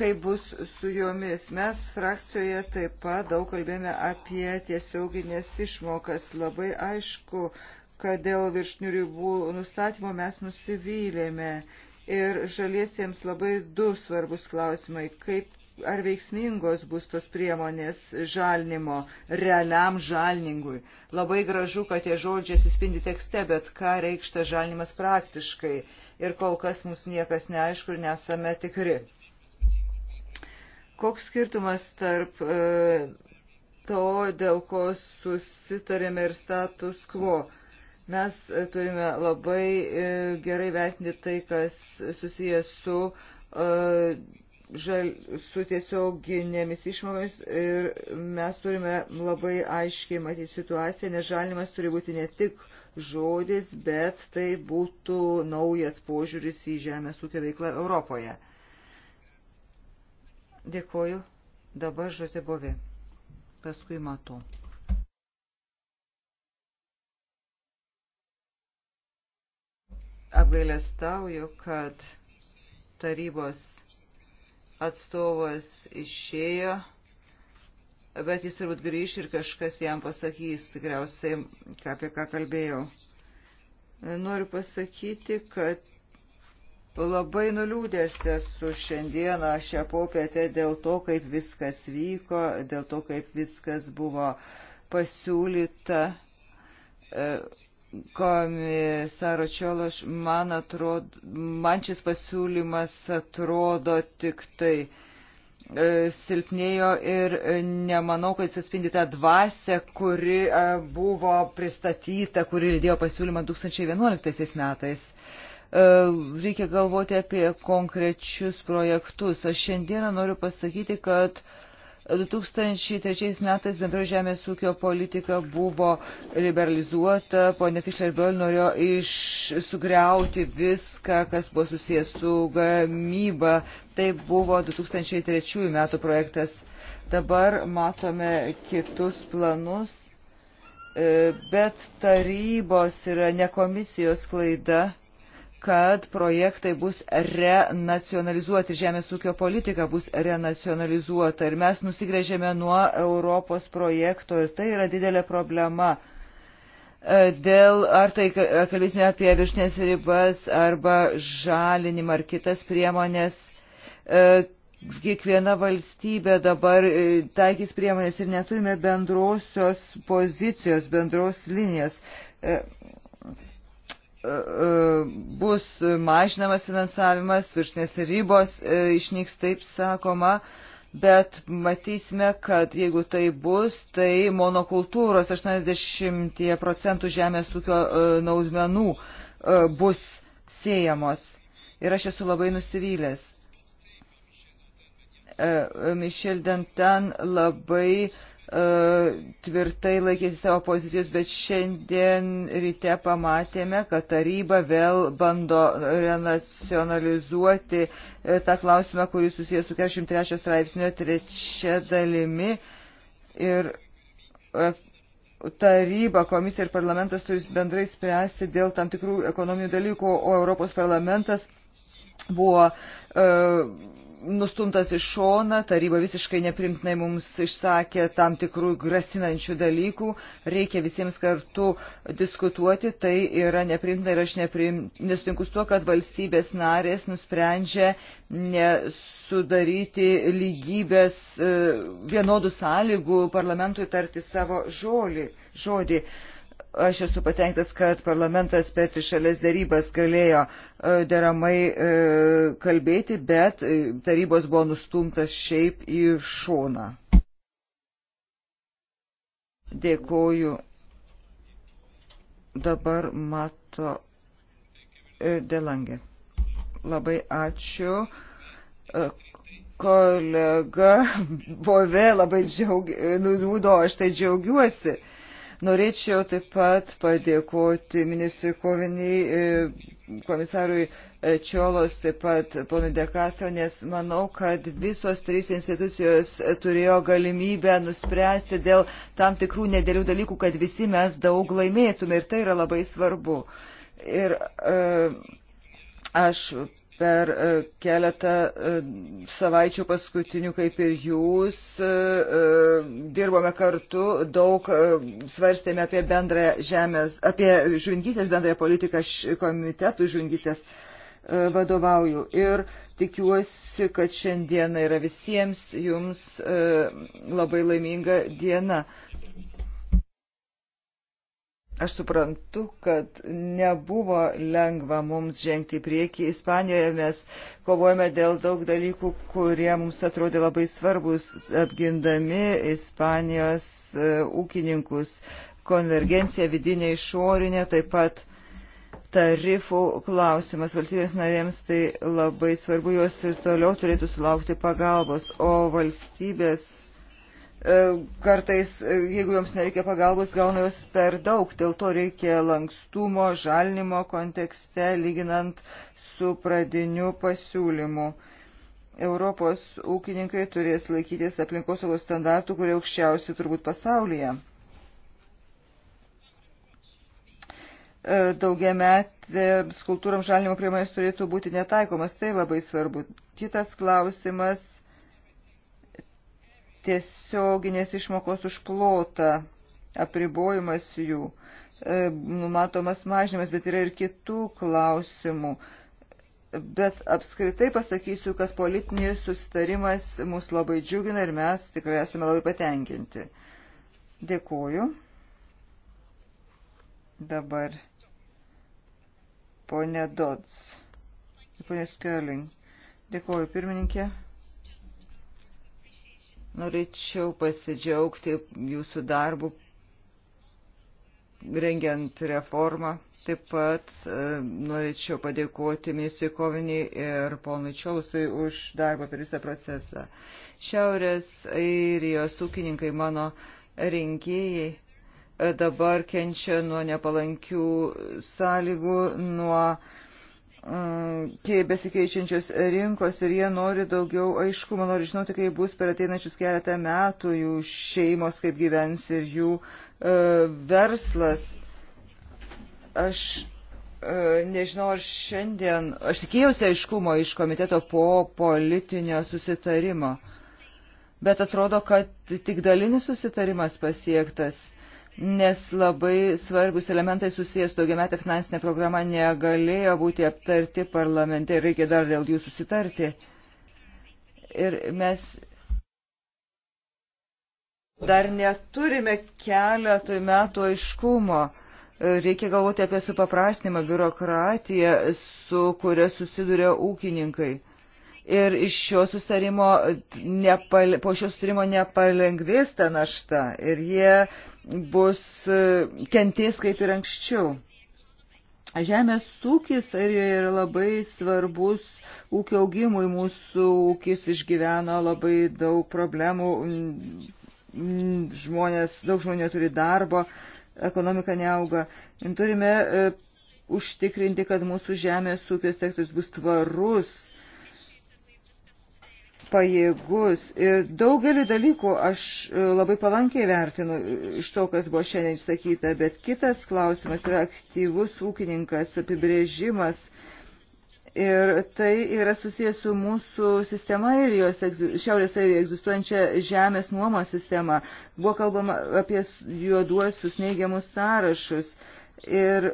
kaip bus su jomis. Mes frakcijoje taip pat daug kalbėjome apie tiesioginės išmokas. Labai aišku, kad dėl viršnių ribų nustatymo mes nusivylėme. Ir žaliesiems labai du svarbus klausimai, kaip ar veiksmingos bus tos priemonės žalinimo realiam žalningui. Labai gražu, kad tie žodžiai atsispindi tekste, bet ką reikšta žalinimas praktiškai ir kol kas mums niekas neaišku ir nesame tikri. Koks skirtumas tarp e, to, dėl ko susitarėme ir status quo? Mes e, turime labai e, gerai vertinti tai, kas susijęs su, žal, su tiesioginėmis išmomis ir mes turime labai aiškiai matyti situaciją, nes žalimas turi būti ne tik žodis, bet tai būtų naujas požiūris į žemės ūkio veiklą Europoje. Dėkoju. Dabar Žozė Bovė. Paskui matau. Apgailestauju, kad tarybos atstovas išėjo, bet jis turbūt grįž ir kažkas jam pasakys tikriausiai, ką apie ką kalbėjau. Noriu pasakyti, kad Labai nuliūdęs esu šiandieną šią popietę dėl to, kaip viskas vyko, dėl to, kaip viskas buvo pasiūlyta. E, komisaro Čiološ, man, atrodo, man šis pasiūlymas atrodo tik tai e, silpnėjo ir nemanau, kad suspindi tą dvasę, kuri e, buvo pristatyta, kuri lydėjo pasiūlymą 2011 metais. E, reikia galvoti apie konkrečius projektus. Aš šiandieną noriu pasakyti, kad 2003 metais bendro žemės ūkio politika buvo liberalizuota, ponė Fischler-Böll norėjo iš, sugriauti viską, kas buvo susijęs su gamyba. Tai buvo 2003 metų projektas. Dabar matome kitus planus, e, bet tarybos yra ne komisijos klaida kad projektai bus renacionalizuoti, žemės ūkio politika bus renacionalizuota ir mes nusigrėžėme nuo Europos projekto ir tai yra didelė problema. E, dėl, ar tai kalbėsime apie viršnės ribas arba žalinimą ar kitas priemonės, e, kiekviena valstybė dabar e, taikys priemonės ir neturime bendrosios pozicijos, bendros linijos E, e, bus mažinamas finansavimas, viršnės ribos e, išnyks, taip sakoma, bet matysime, kad jeigu tai bus, tai monokultūros 80 procentų žemės ūkio naudmenų bus siejamos. Ir aš esu labai nusivylęs. Mišel Dantan labai uh, E, tvirtai laikėsi savo pozicijos, bet šiandien ryte pamatėme, kad taryba vėl bando renacionalizuoti e, tą klausimą, kuris susijęs su 43 straipsnio trečia dalimi. Ir e, taryba, komisija ir parlamentas turi bendrai spręsti dėl tam tikrų ekonominių dalykų, o Europos parlamentas buvo uh, nustumtas iš šona, taryba visiškai neprimtinai mums išsakė tam tikrų grasinančių dalykų, reikia visiems kartu diskutuoti, tai yra neprimtina ir aš neprim... nesutinku su tuo, kad valstybės narės nusprendžia nesudaryti lygybės e, vienodų sąlygų parlamentui tarti savo žolį, žodį. žodį Aš esu patenktas, kad parlamentas per trišalės darybas galėjo e, deramai e, kalbėti, bet e, tarybos buvo nustumtas šiaip į šoną. Dėkoju. Dabar mato Delangė. Labai ačiū kolega *laughs* Bove labai džiaugi, nuliūdo, aš tai džiaugiuosi, Norėčiau taip pat padėkoti ministrui Koviniai, e, komisarui e, Čiolos, taip pat ponui Dekaso, nes manau, kad visos trys institucijos e, turėjo galimybę nuspręsti dėl tam tikrų nedėlių dalykų, kad visi mes daug laimėtume ir tai yra labai svarbu. Ir, e, Aš per e, keletą e, savaičių paskutinių, kaip ir jūs, e, dirbome kartu, daug svarstėme apie bendrąją žemės, apie žuvingystės bendrąją politiką komitetų žuvingystės vadovauju. Ir tikiuosi, kad šiandiena yra visiems jums labai laiminga diena. Aš suprantu, kad nebuvo lengva mums žengti į priekį. Ispanijoje mes kovojame dėl daug dalykų, kurie mums atrodė labai svarbus, apgindami Ispanijos e, ūkininkus. Konvergencija vidinė išorinė, taip pat tarifų klausimas valstybės narėms tai labai svarbu, jos ir toliau turėtų sulaukti pagalbos, o valstybės E, kartais, e, jeigu joms nereikia pagalbos, gauna jos per daug. Dėl to reikia lankstumo, žalinimo kontekste, lyginant su pradiniu pasiūlymu. Europos ūkininkai turės laikytis aplinkosaugos standartų, kurie aukščiausi turbūt pasaulyje. E, Daugiametėms kultūram žalinimo priemonės turėtų būti netaikomas, tai labai svarbu. Kitas klausimas – tiesioginės išmokos už plotą, apribojimas jų, e, numatomas mažinimas, bet yra ir kitų klausimų. Bet apskritai pasakysiu, kad politinis susitarimas mus labai džiugina ir mes tikrai esame labai patenkinti. Dėkuoju. Dabar ponė Dodds. Ponė Skerling. Dėkuoju pirmininkė. Norėčiau pasidžiaugti jūsų darbų rengiant reformą. Taip pat e, norėčiau padėkoti ministrui Koviniai ir ponui Čiausui už darbą per visą procesą. Šiaurės airijos ūkininkai mano rinkėjai e, dabar kenčia nuo nepalankių sąlygų, nuo e, besikeičiančios rinkos ir jie nori daugiau aiškumo, nori žinoti, kaip bus per ateinančius keletą metų jų šeimos, kaip gyvens ir jų e, verslas. Aš e, nežinau, ar šiandien, aš tikėjausi aiškumo iš komiteto po politinio susitarimo, bet atrodo, kad tik dalinis susitarimas pasiektas nes labai svarbus elementai susijęs daugiametė finansinė programa negalėjo būti aptarti parlamente ir reikia dar dėl jų susitarti. Ir mes dar neturime keletui metų aiškumo. Reikia galvoti apie supaprastinimą, biurokratiją, su kuria susiduria ūkininkai. Ir iš šio sustarimo, nepal, po šio sustarimo nepalengvės ta našta. Ir jie bus e, kenties kaip ir anksčiau. Žemės ūkis arijoje yra labai svarbus ūkio augimui. Mūsų ūkis išgyveno labai daug problemų, žmonės, daug žmonių turi darbo, ekonomika neauga. Turime e, užtikrinti, kad mūsų žemės ūkio sektorius bus tvarus pajėgus ir daugelį dalykų aš e, labai palankiai vertinu e, iš to, kas buvo šiandien išsakyta, bet kitas klausimas yra aktyvus ūkininkas apibrėžimas ir tai yra susijęs su mūsų sistema ir jos šiaurės airijoje egzistuojančia žemės nuomos sistema. Buvo kalbama apie juoduosius neigiamus sąrašus ir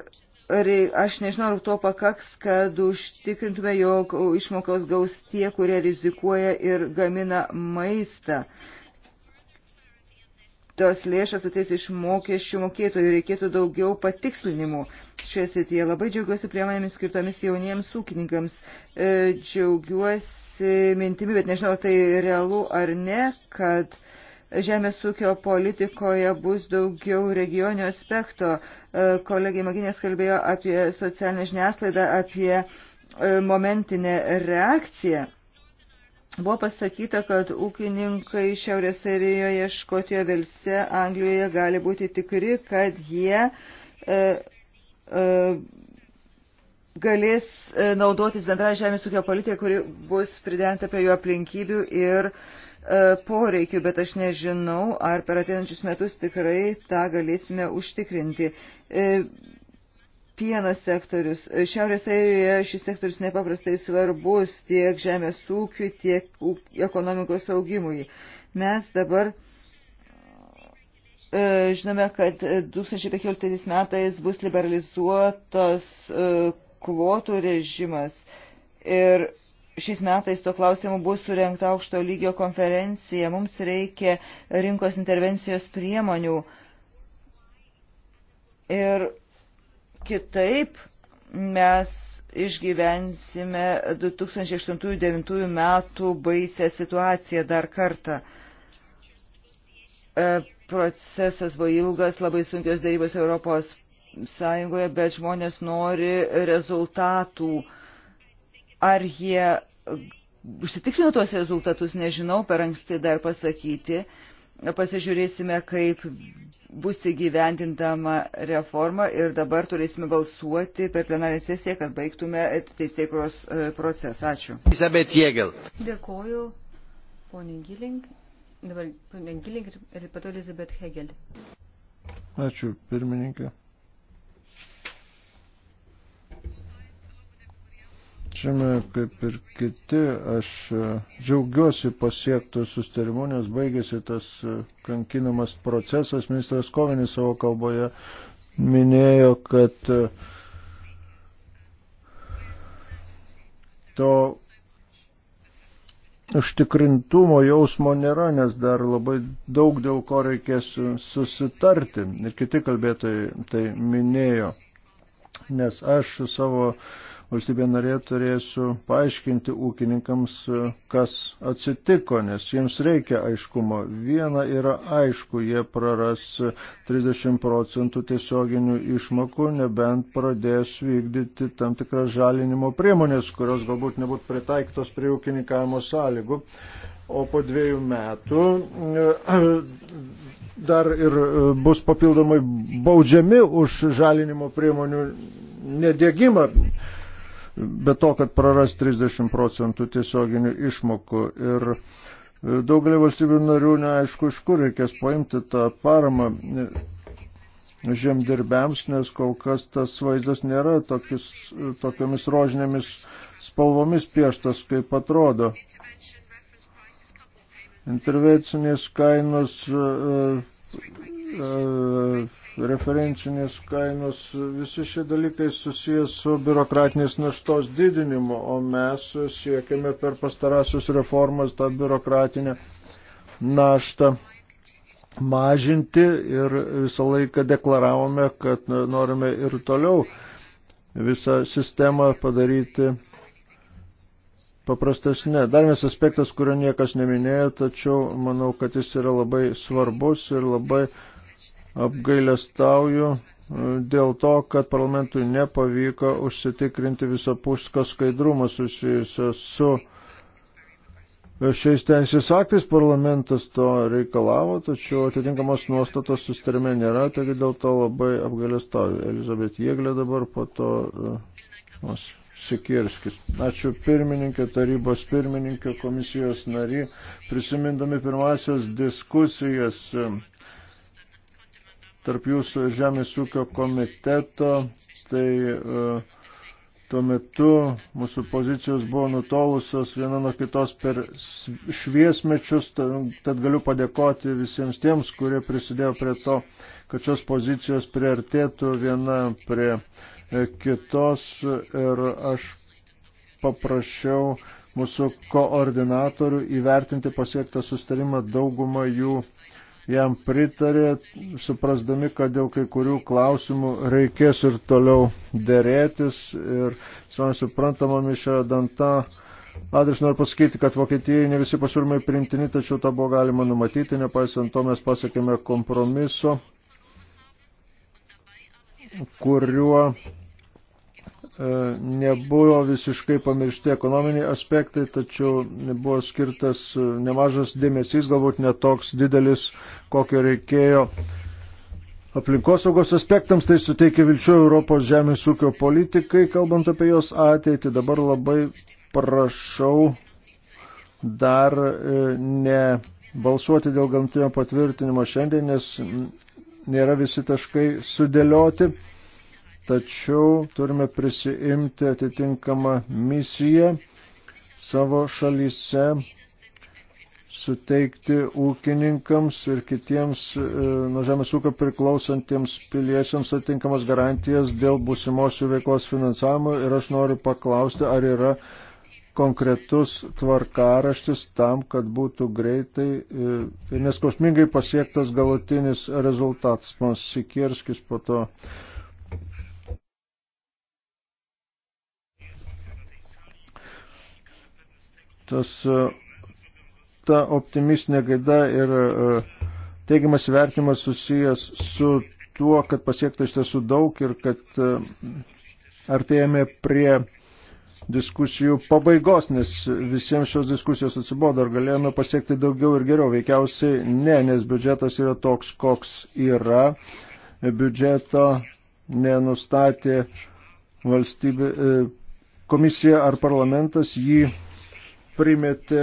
Aš nežinau, ar to pakaks, kad užtikrintume, jog išmokos gaus tie, kurie rizikuoja ir gamina maistą. Tos lėšas ateis iš mokesčių mokėtojų, reikėtų daugiau patikslinimų. Šioje srityje labai džiaugiuosi priemonėmis skirtomis jauniems ūkininkams. E, džiaugiuosi mintimi, bet nežinau, ar tai realu ar ne, kad žemės ūkio politikoje bus daugiau regionio aspekto. E, kolegė Maginės kalbėjo apie socialinę žiniasklaidą, apie e, momentinę reakciją. Buvo pasakyta, kad ūkininkai Šiaurės Airijoje, Škotijoje, Velse, Anglijoje gali būti tikri, kad jie e, e, galės e, naudotis bendra žemės ūkio politika, kuri bus pridenta prie jų aplinkybių ir e, E, poreikių, bet aš nežinau, ar per ateinančius metus tikrai tą galėsime užtikrinti. E, Pieno sektorius. E, Šiaurės Airijoje šis sektorius nepaprastai svarbus tiek žemės ūkiui, tiek ekonomikos augimui. Mes dabar žinome, kad 2015 metais bus liberalizuotas kvotų režimas ir šiais metais tuo klausimu bus surinkta aukšto lygio konferencija. Mums reikia rinkos intervencijos priemonių. Ir kitaip mes išgyvensime 2008-2009 metų baisę situaciją dar kartą. E, procesas buvo ilgas, labai sunkios darybos Europos Sąjungoje, bet žmonės nori rezultatų Ar jie uh, užsitikrino tuos rezultatus, nežinau, per anksti dar pasakyti. Pasižiūrėsime, kaip bus įgyvendintama reforma ir dabar turėsime balsuoti per plenarinę sesiją, kad baigtume teisėkuros uh, procesą. Ačiū. Elizabeth Jėgel. Dėkoju, ponė Giling. Dabar ponė Giling ir pato Elizabeth Hegel. Ačiū, pirmininkė. Šiame, kaip ir kiti, aš džiaugiuosi pasiektų sustarimu, nes baigėsi tas kankinamas procesas. Ministras Kovinis savo kalboje minėjo, kad to užtikrintumo jausmo nėra, nes dar labai daug dėl ko reikės susitarti. Ir kiti kalbėtojai tai minėjo. Nes aš savo valstybė narė turėsiu paaiškinti ūkininkams, e, kas atsitiko, nes jiems reikia aiškumo. Viena yra aišku, jie praras 30 procentų tiesioginių išmokų, nebent pradės vykdyti tam tikras žalinimo priemonės, kurios galbūt nebūtų pritaiktos prie ūkininkavimo sąlygų. O po dviejų metų e, *clears throat* dar ir e, bus papildomai baudžiami už žalinimo priemonių nedėgymą be to, kad praras 30 procentų tiesioginių išmokų. Ir e, daugelį valstybių narių neaišku, iš kur reikės paimti tą paramą e, žemdirbiams, nes kol kas tas vaizdas nėra tokis, e, tokiamis rožinėmis spalvomis pieštas, kaip atrodo. Intervencinės kainos e, E, referencinės kainos, visi šie dalykai susijęs su biurokratinės naštos didinimu, o mes siekiame per pastarasius reformas tą biurokratinę naštą mažinti ir visą laiką deklaravome, kad norime ir toliau visą sistemą padaryti paprastesnė. Dar vienas aspektas, kurio niekas neminėjo, tačiau manau, kad jis yra labai svarbus ir labai apgailestauju e, dėl to, kad parlamentui nepavyko užsitikrinti visapuško skaidrumą susijusio su e, šiais teisės aktais. Parlamentas to reikalavo, tačiau atitinkamos nuostatos sustarime nėra, taigi dėl to labai apgailestauju. Elizabet Jėglė dabar po to uh, Sikirskis. Ačiū pirmininkė, tarybos pirmininkė, komisijos nari, prisimindami pirmasios diskusijas. Uh, tarp jūsų ir Žemės ūkio komiteto, tai e, tuo metu mūsų pozicijos buvo nutolusios viena nuo kitos per šviesmečius, tad galiu padėkoti visiems tiems, kurie prisidėjo prie to, kad šios pozicijos priartėtų viena prie e, kitos ir aš paprašiau mūsų koordinatorių įvertinti pasiektą sustarimą daugumą jų jam pritarė, suprasdami, kad dėl kai kurių klausimų reikės ir toliau dėrėtis. Ir, savai suprantama, Mišelė Danta adres noriu pasakyti, kad Vokietijai ne visi pasiūlymai priimtini, tačiau tą buvo galima numatyti, nepaisant to mes pasiekėme kompromiso, kuriuo E, nebuvo visiškai pamiršti ekonominiai aspektai, tačiau buvo skirtas e, nemažas dėmesys, galbūt netoks didelis, kokio reikėjo aplinkosaugos aspektams, tai suteikia vilčių Europos žemės ūkio politikai, kalbant apie jos ateitį. Dabar labai prašau dar e, ne balsuoti dėl gamtinio patvirtinimo šiandien, nes nėra visi taškai sudėlioti tačiau turime prisiimti atitinkamą misiją savo šalyse, suteikti ūkininkams ir kitiems e, nuo žemės ūkio priklausantiems piliečiams atitinkamas garantijas dėl būsimosių veiklos finansavimo ir aš noriu paklausti, ar yra konkretus tvarkaraštis tam, kad būtų greitai e, ir neskausmingai pasiektas galutinis rezultatas. Man Sikierskis po to tas, e, ta optimistinė gaida ir e, teigiamas vertimas susijęs su tuo, kad pasiekta iš tiesų daug ir kad e, artėjame prie diskusijų pabaigos, nes visiems šios diskusijos atsibodo, ar galėjome pasiekti daugiau ir geriau. Veikiausiai ne, nes biudžetas yra toks, koks yra. Biudžeto nenustatė valstybė, komisija ar parlamentas, jį primetė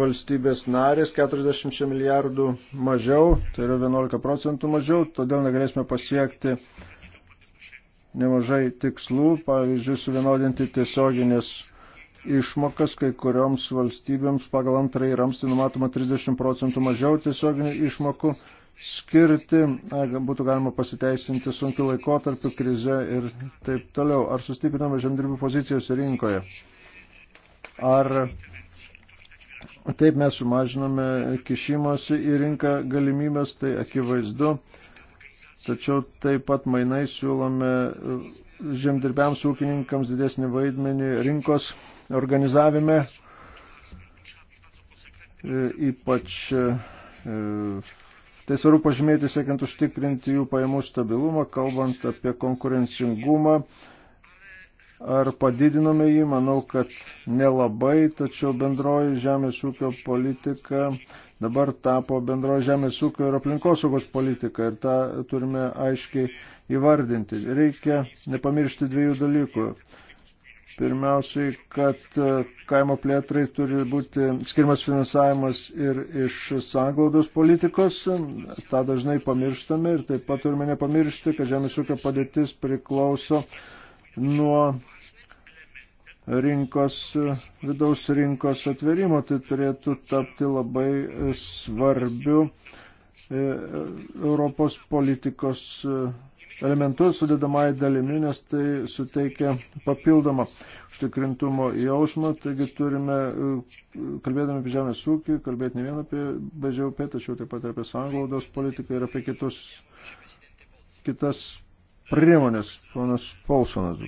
valstybės narės 40 milijardų mažiau, tai yra 11 procentų mažiau, todėl negalėsime pasiekti nemažai tikslų, pavyzdžiui, suvienodinti tiesioginės išmokas kai kurioms valstybėms pagal antrąjį ramstį numatoma 30 procentų mažiau tiesioginių išmokų skirti, būtų galima pasiteisinti sunkiu laikotarpiu, krize ir taip toliau. Ar sustiprinama žemdirbių pozicijos rinkoje? Ar taip mes sumažiname kišimosi į rinką galimybės, tai akivaizdu. Tačiau taip pat mainai siūlome žemdirbiams ūkininkams didesnį vaidmenį rinkos organizavime, ypač e, tai svarbu pažymėti, siekiant užtikrinti jų pajamų stabilumą, kalbant apie konkurencingumą, ar padidinome jį, manau, kad nelabai, tačiau bendroji žemės ūkio politika dabar tapo bendroji žemės ūkio ir aplinkosaugos politika ir tą turime aiškiai įvardinti. Reikia nepamiršti dviejų dalykų. Pirmiausiai, kad kaimo plėtrai turi būti skirimas finansavimas ir iš sanglaudos politikos, tą dažnai pamirštame ir taip pat turime nepamiršti, kad žemės ūkio padėtis priklauso nuo rinkos, vidaus rinkos atverimo, tai turėtų tapti labai e, svarbiu e, Europos politikos e, elementu sudėdamąją dalimi, nes tai suteikia papildomą užtikrintumo jausmą. Taigi turime, kalbėdami apie žemės ūkį, kalbėti ne vien apie BŽUP, tačiau taip pat ir apie sanglaudos politiką ir apie kitus, kitas priemonės, ponas Paulsonas.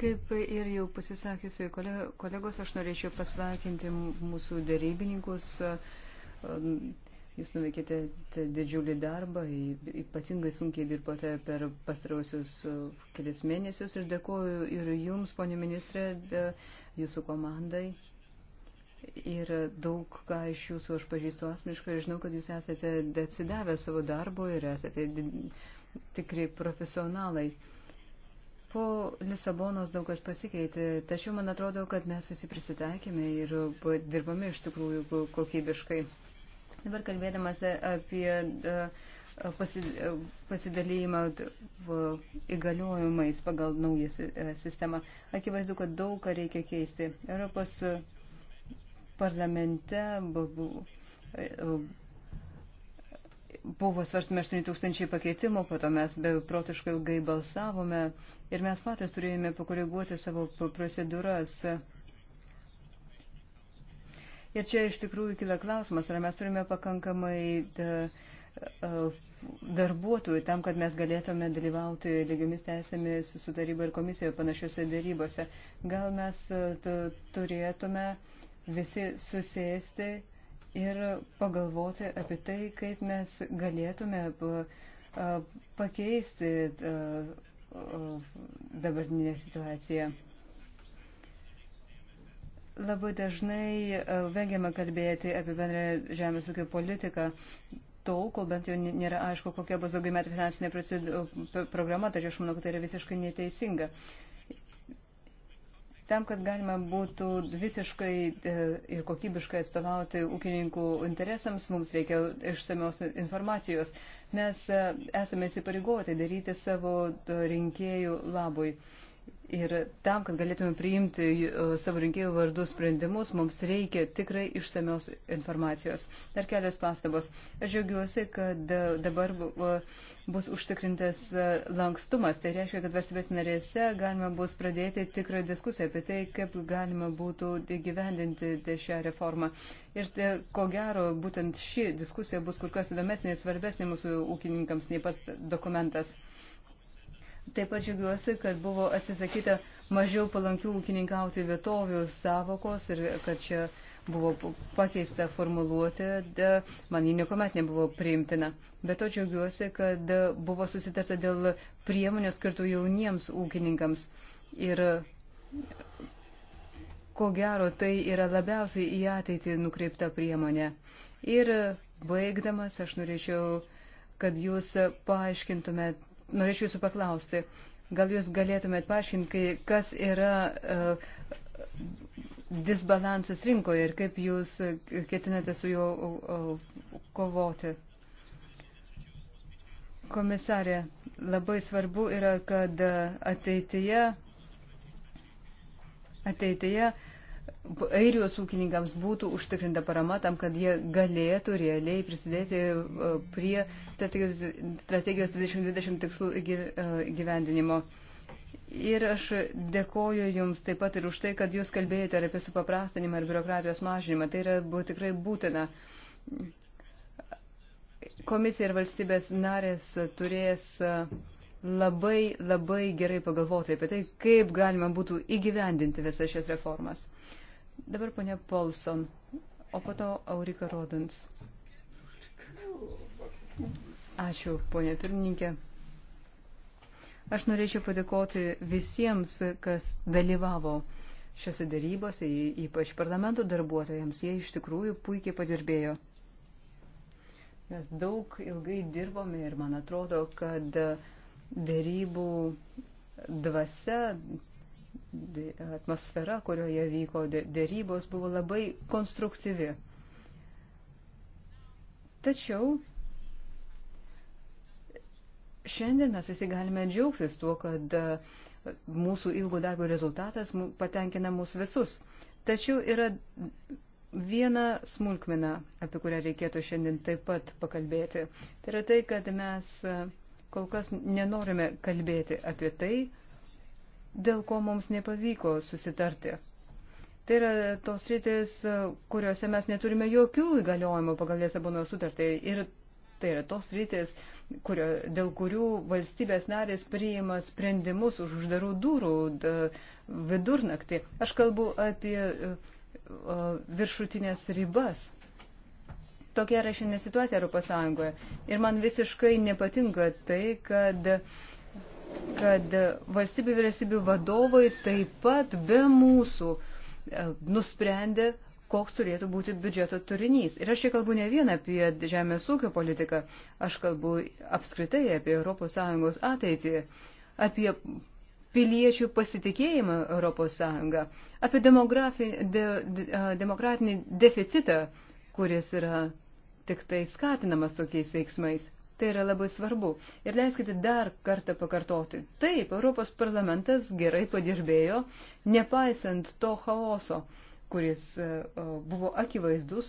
Kaip ir jau pasisakysiu kolegos, aš norėčiau pasveikinti mūsų dėrybininkus. Jūs nuveikėte didžiulį darbą, ypatingai sunkiai dirbote per pastarausius e, kelias mėnesius ir dėkoju ir jums, ponė ministrė, jūsų komandai. Ir daug ką iš jūsų aš pažįstu asmeniškai ir žinau, kad jūs esate atsidavę savo darbo ir esate tikrai profesionalai. Po Lisabonos daug kas pasikeitė, tačiau man atrodo, kad mes visi prisitaikėme ir dirbame iš tikrųjų kokybiškai. Dabar kalbėdamas apie e, pasidalymą įgaliojimais pagal naują e, sistemą, akivaizdu, kad daug ką reikia keisti. Europos parlamente buvo, buvo svarstame 8000 pakeitimų, po to mes beprotiškai ilgai balsavome ir mes patys turėjome pakoreguoti savo procedūras. Ir čia iš tikrųjų kila klausimas, ar mes turime pakankamai e, e, darbuotojų tam, kad mes galėtume dalyvauti lygiomis teisėmis su taryba ir komisijoje panašiose darybose. Gal mes e, turėtume uh, visi susėsti ir pagalvoti apie tai, kaip mes galėtume pakeisti dabartinę situaciją. Labai dažnai vengiama kalbėti apie bendrą žemės ūkio politiką, tol, kol bent jau nėra aišku, kokia bus daugiau metų finansinė programa, tačiau aš manau, kad tai yra visiškai neteisinga. Uh, Tam, kad galima būtų visiškai e, ir kokybiškai atstovauti ūkininkų interesams, mums reikia išsamios informacijos. Mes e, esame įsipareigoti daryti savo e, rinkėjų labui. Ir tam, kad galėtume priimti e, savo rinkėjų vardų sprendimus, mums reikia tikrai išsamios informacijos. Dar kelios pastabos. Aš džiaugiuosi, kad e, dabar e, bus užtikrintas lankstumas. Tai reiškia, kad valstybės narėse galima bus pradėti tikrą diskusiją apie tai, kaip galima būtų gyvendinti šią reformą. Ir tai, ko gero, būtent ši diskusija bus kur kas įdomesnė ir svarbesnė mūsų ūkininkams nei pats dokumentas. Taip pat džiugiuosi, kad buvo atsisakyta mažiau palankių ūkininkauti vietovių savokos ir kad čia buvo pakeista formuluoti, man ji niekuomet nebuvo priimtina. Bet to džiaugiuosi, kad buvo susitarta dėl priemonių skirtų jauniems ūkininkams. Ir ko gero, tai yra labiausiai į ateitį nukreipta priemonė. Ir baigdamas, aš norėčiau, kad jūs paaiškintumėt norėčiau jūsų paklausti, gal jūs galėtumėt paaiškinti, kas yra uh, disbalansas rinkoje ir kaip jūs ketinate su juo uh, kovoti? Komisarė, labai svarbu yra, kad ateityje, ateityje uh, airijos ūkininkams būtų užtikrinta parama tam, kad jie galėtų realiai prisidėti e, prie strategijos 2020 tikslų e, įgyvendinimo. Ir aš dėkoju Jums taip pat ir už tai, kad Jūs kalbėjote ir apie supaprastinimą ir biurokratijos mažinimą. Tai yra buvo tikrai būtina. Komisija ir valstybės narės turės e, labai, labai gerai pagalvoti apie tai, kaip galima būtų įgyvendinti visas šias reformas. Dabar ponia Polson, o po to Aurika Rodins. Ačiū, ponia pirmininkė. Aš norėčiau padėkoti visiems, kas dalyvavo šiose darybose, ypač parlamento darbuotojams. Jie iš tikrųjų puikiai padirbėjo. Mes daug ilgai dirbome ir man atrodo, kad darybų dvasia atmosfera, kurioje vyko dėrybos, buvo labai konstruktyvi. Tačiau šiandien mes visi galime džiaugtis tuo, kad e, mūsų ilgo darbo rezultatas patenkina mūsų visus. Tačiau yra viena smulkmena, apie kurią reikėtų šiandien taip pat pakalbėti. Tai yra tai, kad mes e, kol kas nenorime kalbėti apie tai, dėl ko mums nepavyko susitarti. Tai yra tos rytis, kuriuose mes neturime jokių įgaliojimų pagal Lisabono sutartį. Ir tai yra tos rytis, kurio, dėl kurių valstybės narės priima sprendimus už uždarų durų vidurnaktį. Aš kalbu apie viršutinės ribas. Tokia yra šiandien situacija Europos Sąjungoje. Ir man visiškai nepatinka tai, kad uh, kad valstybių vyriausybių vadovai taip pat be mūsų e, nusprendė, koks turėtų būti biudžeto turinys. Ir aš čia kalbu ne vien apie žemės ūkio politiką, aš kalbu apskritai apie ES ateitį, apie piliečių pasitikėjimą ES, apie de, de, demokratinį deficitą, kuris yra tik tai skatinamas tokiais veiksmais. Tai yra labai svarbu. Ir leiskite dar kartą pakartoti. Taip, Europos parlamentas gerai padirbėjo, nepaisant to chaoso, kuris e, e, buvo akivaizdus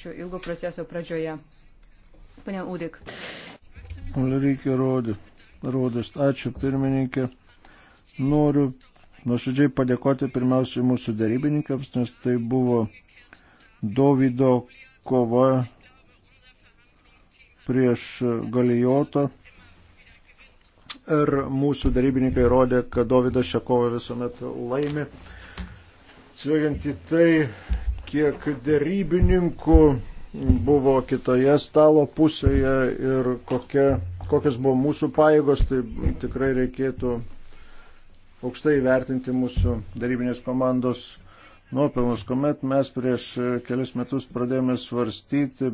šio ilgo proceso pradžioje. Pane Udik. Ulrike Rodas, ačiū pirmininkė. Noriu nuoširdžiai padėkoti pirmiausiai mūsų darybininkams, nes tai buvo Dovido kova prieš Galijotą. Ir mūsų darybininkai rodė, kad Davidas Šekova visuomet laimi. Atsižvelgiant į tai, kiek darybininkų buvo kitoje stalo pusėje ir kokia, kokios buvo mūsų paėgos, tai tikrai reikėtų aukštai vertinti mūsų darybinės komandos nuopelnus, kuomet mes prieš kelias metus pradėjome svarstyti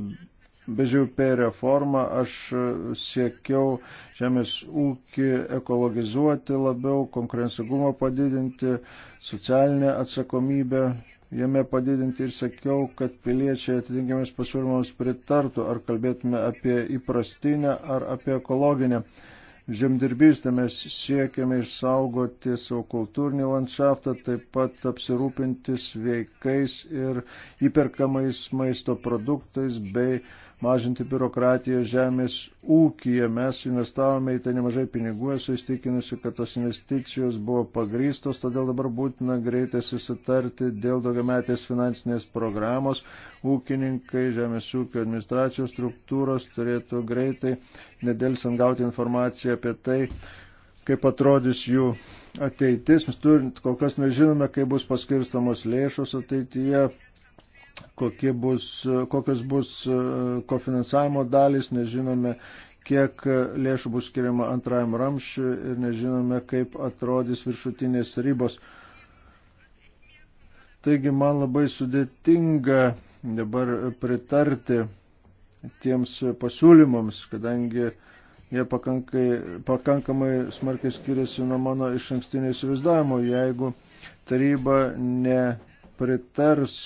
BŽP reformą, aš siekiau žemės ūkį ekologizuoti labiau, konkurencingumą padidinti, socialinę atsakomybę jame padidinti ir sakiau, kad piliečiai atitinkiamis pasiūlymams pritartų, ar kalbėtume apie įprastinę ar apie ekologinę. Žemdirbystę mes siekiame išsaugoti savo kultūrinį landšaftą, taip pat apsirūpinti sveikais ir įperkamais maisto produktais bei uh, mažinti biurokratiją žemės ūkiją. Mes investavome į tai nemažai pinigų, esu įstikinusi, kad tos investicijos buvo pagrystos, todėl dabar būtina greitai susitarti dėl daugiametės finansinės programos. Ūkininkai, žemės ūkio administracijos struktūros turėtų greitai, nedėlsant gauti informaciją apie tai, kaip atrodys jų ateitis. Mes turint, kol kas nežinome, kaip bus paskirstamos lėšos ateityje kokie bus, kokios bus e, kofinansavimo dalys, nežinome, kiek lėšų bus skiriama antrajam ramščiui ir nežinome, kaip atrodys viršutinės ribos. Taigi man labai sudėtinga dabar pritarti tiems pasiūlymams, kadangi jie pakankai, pakankamai smarkiai skiriasi nuo mano iš ankstinio įsivaizdavimo. Jeigu taryba nepritars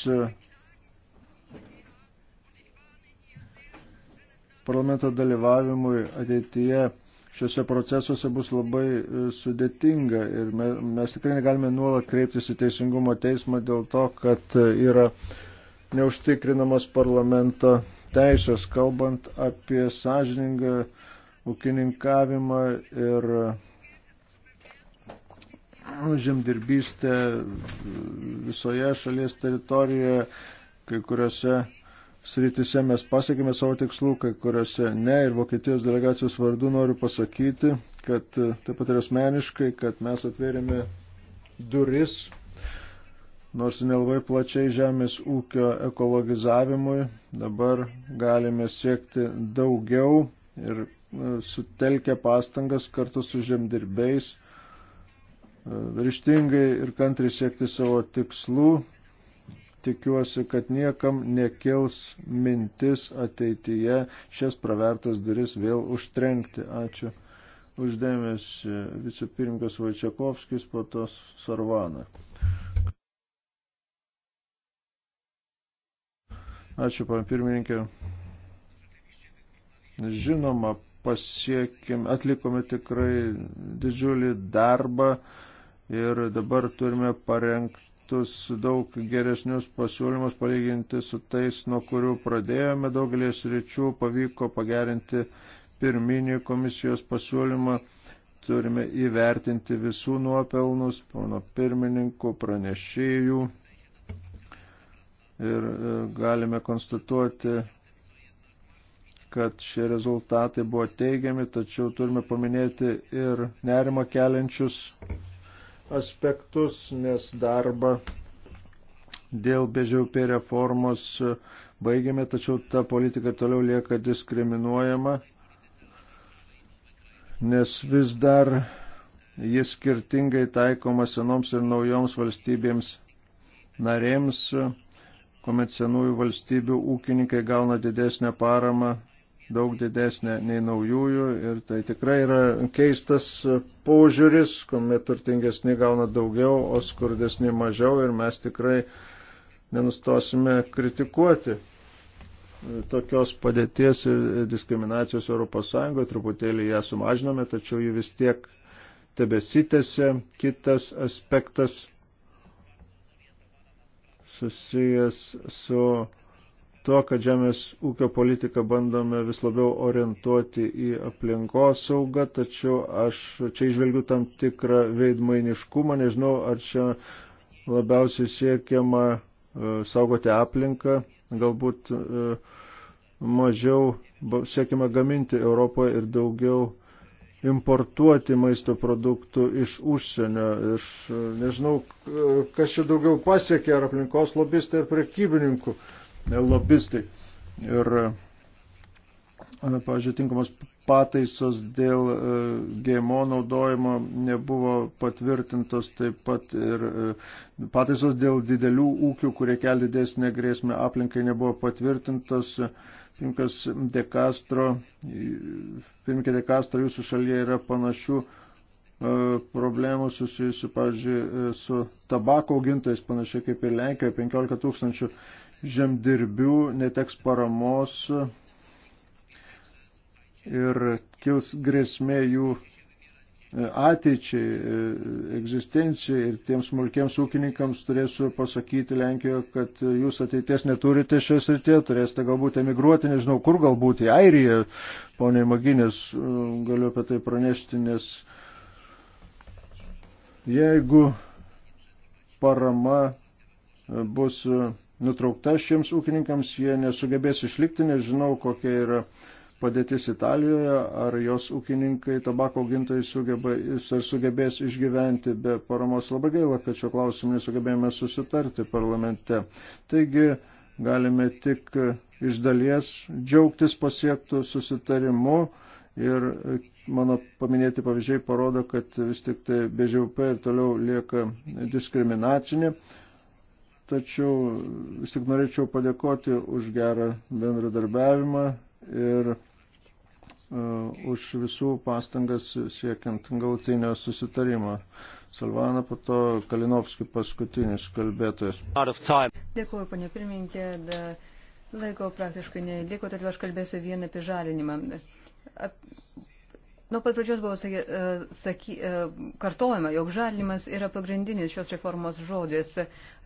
parlamento dalyvavimui ateityje šiuose procesuose bus labai e, sudėtinga ir mes tikrai negalime nuolat kreiptis į Teisingumo teismą dėl to, kad e, yra neužtikrinamas parlamento teisės, kalbant apie sąžiningą ūkininkavimą ir e, žemdirbystę visoje šalies teritorijoje, kai kuriuose sritise mes pasiekime savo tikslų, kai kuriuose ne. Ir Vokietijos delegacijos vardu noriu pasakyti, kad e, taip pat ir asmeniškai, kad mes atvėrėme duris, nors nelabai plačiai žemės ūkio ekologizavimui. Dabar galime siekti daugiau ir e, sutelkę pastangas kartu su žemdirbiais e, ryštingai ir kantriai siekti savo tikslų, Tikiuosi, kad niekam nekils mintis ateityje šias pravertas duris vėl užtrenkti. Ačiū. Uždėmės vicepirmininkas Vaičiakovskis, po to Sarvana. Ačiū, pan pirmininkė. Žinoma, pasiekėm, atlikome tikrai didžiulį darbą ir dabar turime parengti pateiktus daug geresnius pasiūlymus palyginti su tais, nuo kurių pradėjome daugelės ryčių, pavyko pagerinti pirminį komisijos pasiūlymą. Turime įvertinti visų nuopelnus, pono pirmininkų, pranešėjų ir e, galime konstatuoti, kad šie rezultatai buvo teigiami, tačiau turime paminėti ir nerimą keliančius aspektus, nes darbą dėl BŽP reformos baigėme, tačiau ta politika toliau lieka diskriminuojama, nes vis dar jis skirtingai taikoma senoms ir naujoms valstybėms narėms, kuomet senųjų valstybių ūkininkai gauna didesnę paramą daug didesnė nei naujųjų ir tai tikrai yra keistas požiūris, kuomet turtingesni gauna daugiau, o skurdesni mažiau ir mes tikrai nenustosime kritikuoti tokios padėties ir diskriminacijos Europos Sąjungoje, truputėlį ją sumažinome, tačiau ji vis tiek tebesitėse. Kitas aspektas susijęs su tuo, kad žemės ūkio politiką bandome vis labiau orientuoti į aplinkos saugą, tačiau aš čia išvelgiu tam tikrą veidmainiškumą, nežinau, ar čia labiausiai siekiama e, saugoti aplinką, galbūt e, mažiau siekiama gaminti Europoje ir daugiau importuoti maisto produktų iš užsienio. Iš, e, nežinau, kas čia daugiau pasiekė, ar aplinkos lobistai, ar prekybininkų. Uh, E, lobistai. Ir, e, pažiūrėjau, tinkamos pataisos dėl e, GMO naudojimo nebuvo patvirtintos, taip pat ir pataisos dėl didelių ūkių, kurie kelia didesnę grėsmę aplinkai, nebuvo patvirtintos. Pirmkas De Castro, pirmkė De Castro, jūsų šalyje yra panašių problemų susijusių, pavyzdžiui, su tabako augintojais, panašiai kaip ir Lenkijoje, 15 tūkstančių žemdirbių neteks paramos ir kils grėsmė jų ateičiai, egzistencijai ir tiems smulkiems ūkininkams turėsiu pasakyti Lenkijoje, kad jūs ateities neturite šios rytie, turėsite galbūt emigruoti, nežinau kur, galbūt į Airiją, poniai Maginės, galiu apie tai pranešti, nes jeigu parama bus nutraukta šiems ūkininkams, jie nesugebės išlikti, nežinau, kokia yra padėtis Italijoje, ar jos ūkininkai, tabako augintojai sugeba, sugebės išgyventi be paramos. Labai gaila, kad šio klausimu nesugebėjome susitarti parlamente. Taigi galime tik iš dalies džiaugtis pasiektų susitarimu ir mano paminėti pavyzdžiai parodo, kad vis tik tai BŽUP ir toliau lieka diskriminacinė tačiau vis tik norėčiau padėkoti už gerą bendradarbiavimą ir e, už visų pastangas siekiant galutinio susitarimo. Salvana, po to Kalinovski paskutinis kalbėtojas. Dėkuoju, panė pirmininkė. Da, laiko praktiškai neliko, todėl aš kalbėsiu vieną apie žalinimą. Ap, Nuo pat pradžios buvo saky, e, saky, e, kartojama, jog žalimas yra pagrindinis šios reformos žodis.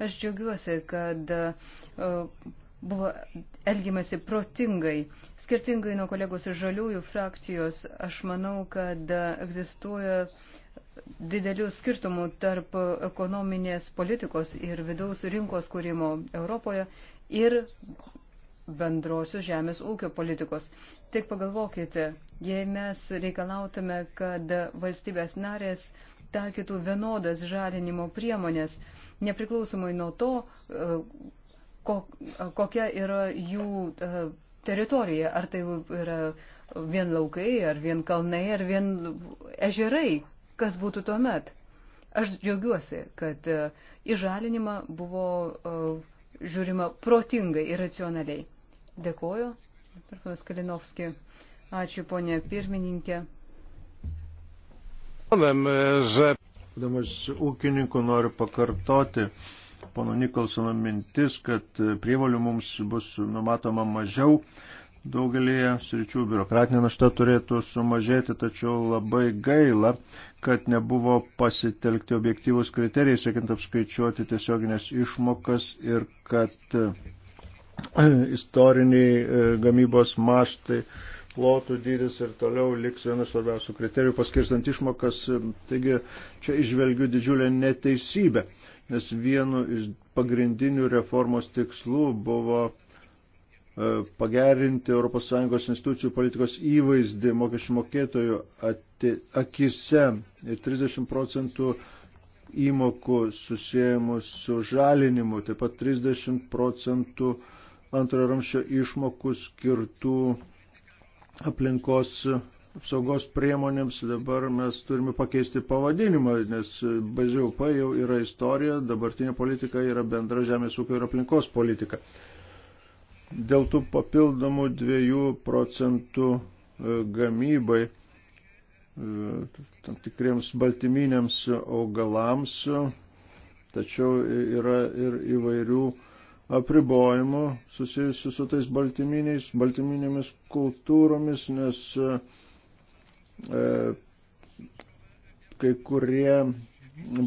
Aš džiaugiuosi, kad e, buvo elgimasi protingai. Skirtingai nuo kolegos iš žaliųjų frakcijos, aš manau, kad egzistuoja didelių skirtumų tarp ekonominės politikos ir vidaus rinkos kūrimo Europoje ir bendrosios žemės ūkio politikos. Tik pagalvokite, jei mes reikalautume, kad valstybės narės taikytų vienodas žalinimo priemonės, nepriklausomai nuo to, kokia yra jų e, teritorija, ar tai yra vien laukai, ar vien kalnai, ar vien ežerai, kas būtų tuo met. Aš džiaugiuosi, kad e, į žalinimą buvo e, žiūrima protingai ir racionaliai. Dėkuoju. Ir panas Kalinovski. Ačiū, ponė pirmininkė. E, Būdamas ūkininku noriu pakartoti pono Nikolsono mintis, kad prievalių mums bus numatoma mažiau. Daugelėje sričių biurokratinė našta turėtų sumažėti, tačiau labai gaila, kad nebuvo pasitelkti objektyvus kriterijai, sėkiant apskaičiuoti tiesioginės išmokas ir kad *clears throat* istoriniai e, gamybos maštai, plotų dydis ir toliau liks vienas svarbiausių kriterijų paskirstant išmokas. E, taigi čia išvelgiu didžiulę neteisybę, nes vienu iš pagrindinių reformos tikslų buvo e, pagerinti ES institucijų politikos įvaizdį mokesčių mokėtojų akise ir 30 procentų įmokų susijęjimų su žalinimu, taip pat 30 procentų uh, antrojo ramščio išmokų skirtų aplinkos apsaugos priemonėms. Dabar mes turime pakeisti pavadinimą, nes BŽUP jau yra istorija, dabartinė politika yra bendra žemės ūkio ir aplinkos politika. Dėl tų papildomų dviejų procentų e, gamybai e, tam tikriems baltyminiams augalams, tačiau yra ir įvairių apribojimų susijusių su tais baltyminėmis kultūromis, nes e, kai kurie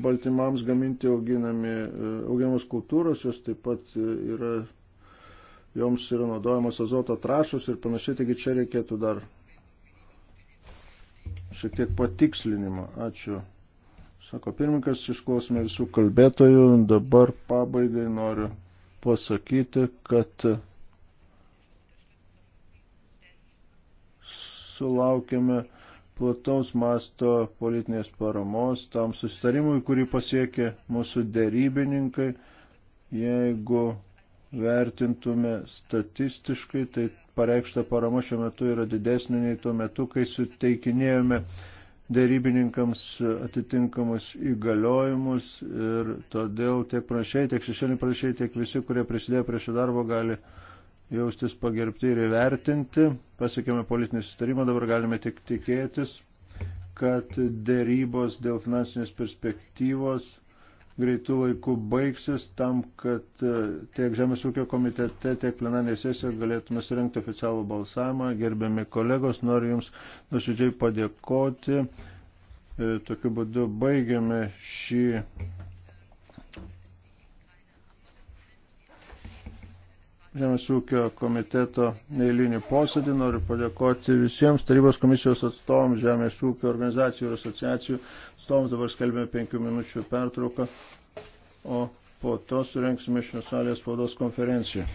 baltymams gaminti auginami, e, auginamos kultūros, jos taip pat e, yra, joms yra naudojamos azoto trašus ir panašiai, taigi čia reikėtų dar šiek tiek patikslinimo. Ačiū. Sako pirmininkas, išklausome visų kalbėtojų, dabar pabaigai noriu pasakyti, kad sulaukėme plataus masto politinės paramos tam susitarimui, kurį pasiekė mūsų dėrybininkai. Jeigu vertintume statistiškai, tai pareikšta parama šiuo metu yra didesnė nei tuo metu, kai suteikinėjome dėrybininkams atitinkamus įgaliojimus ir todėl tiek prašiai, tiek šešėlį prašiai, tiek visi, kurie prisidėjo prie šio darbo, gali jaustis pagerbti ir įvertinti. Pasiekėme politinį sustarimą, dabar galime tik tikėtis, kad dėrybos dėl finansinės perspektyvos greitų laikų baigsis tam, kad e, tiek Žemės ūkio komitete, tiek plenarė sesija galėtume surinkti oficialų balsavimą. Gerbiami kolegos, noriu Jums nuoširdžiai padėkoti. E, tokiu būdu baigiame šį Žemės ūkio komiteto neįlinį posėdį. Noriu padėkoti visiems tarybos komisijos atstovams, Žemės ūkio organizacijų ir asociacijų atstovams. Dabar skelbėme penkių minučių pertrauką, o po to surenksime šios salės spaudos konferenciją.